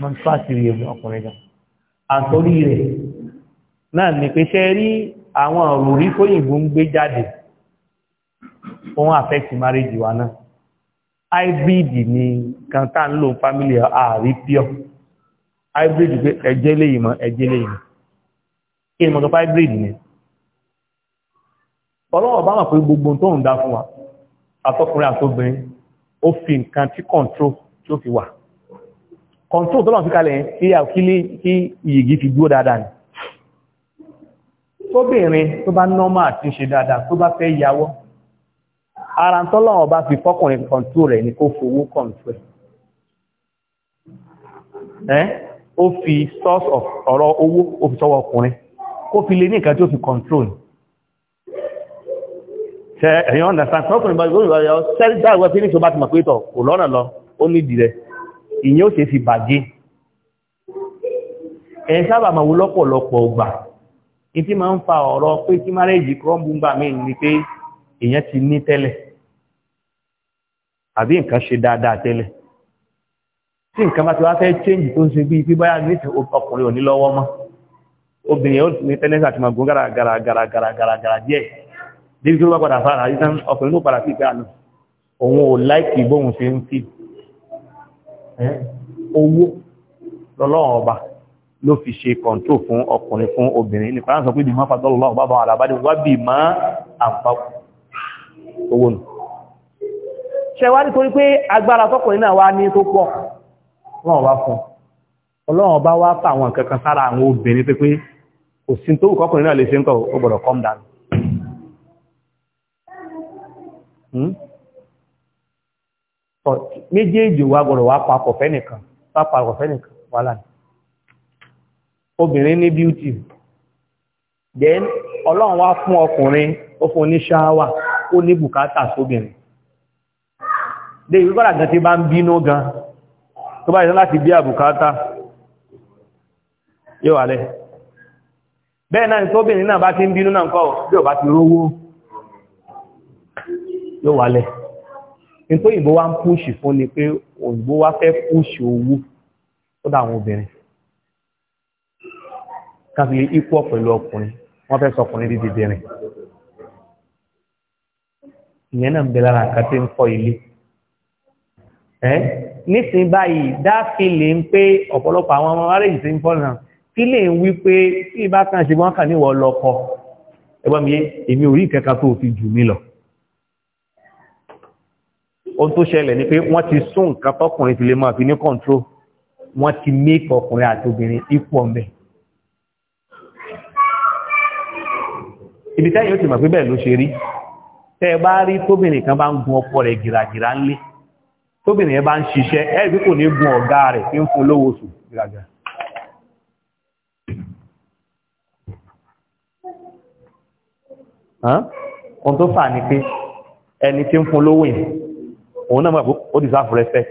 máa ń tú àṣírí ọkùnrin jà àtọ́rí rẹ̀ náà ní pé ṣe rí àwọn òrùrí fóyìnbó ń gbé jáde wọ́n àfẹ́kì márìjì wa náà hybrid ni kan tá ń lò family ààrí pure hybrid pé ẹjẹ́ lẹ́yìn mọ́ ẹjẹ́ lẹ́yìn mọ́ kí ni mo sọ fún hybrid ni ọlọ́wọ́ bá mọ̀ pé gbogbo tó ń dá fún wa àtọkùnrin àtobìnrin ó fi nǹkan tí control tí ó fi wà control tó lọ́n fi kalẹ̀ kí iyìgì fi dúró dáadáa ni tóbìnrin tó bá nọ́mà àti ṣe dáadáa tó bá fẹ́ yàwó ara ń tọ́lọ́wọ́ bá fi fọ́kùnrin kọ̀ǹtù rẹ̀ ní kó fowó kọ̀ǹtù ẹ̀ ó fi source of ọ̀rọ̀ owó ó fi sọ́wọ́ ọkùnrin kó fi lè ní nǹkan tí ó fi control ṣe ẹ̀yàn understand tọ́kùnrin bá gbóòrùn ọ̀yọ́ sẹ́rígbà ìwẹ́ fi ní ṣe bá ti mọ̀ pé tọ̀ kò lọ́nà lọ ó ní ìdí rẹ̀ ìyẹn ó ṣe fi bàjẹ́ ẹ̀ sábà máa wo lọ́pọ̀lọpọ̀ ọgbà ìtí ma ń fa ọ̀rọ̀ pé kí márẹ́jì kọ́mbùngbà míì ní pé èèyàn ti ní tẹ́lẹ̀ àbí nǹkan ṣe dáadáa tẹ́lẹ̀ tí nǹkan bá ti wá fẹ́ change tó ń ṣe bí pé báyà ní ọkùnrin ò lọ́wọ́ mọ́ obìnrin yóò ní tẹ́lẹ̀ gara gara gara gara gara gara ló fi ṣe kọ̀ǹtró fún ọkùnrin fún obìnrin ní kọ̀rán sọ pé bí máa fàtọ́lù lọ́wọ́ bá bá alábádé wá bí máa àpapọ̀ owó nù ṣẹwà nítorí pé agbára tọ́kùnrin náà wá ní tó pọ̀ ọlọ́run bá fún ọlọ́run bá wá pa àwọn kankan sára àwọn obìnrin pé pé kò sí tó kọkùnrin náà lè ṣe ń kọ̀ ó gbọ́dọ̀ calm down hmm? méjèèjì wá gbọ́dọ̀ wá papọ̀ fẹ́nìkan obìnrin ní beauty then ọlọ́run wá fún ọkùnrin ó fún ní ṣáwà ó ní bùkátà sóbìnrin dé ìwé kọ́lá gan tí bá ń bínú gan tó bá ìsán láti bí àbùkátà yóò wà lẹ́ bẹ́ẹ̀ náà tóbìnrin náà bá ti ń bínú náà kọ́ bí ò bá ti rówó yóò wà lẹ́ ní tó ìbò wá ń púṣì fún ni pé òyìnbó wá fẹ́ púṣì owó ó dáwọn obìnrin káfí lè ipò pẹ̀lú ọkùnrin wọ́n fẹ́ sọkùnrin dídì dìrìn ìyẹn náà ń bẹ lára nǹkan tí ń kọ́ ilé ẹ́ nísìnyí báyìí dá fílì ń pé ọ̀pọ̀lọpọ̀ àwọn ọmọ arẹ́jì ti ń fọ́ náà fílì ń wí pé tí ìbá kan ṣe wọ́n kà níwọ̀ lọ́kọ ẹgbọ́n mi yé èmi ò rí ìkẹ́ka tó fi jù mí lọ ohun tó ṣẹlẹ̀ ni pé wọ́n ti sún nǹkan tọkùnrin ti lè máa fi ní kọ̀ǹtró wọ́n ti mí ọkùnrin àti obìnrin ipò ọ̀mẹ́ ibi táyẹ̀ ó ti mọ̀ pé bẹ́ẹ̀ ló ṣe rí tẹ́ ẹ bá rí tóbìnrin kan bá ń gun ọkọ rẹ̀ gìràgìrà ń lé tóbìnrin yẹn bá ń ṣiṣẹ́ ẹ kò ní gun ọ̀gá rẹ̀ tí ń fún lówó oṣù gìràgìrà ohun tó fà ní pé ẹni tí ń fún lówó yẹn òun náà mọ̀ ó deserve respect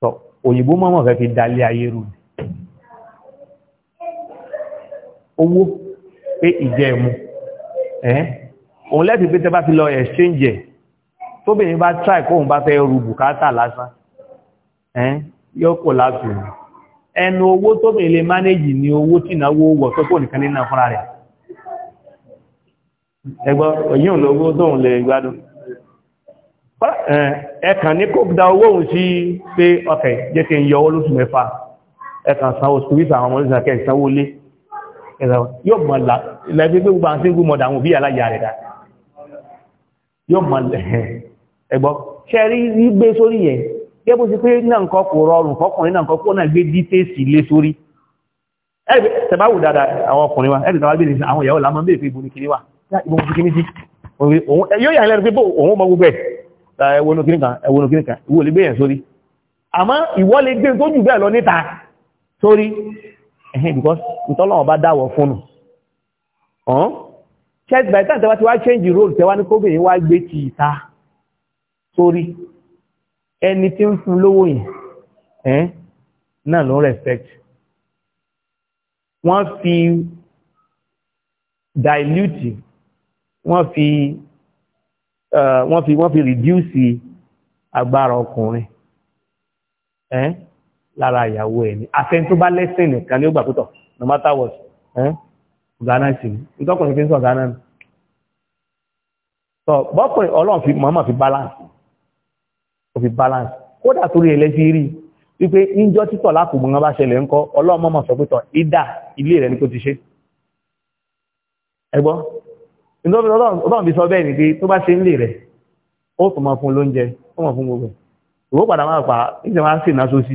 so òyìnbó mọ̀mọ̀ fẹ́ fi dalé ayé rú owó pé ìjẹ ẹ̀mú ẹ́ òun lẹ́sìn pé tẹ́bá ti lọ exchange ẹ̀ tóbìnrin bá try kóhun bá fẹ́ rú bùkátà lásán ẹ́ yóò kò láti rù ẹnu manage ni owó tí ìnáwó wọ̀ tó kò nìkan nínú fúnra rẹ̀ ẹgbọ́ òyìn lówó tóhun lè gbádùn ẹ̀kàn ní kó da owó òun sí pé ọkẹ̀ jẹ́ kí n yọ owó lóṣù mẹ́fà ẹ̀kàn sanwó school visa àwọn ọmọ lé yóò mọ̀ lẹ́bí pé gbogbo àwọn tí ń gún mọ̀dà àwọn òbí aláya rẹ̀ dá yóò mọ̀ <laughs> ẹgbọ́ ṣe rí rí gbé sórí yẹn gẹ́gẹ́ bó ṣe pé náà nǹkan kò rọrùn fọkùnrin náà nǹkan kó náà gbé dítèsì lé sórí ẹ̀rì tẹ̀báwù dáadáa àwọn ọkùnrin wa ẹ̀rì tàbí àwọn ìyàwó làmọ́ bèèrè pé ibo ni kiri wa ibo ni kiri sí yóò yà lẹ́nu pé bó òun mọ gbogbo ẹ̀ ẹ̀wọ̀n kiri kan ẹ̀wọ̀n kiri kan ìwọ lè gbé yẹn sórí àmọ́ ìwọ lè gbé tó jù bẹ́ẹ̀ lọ níta sórí ẹ̀hìn because ìtọ́lọ́wọ́ bá dáwọ̀ fún nù ọ̀n church by time tẹwàá ti wá change role tẹwàá ní kóbìnrin wá gbé ti ìta sórí ẹni tí ń fún lówó yẹn ẹ́n náà ló respect wọ́n fi dilute wọ́n fi wọ́n fi wọ́n fi reduce agbára ọkùnrin ẹ́n lára ìyàwó ẹ̀ ni àfẹn tó bá lẹ́sìn nìkan ni ó gbà pé no matter what ọ̀gá náà sì ni ìtọ́kùnrin fi ń sọ ọ̀gá ni. sọ bọ́kùnrin ọlọ́run fi mọ́mọ́ fi balance ó fi balance kódà torí ẹ̀ lẹ́sìn rí wípé níjọ́ títọ̀ lákòókò wọn bá ṣẹlẹ̀ ńkọ́ ọlọ́run mọ́mọ́ sọ pé tọ̀ ìdá ilé rẹ̀ ni kò ti ṣe. ẹ gbọ́ ọlọ́run fi sọ bẹ́ẹ̀ ni pé tó bá ṣe ń lè rẹ̀ ó tún mọ fún lóúnjẹ ó mọ fún gbogbo ìwọ padà máa pa ìjọba sì náà sósì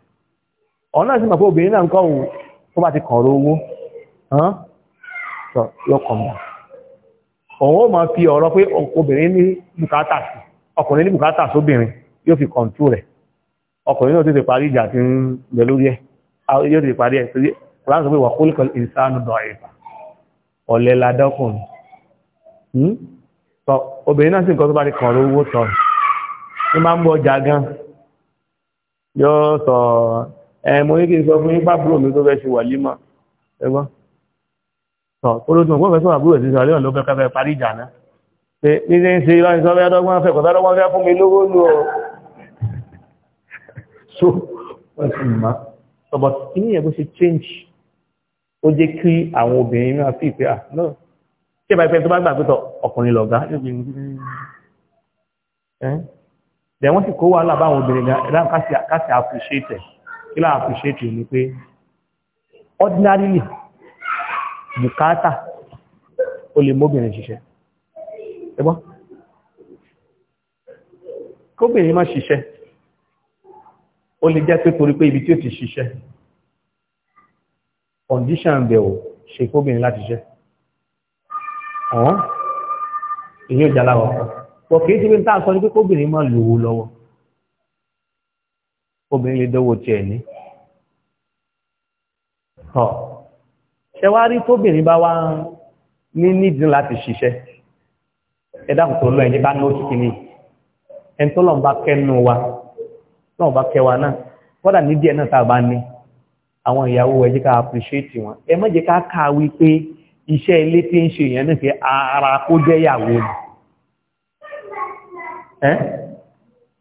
ọ̀nà sí màpá obìnrin náà ń kọ́ òun tó bá ti kọ̀rọ̀ owó lọ́kọ̀ọ̀mọ̀ òun ó máa fi ọ̀rọ̀ pé obìnrin ní bùkátà sí ọkùnrin ní bùkátà sóbìnrin yóò fi kọ̀ǹtù rẹ̀ ọkùnrin náà tètè parí ìjà tí ń bẹ lórí ẹ̀ yóò tètè parí ẹ̀ torí ránṣọ pé wà kólíkọ̀ ìsánú dọ̀ ẹ̀fà ọ̀lẹ́ ladọ́kùnrin hmm? obìnrin náà sì nǹkan tó bá ti kọ̀ọ̀rọ̀ owó tọ̀ ní máa mo ní kí n sọ fún yín bábúrò mi tó fẹ́ ṣe wà límọ̀ ẹgbọ́n tọ́ olóòtú ògbọ́n fẹ́sọ̀ àbúrò sí sàlẹ̀ ọ̀nà lọ́gbẹ́ kẹfẹ́ parí ìjà náà pé ní ṣe ń ṣe ìlànà ìsọ́fẹ́ ọdọ́gbọ́n fẹ́ kọ̀tà ọdọ́gbọ́n fẹ́ <laughs> so wọ́n sì mọ́ but change ó jẹ́ kí àwọn obìnrin náà fi ìpè à náà tí ìbá ìpẹ́ tó bá gbà pé tọ ọkùnrin lọ̀gá ẹ̀ wọ́n sì kó wàhálà appreciate it kílá àpùṣẹ́tì ní pé ordinarily bùkátà o lè móbìnrin ṣiṣẹ́ ẹgbọ́n kóbìnrin má ṣiṣẹ́ o lè jẹ́ pé torí pé ibi tí ó ti ṣiṣẹ́ condition bẹ̀ ò ṣe kóbìnrin láti ṣiṣẹ́ ọ̀hún èyí ò jà láwọ̀ kìí sí pé ń tàà sọ ní pé kóbìnrin má lòó lọ́wọ́ obìnrin lè dánwò tiẹ̀ ní. ṣe wá rí tóbìnrin bá wá ní nídìí láti ṣiṣẹ́ ẹ dákun tó lọ ẹ̀jẹ̀ bá ní oṣù kìíní ẹ̀ tó lọ́n bá kẹ́nu wa lọ́n bá kẹwa náà kọ́dà nídìí ẹ̀ náà tá bá ní àwọn ìyàwó ẹ jẹ́ ká appreciate wọn ẹ má jẹ́ ká kà wí pé iṣẹ́ ilé tí ń ṣe èèyàn náà fi ara kó jẹ́ ìyàwó ni ẹ́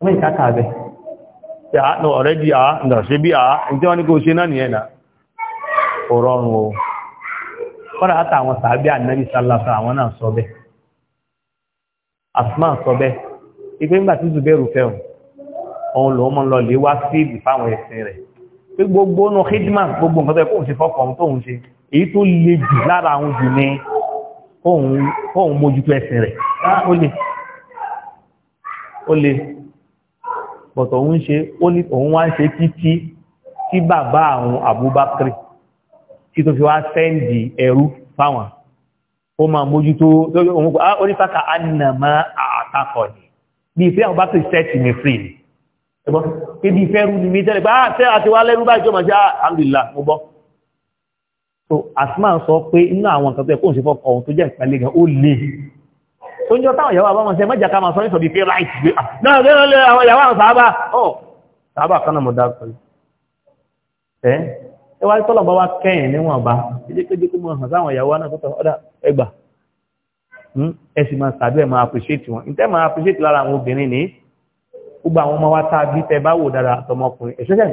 wọ́n ìkákà bẹ́ẹ̀ àánú ọ̀rẹ́dì àá ǹdàṣẹ́ bí àá ah, ǹtí wọ́n ní kò ṣe náà nìyẹn náà kò rọrùn o kọ́nà àtà àwọn sàábí ànábì sálásá àwọn náà sọ bẹ́ Asma sọ bẹ́ ipé ńgbà tí Zubairu fẹ́ òun lòun mọ́ lọ lè wá sí ìdí fáwọn ẹ̀sìn rẹ̀ pé gbogbo nù hidman gbogbo nǹkan tó yẹ kóun ṣe fọ́kọ̀ ohun tóun ṣe èyí tó le ó le ó le but òun ṣe ó ní òun wá ń ṣe títí tí bàbá àwọn Abubakar tí tó fi wá sẹ́ndì ẹrú fáwọn ó máa mójútó òun pa onífàkà ànàmọ́ àtakọ̀ ni bí ìfẹ́ Abubakar sẹ́ẹ̀tì mi free ni ẹgbọ́n pé bí ìfẹ́ rú ni mi tẹ́lẹ̀ bá àṣẹ àti wá lẹ́rú báyìí jọmọ̀ sí ah, alhamdulillah mo gbọ́ so asma sọ pé inú àwọn nǹkan tó yẹ kóun ṣe fọkọ̀ òun tó jẹ́ ìpínlẹ̀ gan ó le ó ń jọ táwọn ìyàwó àbáwọn ṣe mọ́jà ká máa sọ nítorí pé láì gbé ah, náà lẹ́rọ̀lẹ́ àwọn ìyàwó àwọn ọ̀ oh, sàábà kan náà mo dá pẹ̀lú ẹ́ ẹ wá tọ́lọ̀ bá wá kẹ́yìn níwọ̀n bá ìdíkéjì kó mọ̀ hàn sáwọn ìyàwó náà tó ọ̀dà ẹgbà hmm, ẹ sì máa sàbẹ̀ máa appreciate wọn ìtẹ́ máa appreciate lára àwọn obìnrin ní gbogbo àwọn ọmọ wa tá a bí tẹ bá wò dáadáa àtọmọkùnrin especially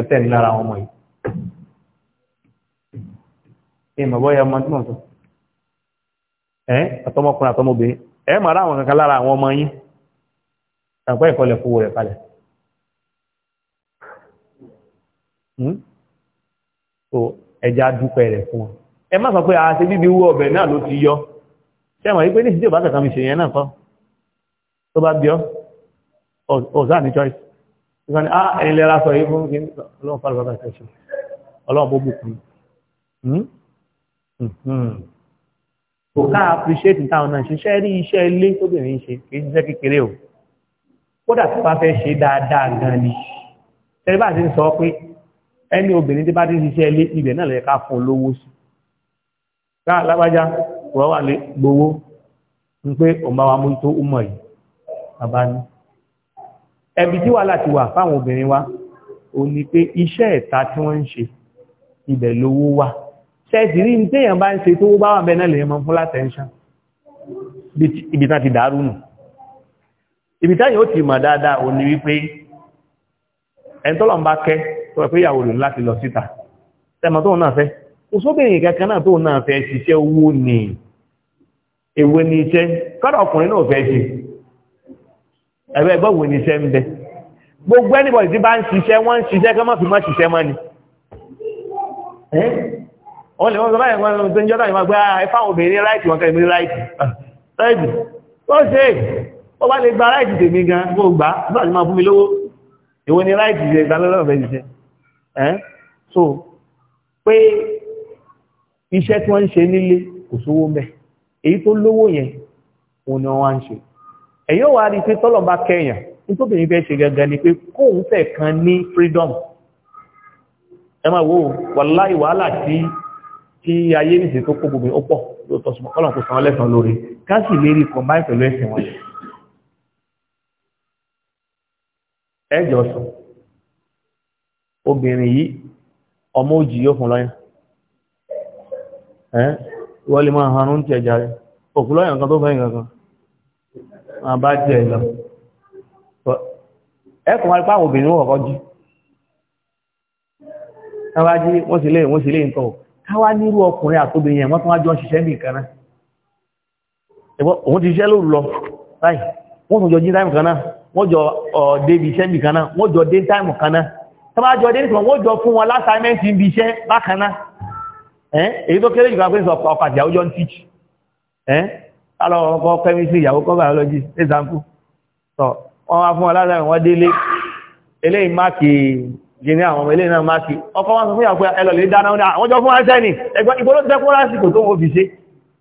tó bá ìmọ̀ bọ́yá ọmọ tí mọ̀ sọ ẹ́ àtọmọkùnrin àtọmọbìnrin ẹ mọ̀ ara àwọn kankan lára àwọn ọmọ yín àpẹ́ ìkọlẹ̀ fowó rẹ̀ kalẹ̀ hmm? so ẹja dúpẹ́ rẹ̀ fún wọn ẹ má sọ pé àṣẹ bíbi wú ọbẹ̀ náà ló ti yọ ṣé àwọn ìpínlẹ̀ ìṣẹ́jọ́ bá kankan mi ṣe yẹn náà kọ́ tó bá bí ọ ọ̀sán ní choice ìkànnì ah ẹ̀yin lẹ́ra sọ yìí fún ọlọ́run fàlùfàlù ọlọ́run bó bùkún hmm? Hmm. kò ká appreciate táwọn náà ṣiṣẹ́ rí iṣẹ́ ilé tóbìnrin ṣe kì í ṣiṣẹ́ kékeré o kódà tó bá fẹ́ ṣe dáadáa gan ni tẹ́lẹ̀ bá ti ń sọ pé ẹni obìnrin tí bá ti ń ṣiṣẹ́ ilé ibẹ̀ náà lè ká fún olówó sí ká lágbájá wọ́n wà lè gbowó ń pé òun bá wa mójútó ọmọ yìí bàbá ní ẹbí tí wàhálà ti wà fáwọn obìnrin wa ò ní pé iṣẹ́ ẹ̀ta tí wọ́n ń ṣe ibẹ̀ lówó wà ṣẹ́ẹ̀sì rí ní téèyàn bá ń ṣe tó bá wà bẹ́ẹ̀ náà lè mọ fún látẹ́ńṣán ibi tán ti dàrú nù ibi táyìn ó ti mọ̀ dáadáa ò ní wípé ẹ̀ntọ́lọ̀ ń bá kẹ́ tó rẹ̀ pé ìyàwó lòun láti lọ síta tẹ́mọ̀ tóun náà fẹ́ kò sóbìnrin kankan náà tóun náà fẹ́ ṣiṣẹ́ owó ní èwo ni iṣẹ́ kọ́dọ̀ ọkùnrin náà fẹ́ ṣe ẹ̀rọ ẹ̀gbọ́n wo ni gbogbo anybody tí bá ń ṣiṣẹ́ wọ́n ń ṣiṣẹ́ kọ́ fi mọ́ ṣiṣẹ́ mọ́ ni wọ́n lè wọ́n sọ báyìí wọ́n tó ń jọ́ta ìmọ̀ gbá ẹfáwọn obìnrin láìtì wọn kẹ́lẹ̀ láìtì ah, láìtì ó ṣe ó bá lè gba láìtì tèmi gan mo gbà bá ti máa fún mi lówó ìwọ ni láìtì ṣe ìgbà lọ́lọ́ fẹ́ ṣiṣẹ́ ẹ́ so pé iṣẹ́ tí wọ́n ń ṣe nílé kò sówó mẹ́ èyí tó lówó yẹn òun ni wọ́n wá ń ṣe ẹ̀yọ́ wà rí pé tọ́lọ̀ bá kẹyàn nítòbìnrin fẹ́ ṣe gangan ni pé kóun fẹ́ kan ní freedom ẹ máa wo wàláì wàhálà tí kí ayé nìsẹ̀ tó kó gbogbo ọpọ̀ ló tọ́ súnmọ́ kọ́lọ̀ kó san lẹ́sàn lórí káàsì lérí combine pẹ̀lú ẹ̀sìn wọn ẹjọ́ sùn obìnrin yìí ọmọ òjì yóò fún lọ́yàn ẹ́ wọ́n lè máa hanú ti ẹ̀já rẹ̀ òkú lọ́yàn kan tó fẹ́ ìgbàkan máa bá jẹ́ ìlọ ẹkùn wá pàwọn obìnrin wọ́n kọ́kọ́ jí wọ́n sì lè nǹkan òkú káwá nírú ọkùnrin àtòbìnrin ẹ̀wọ́n tó wá jọ ń ṣiṣẹ́ ní ìkan náà òun ti ṣiṣẹ́ lóru lọ láì wọ́n tún jọ jí táìmù kan náà wọ́n jọ débi iṣẹ́ nìkan náà wọ́n jọ dé táìmù kan náà tó bá jọ dé nìkan wọ́n jọ fún wọn lásàmẹ́ǹtì ibi iṣẹ́ bákan náà èyí tó kéré jù kan pé sọ ọkọ àti ìyàwó jọ ń tíìch biology example wọ́n wá fún wọn lásàmẹ́ǹtì wọ́n délé eléyìí jìnì àwọn ọmọ ilé náà máa kí ọkọ̀ wọn sọ fún ìyàwó ẹlọ́lẹ̀ dáná ní àwọn jọ fún ẹsẹ́ ni ẹgbẹ́ ìgbòrò ti tẹ́kọ́ lásìkò tó wọ́n fi ṣe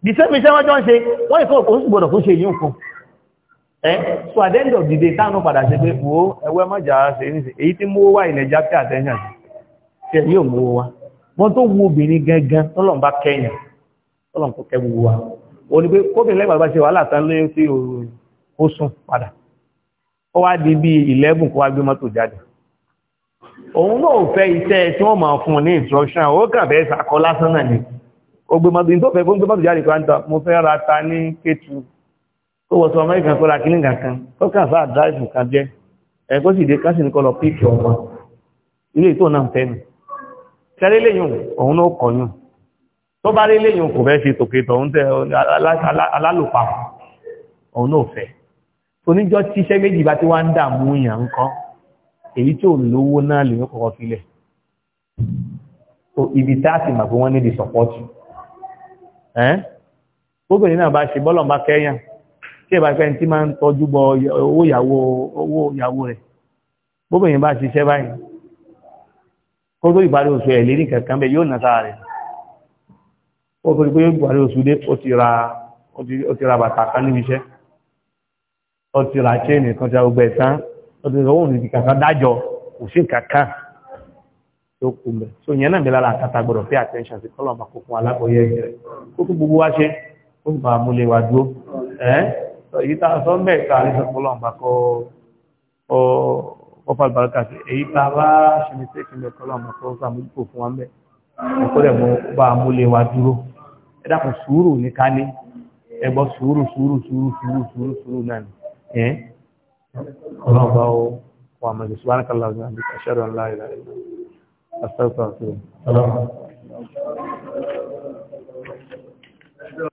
di sẹ́mi iṣẹ́ wọ́n jọ ń ṣe wọ́n ìkọ́ òkú sì gbọ́dọ̀ kó ṣe yìí nǹkan ẹ́ so at the end of the day táwọn padà ṣe pé wo ẹwẹ́ mọ́jà ṣe ní èyí tí mú wá ilẹ̀ já pé attention ṣe yóò mú wa wọ́n tó wu obìnrin gangan tọ́lọ̀n bá kẹ́yìn tọ́lọ̀n kó kẹ́ gbogbo wa o ní pé kóbìnrin lẹ́gbàá bá ṣe wàhálà tán lóyún ó sùn padà ó wá di bí 11 kó wá gbé mọ́tò jáde òun náà fẹ́ iṣẹ́ tí wọ́n máa fún ní instruction ó kàn fẹ́ lásán náà ni ó gbé mọ́bí tó fẹ́ fún gbé mọ́bí jáde kan tán mo fẹ́ ra ta ní kétu tó wọ́n sọ ọmọ ìkan kọ́ra kíní kankan tó kàn sáà drive kan jẹ́ ẹ̀kọ́ sì dé káṣí ní kọ́lọ̀ píkì ọmọ ilé tó náà fẹ́ mi tẹ́lẹ̀ lẹ́yìn òun náà kọ̀ yàn tó bá rí lẹ́yìn kò fẹ́ ṣe èyí tí ò lówó náà lè ní kọ̀kọ́ filẹ̀ ibi tá a sì mà wọ́n ní di sọ̀pọ́tù gbogbo ìnáà bá ṣe bọ́lọ̀ bá kẹ́yàn tí ìbá pẹ́ tí máa ń tọ́jú bọ owó ìyàwó rẹ̀ gbogbo ìyìn bá ṣiṣẹ́ báyìí kó tó ìparí oṣù ẹ̀ lérí kankan bẹ yóò nà sára rẹ̀ ó tó oṣù dé ó ti ra bàtà kan níbi iṣẹ́ ó ti ra chain kan ti ra gbogbo ẹ̀ tán ọdún ìwọ̀n òfin kankan dájọ́ òfin kankan tó kú mẹ́ so ìyẹn náà bẹ̀rẹ̀ àkàtà pay attention sí kọ́lọ̀ àpapọ̀ fún alákọ̀ọ́yẹ rẹ̀ kó tó gbogbo wá ṣe ó sì máa múlé wa dúró ẹ́ èyí tá a sọ mẹ́ẹ̀ ká ní sọ́kọ́lọ̀ àpapọ̀ ọ̀pọ̀ àlùbáríkà sí èyí tá a bá ṣe ní sẹ́kì mẹ́ kọ́lọ̀ àpapọ̀ sàmójúkò fún wa mẹ́ ẹ̀kọ́ rẹ̀ mo bá múlé wa dúró ẹ sùúrù ní ká ní ẹgbọ́ sùúrù sùúrù sùúrù sùúrù sùúrù náà ọlọ́run bá ó wà mọ̀jẹ̀ ṣùgbọ́n àkàlà ọ̀gbìn àbíkà ṣẹ́rọ̀ ńlá ìlà ìlú àṣẹ́kọ̀ọ́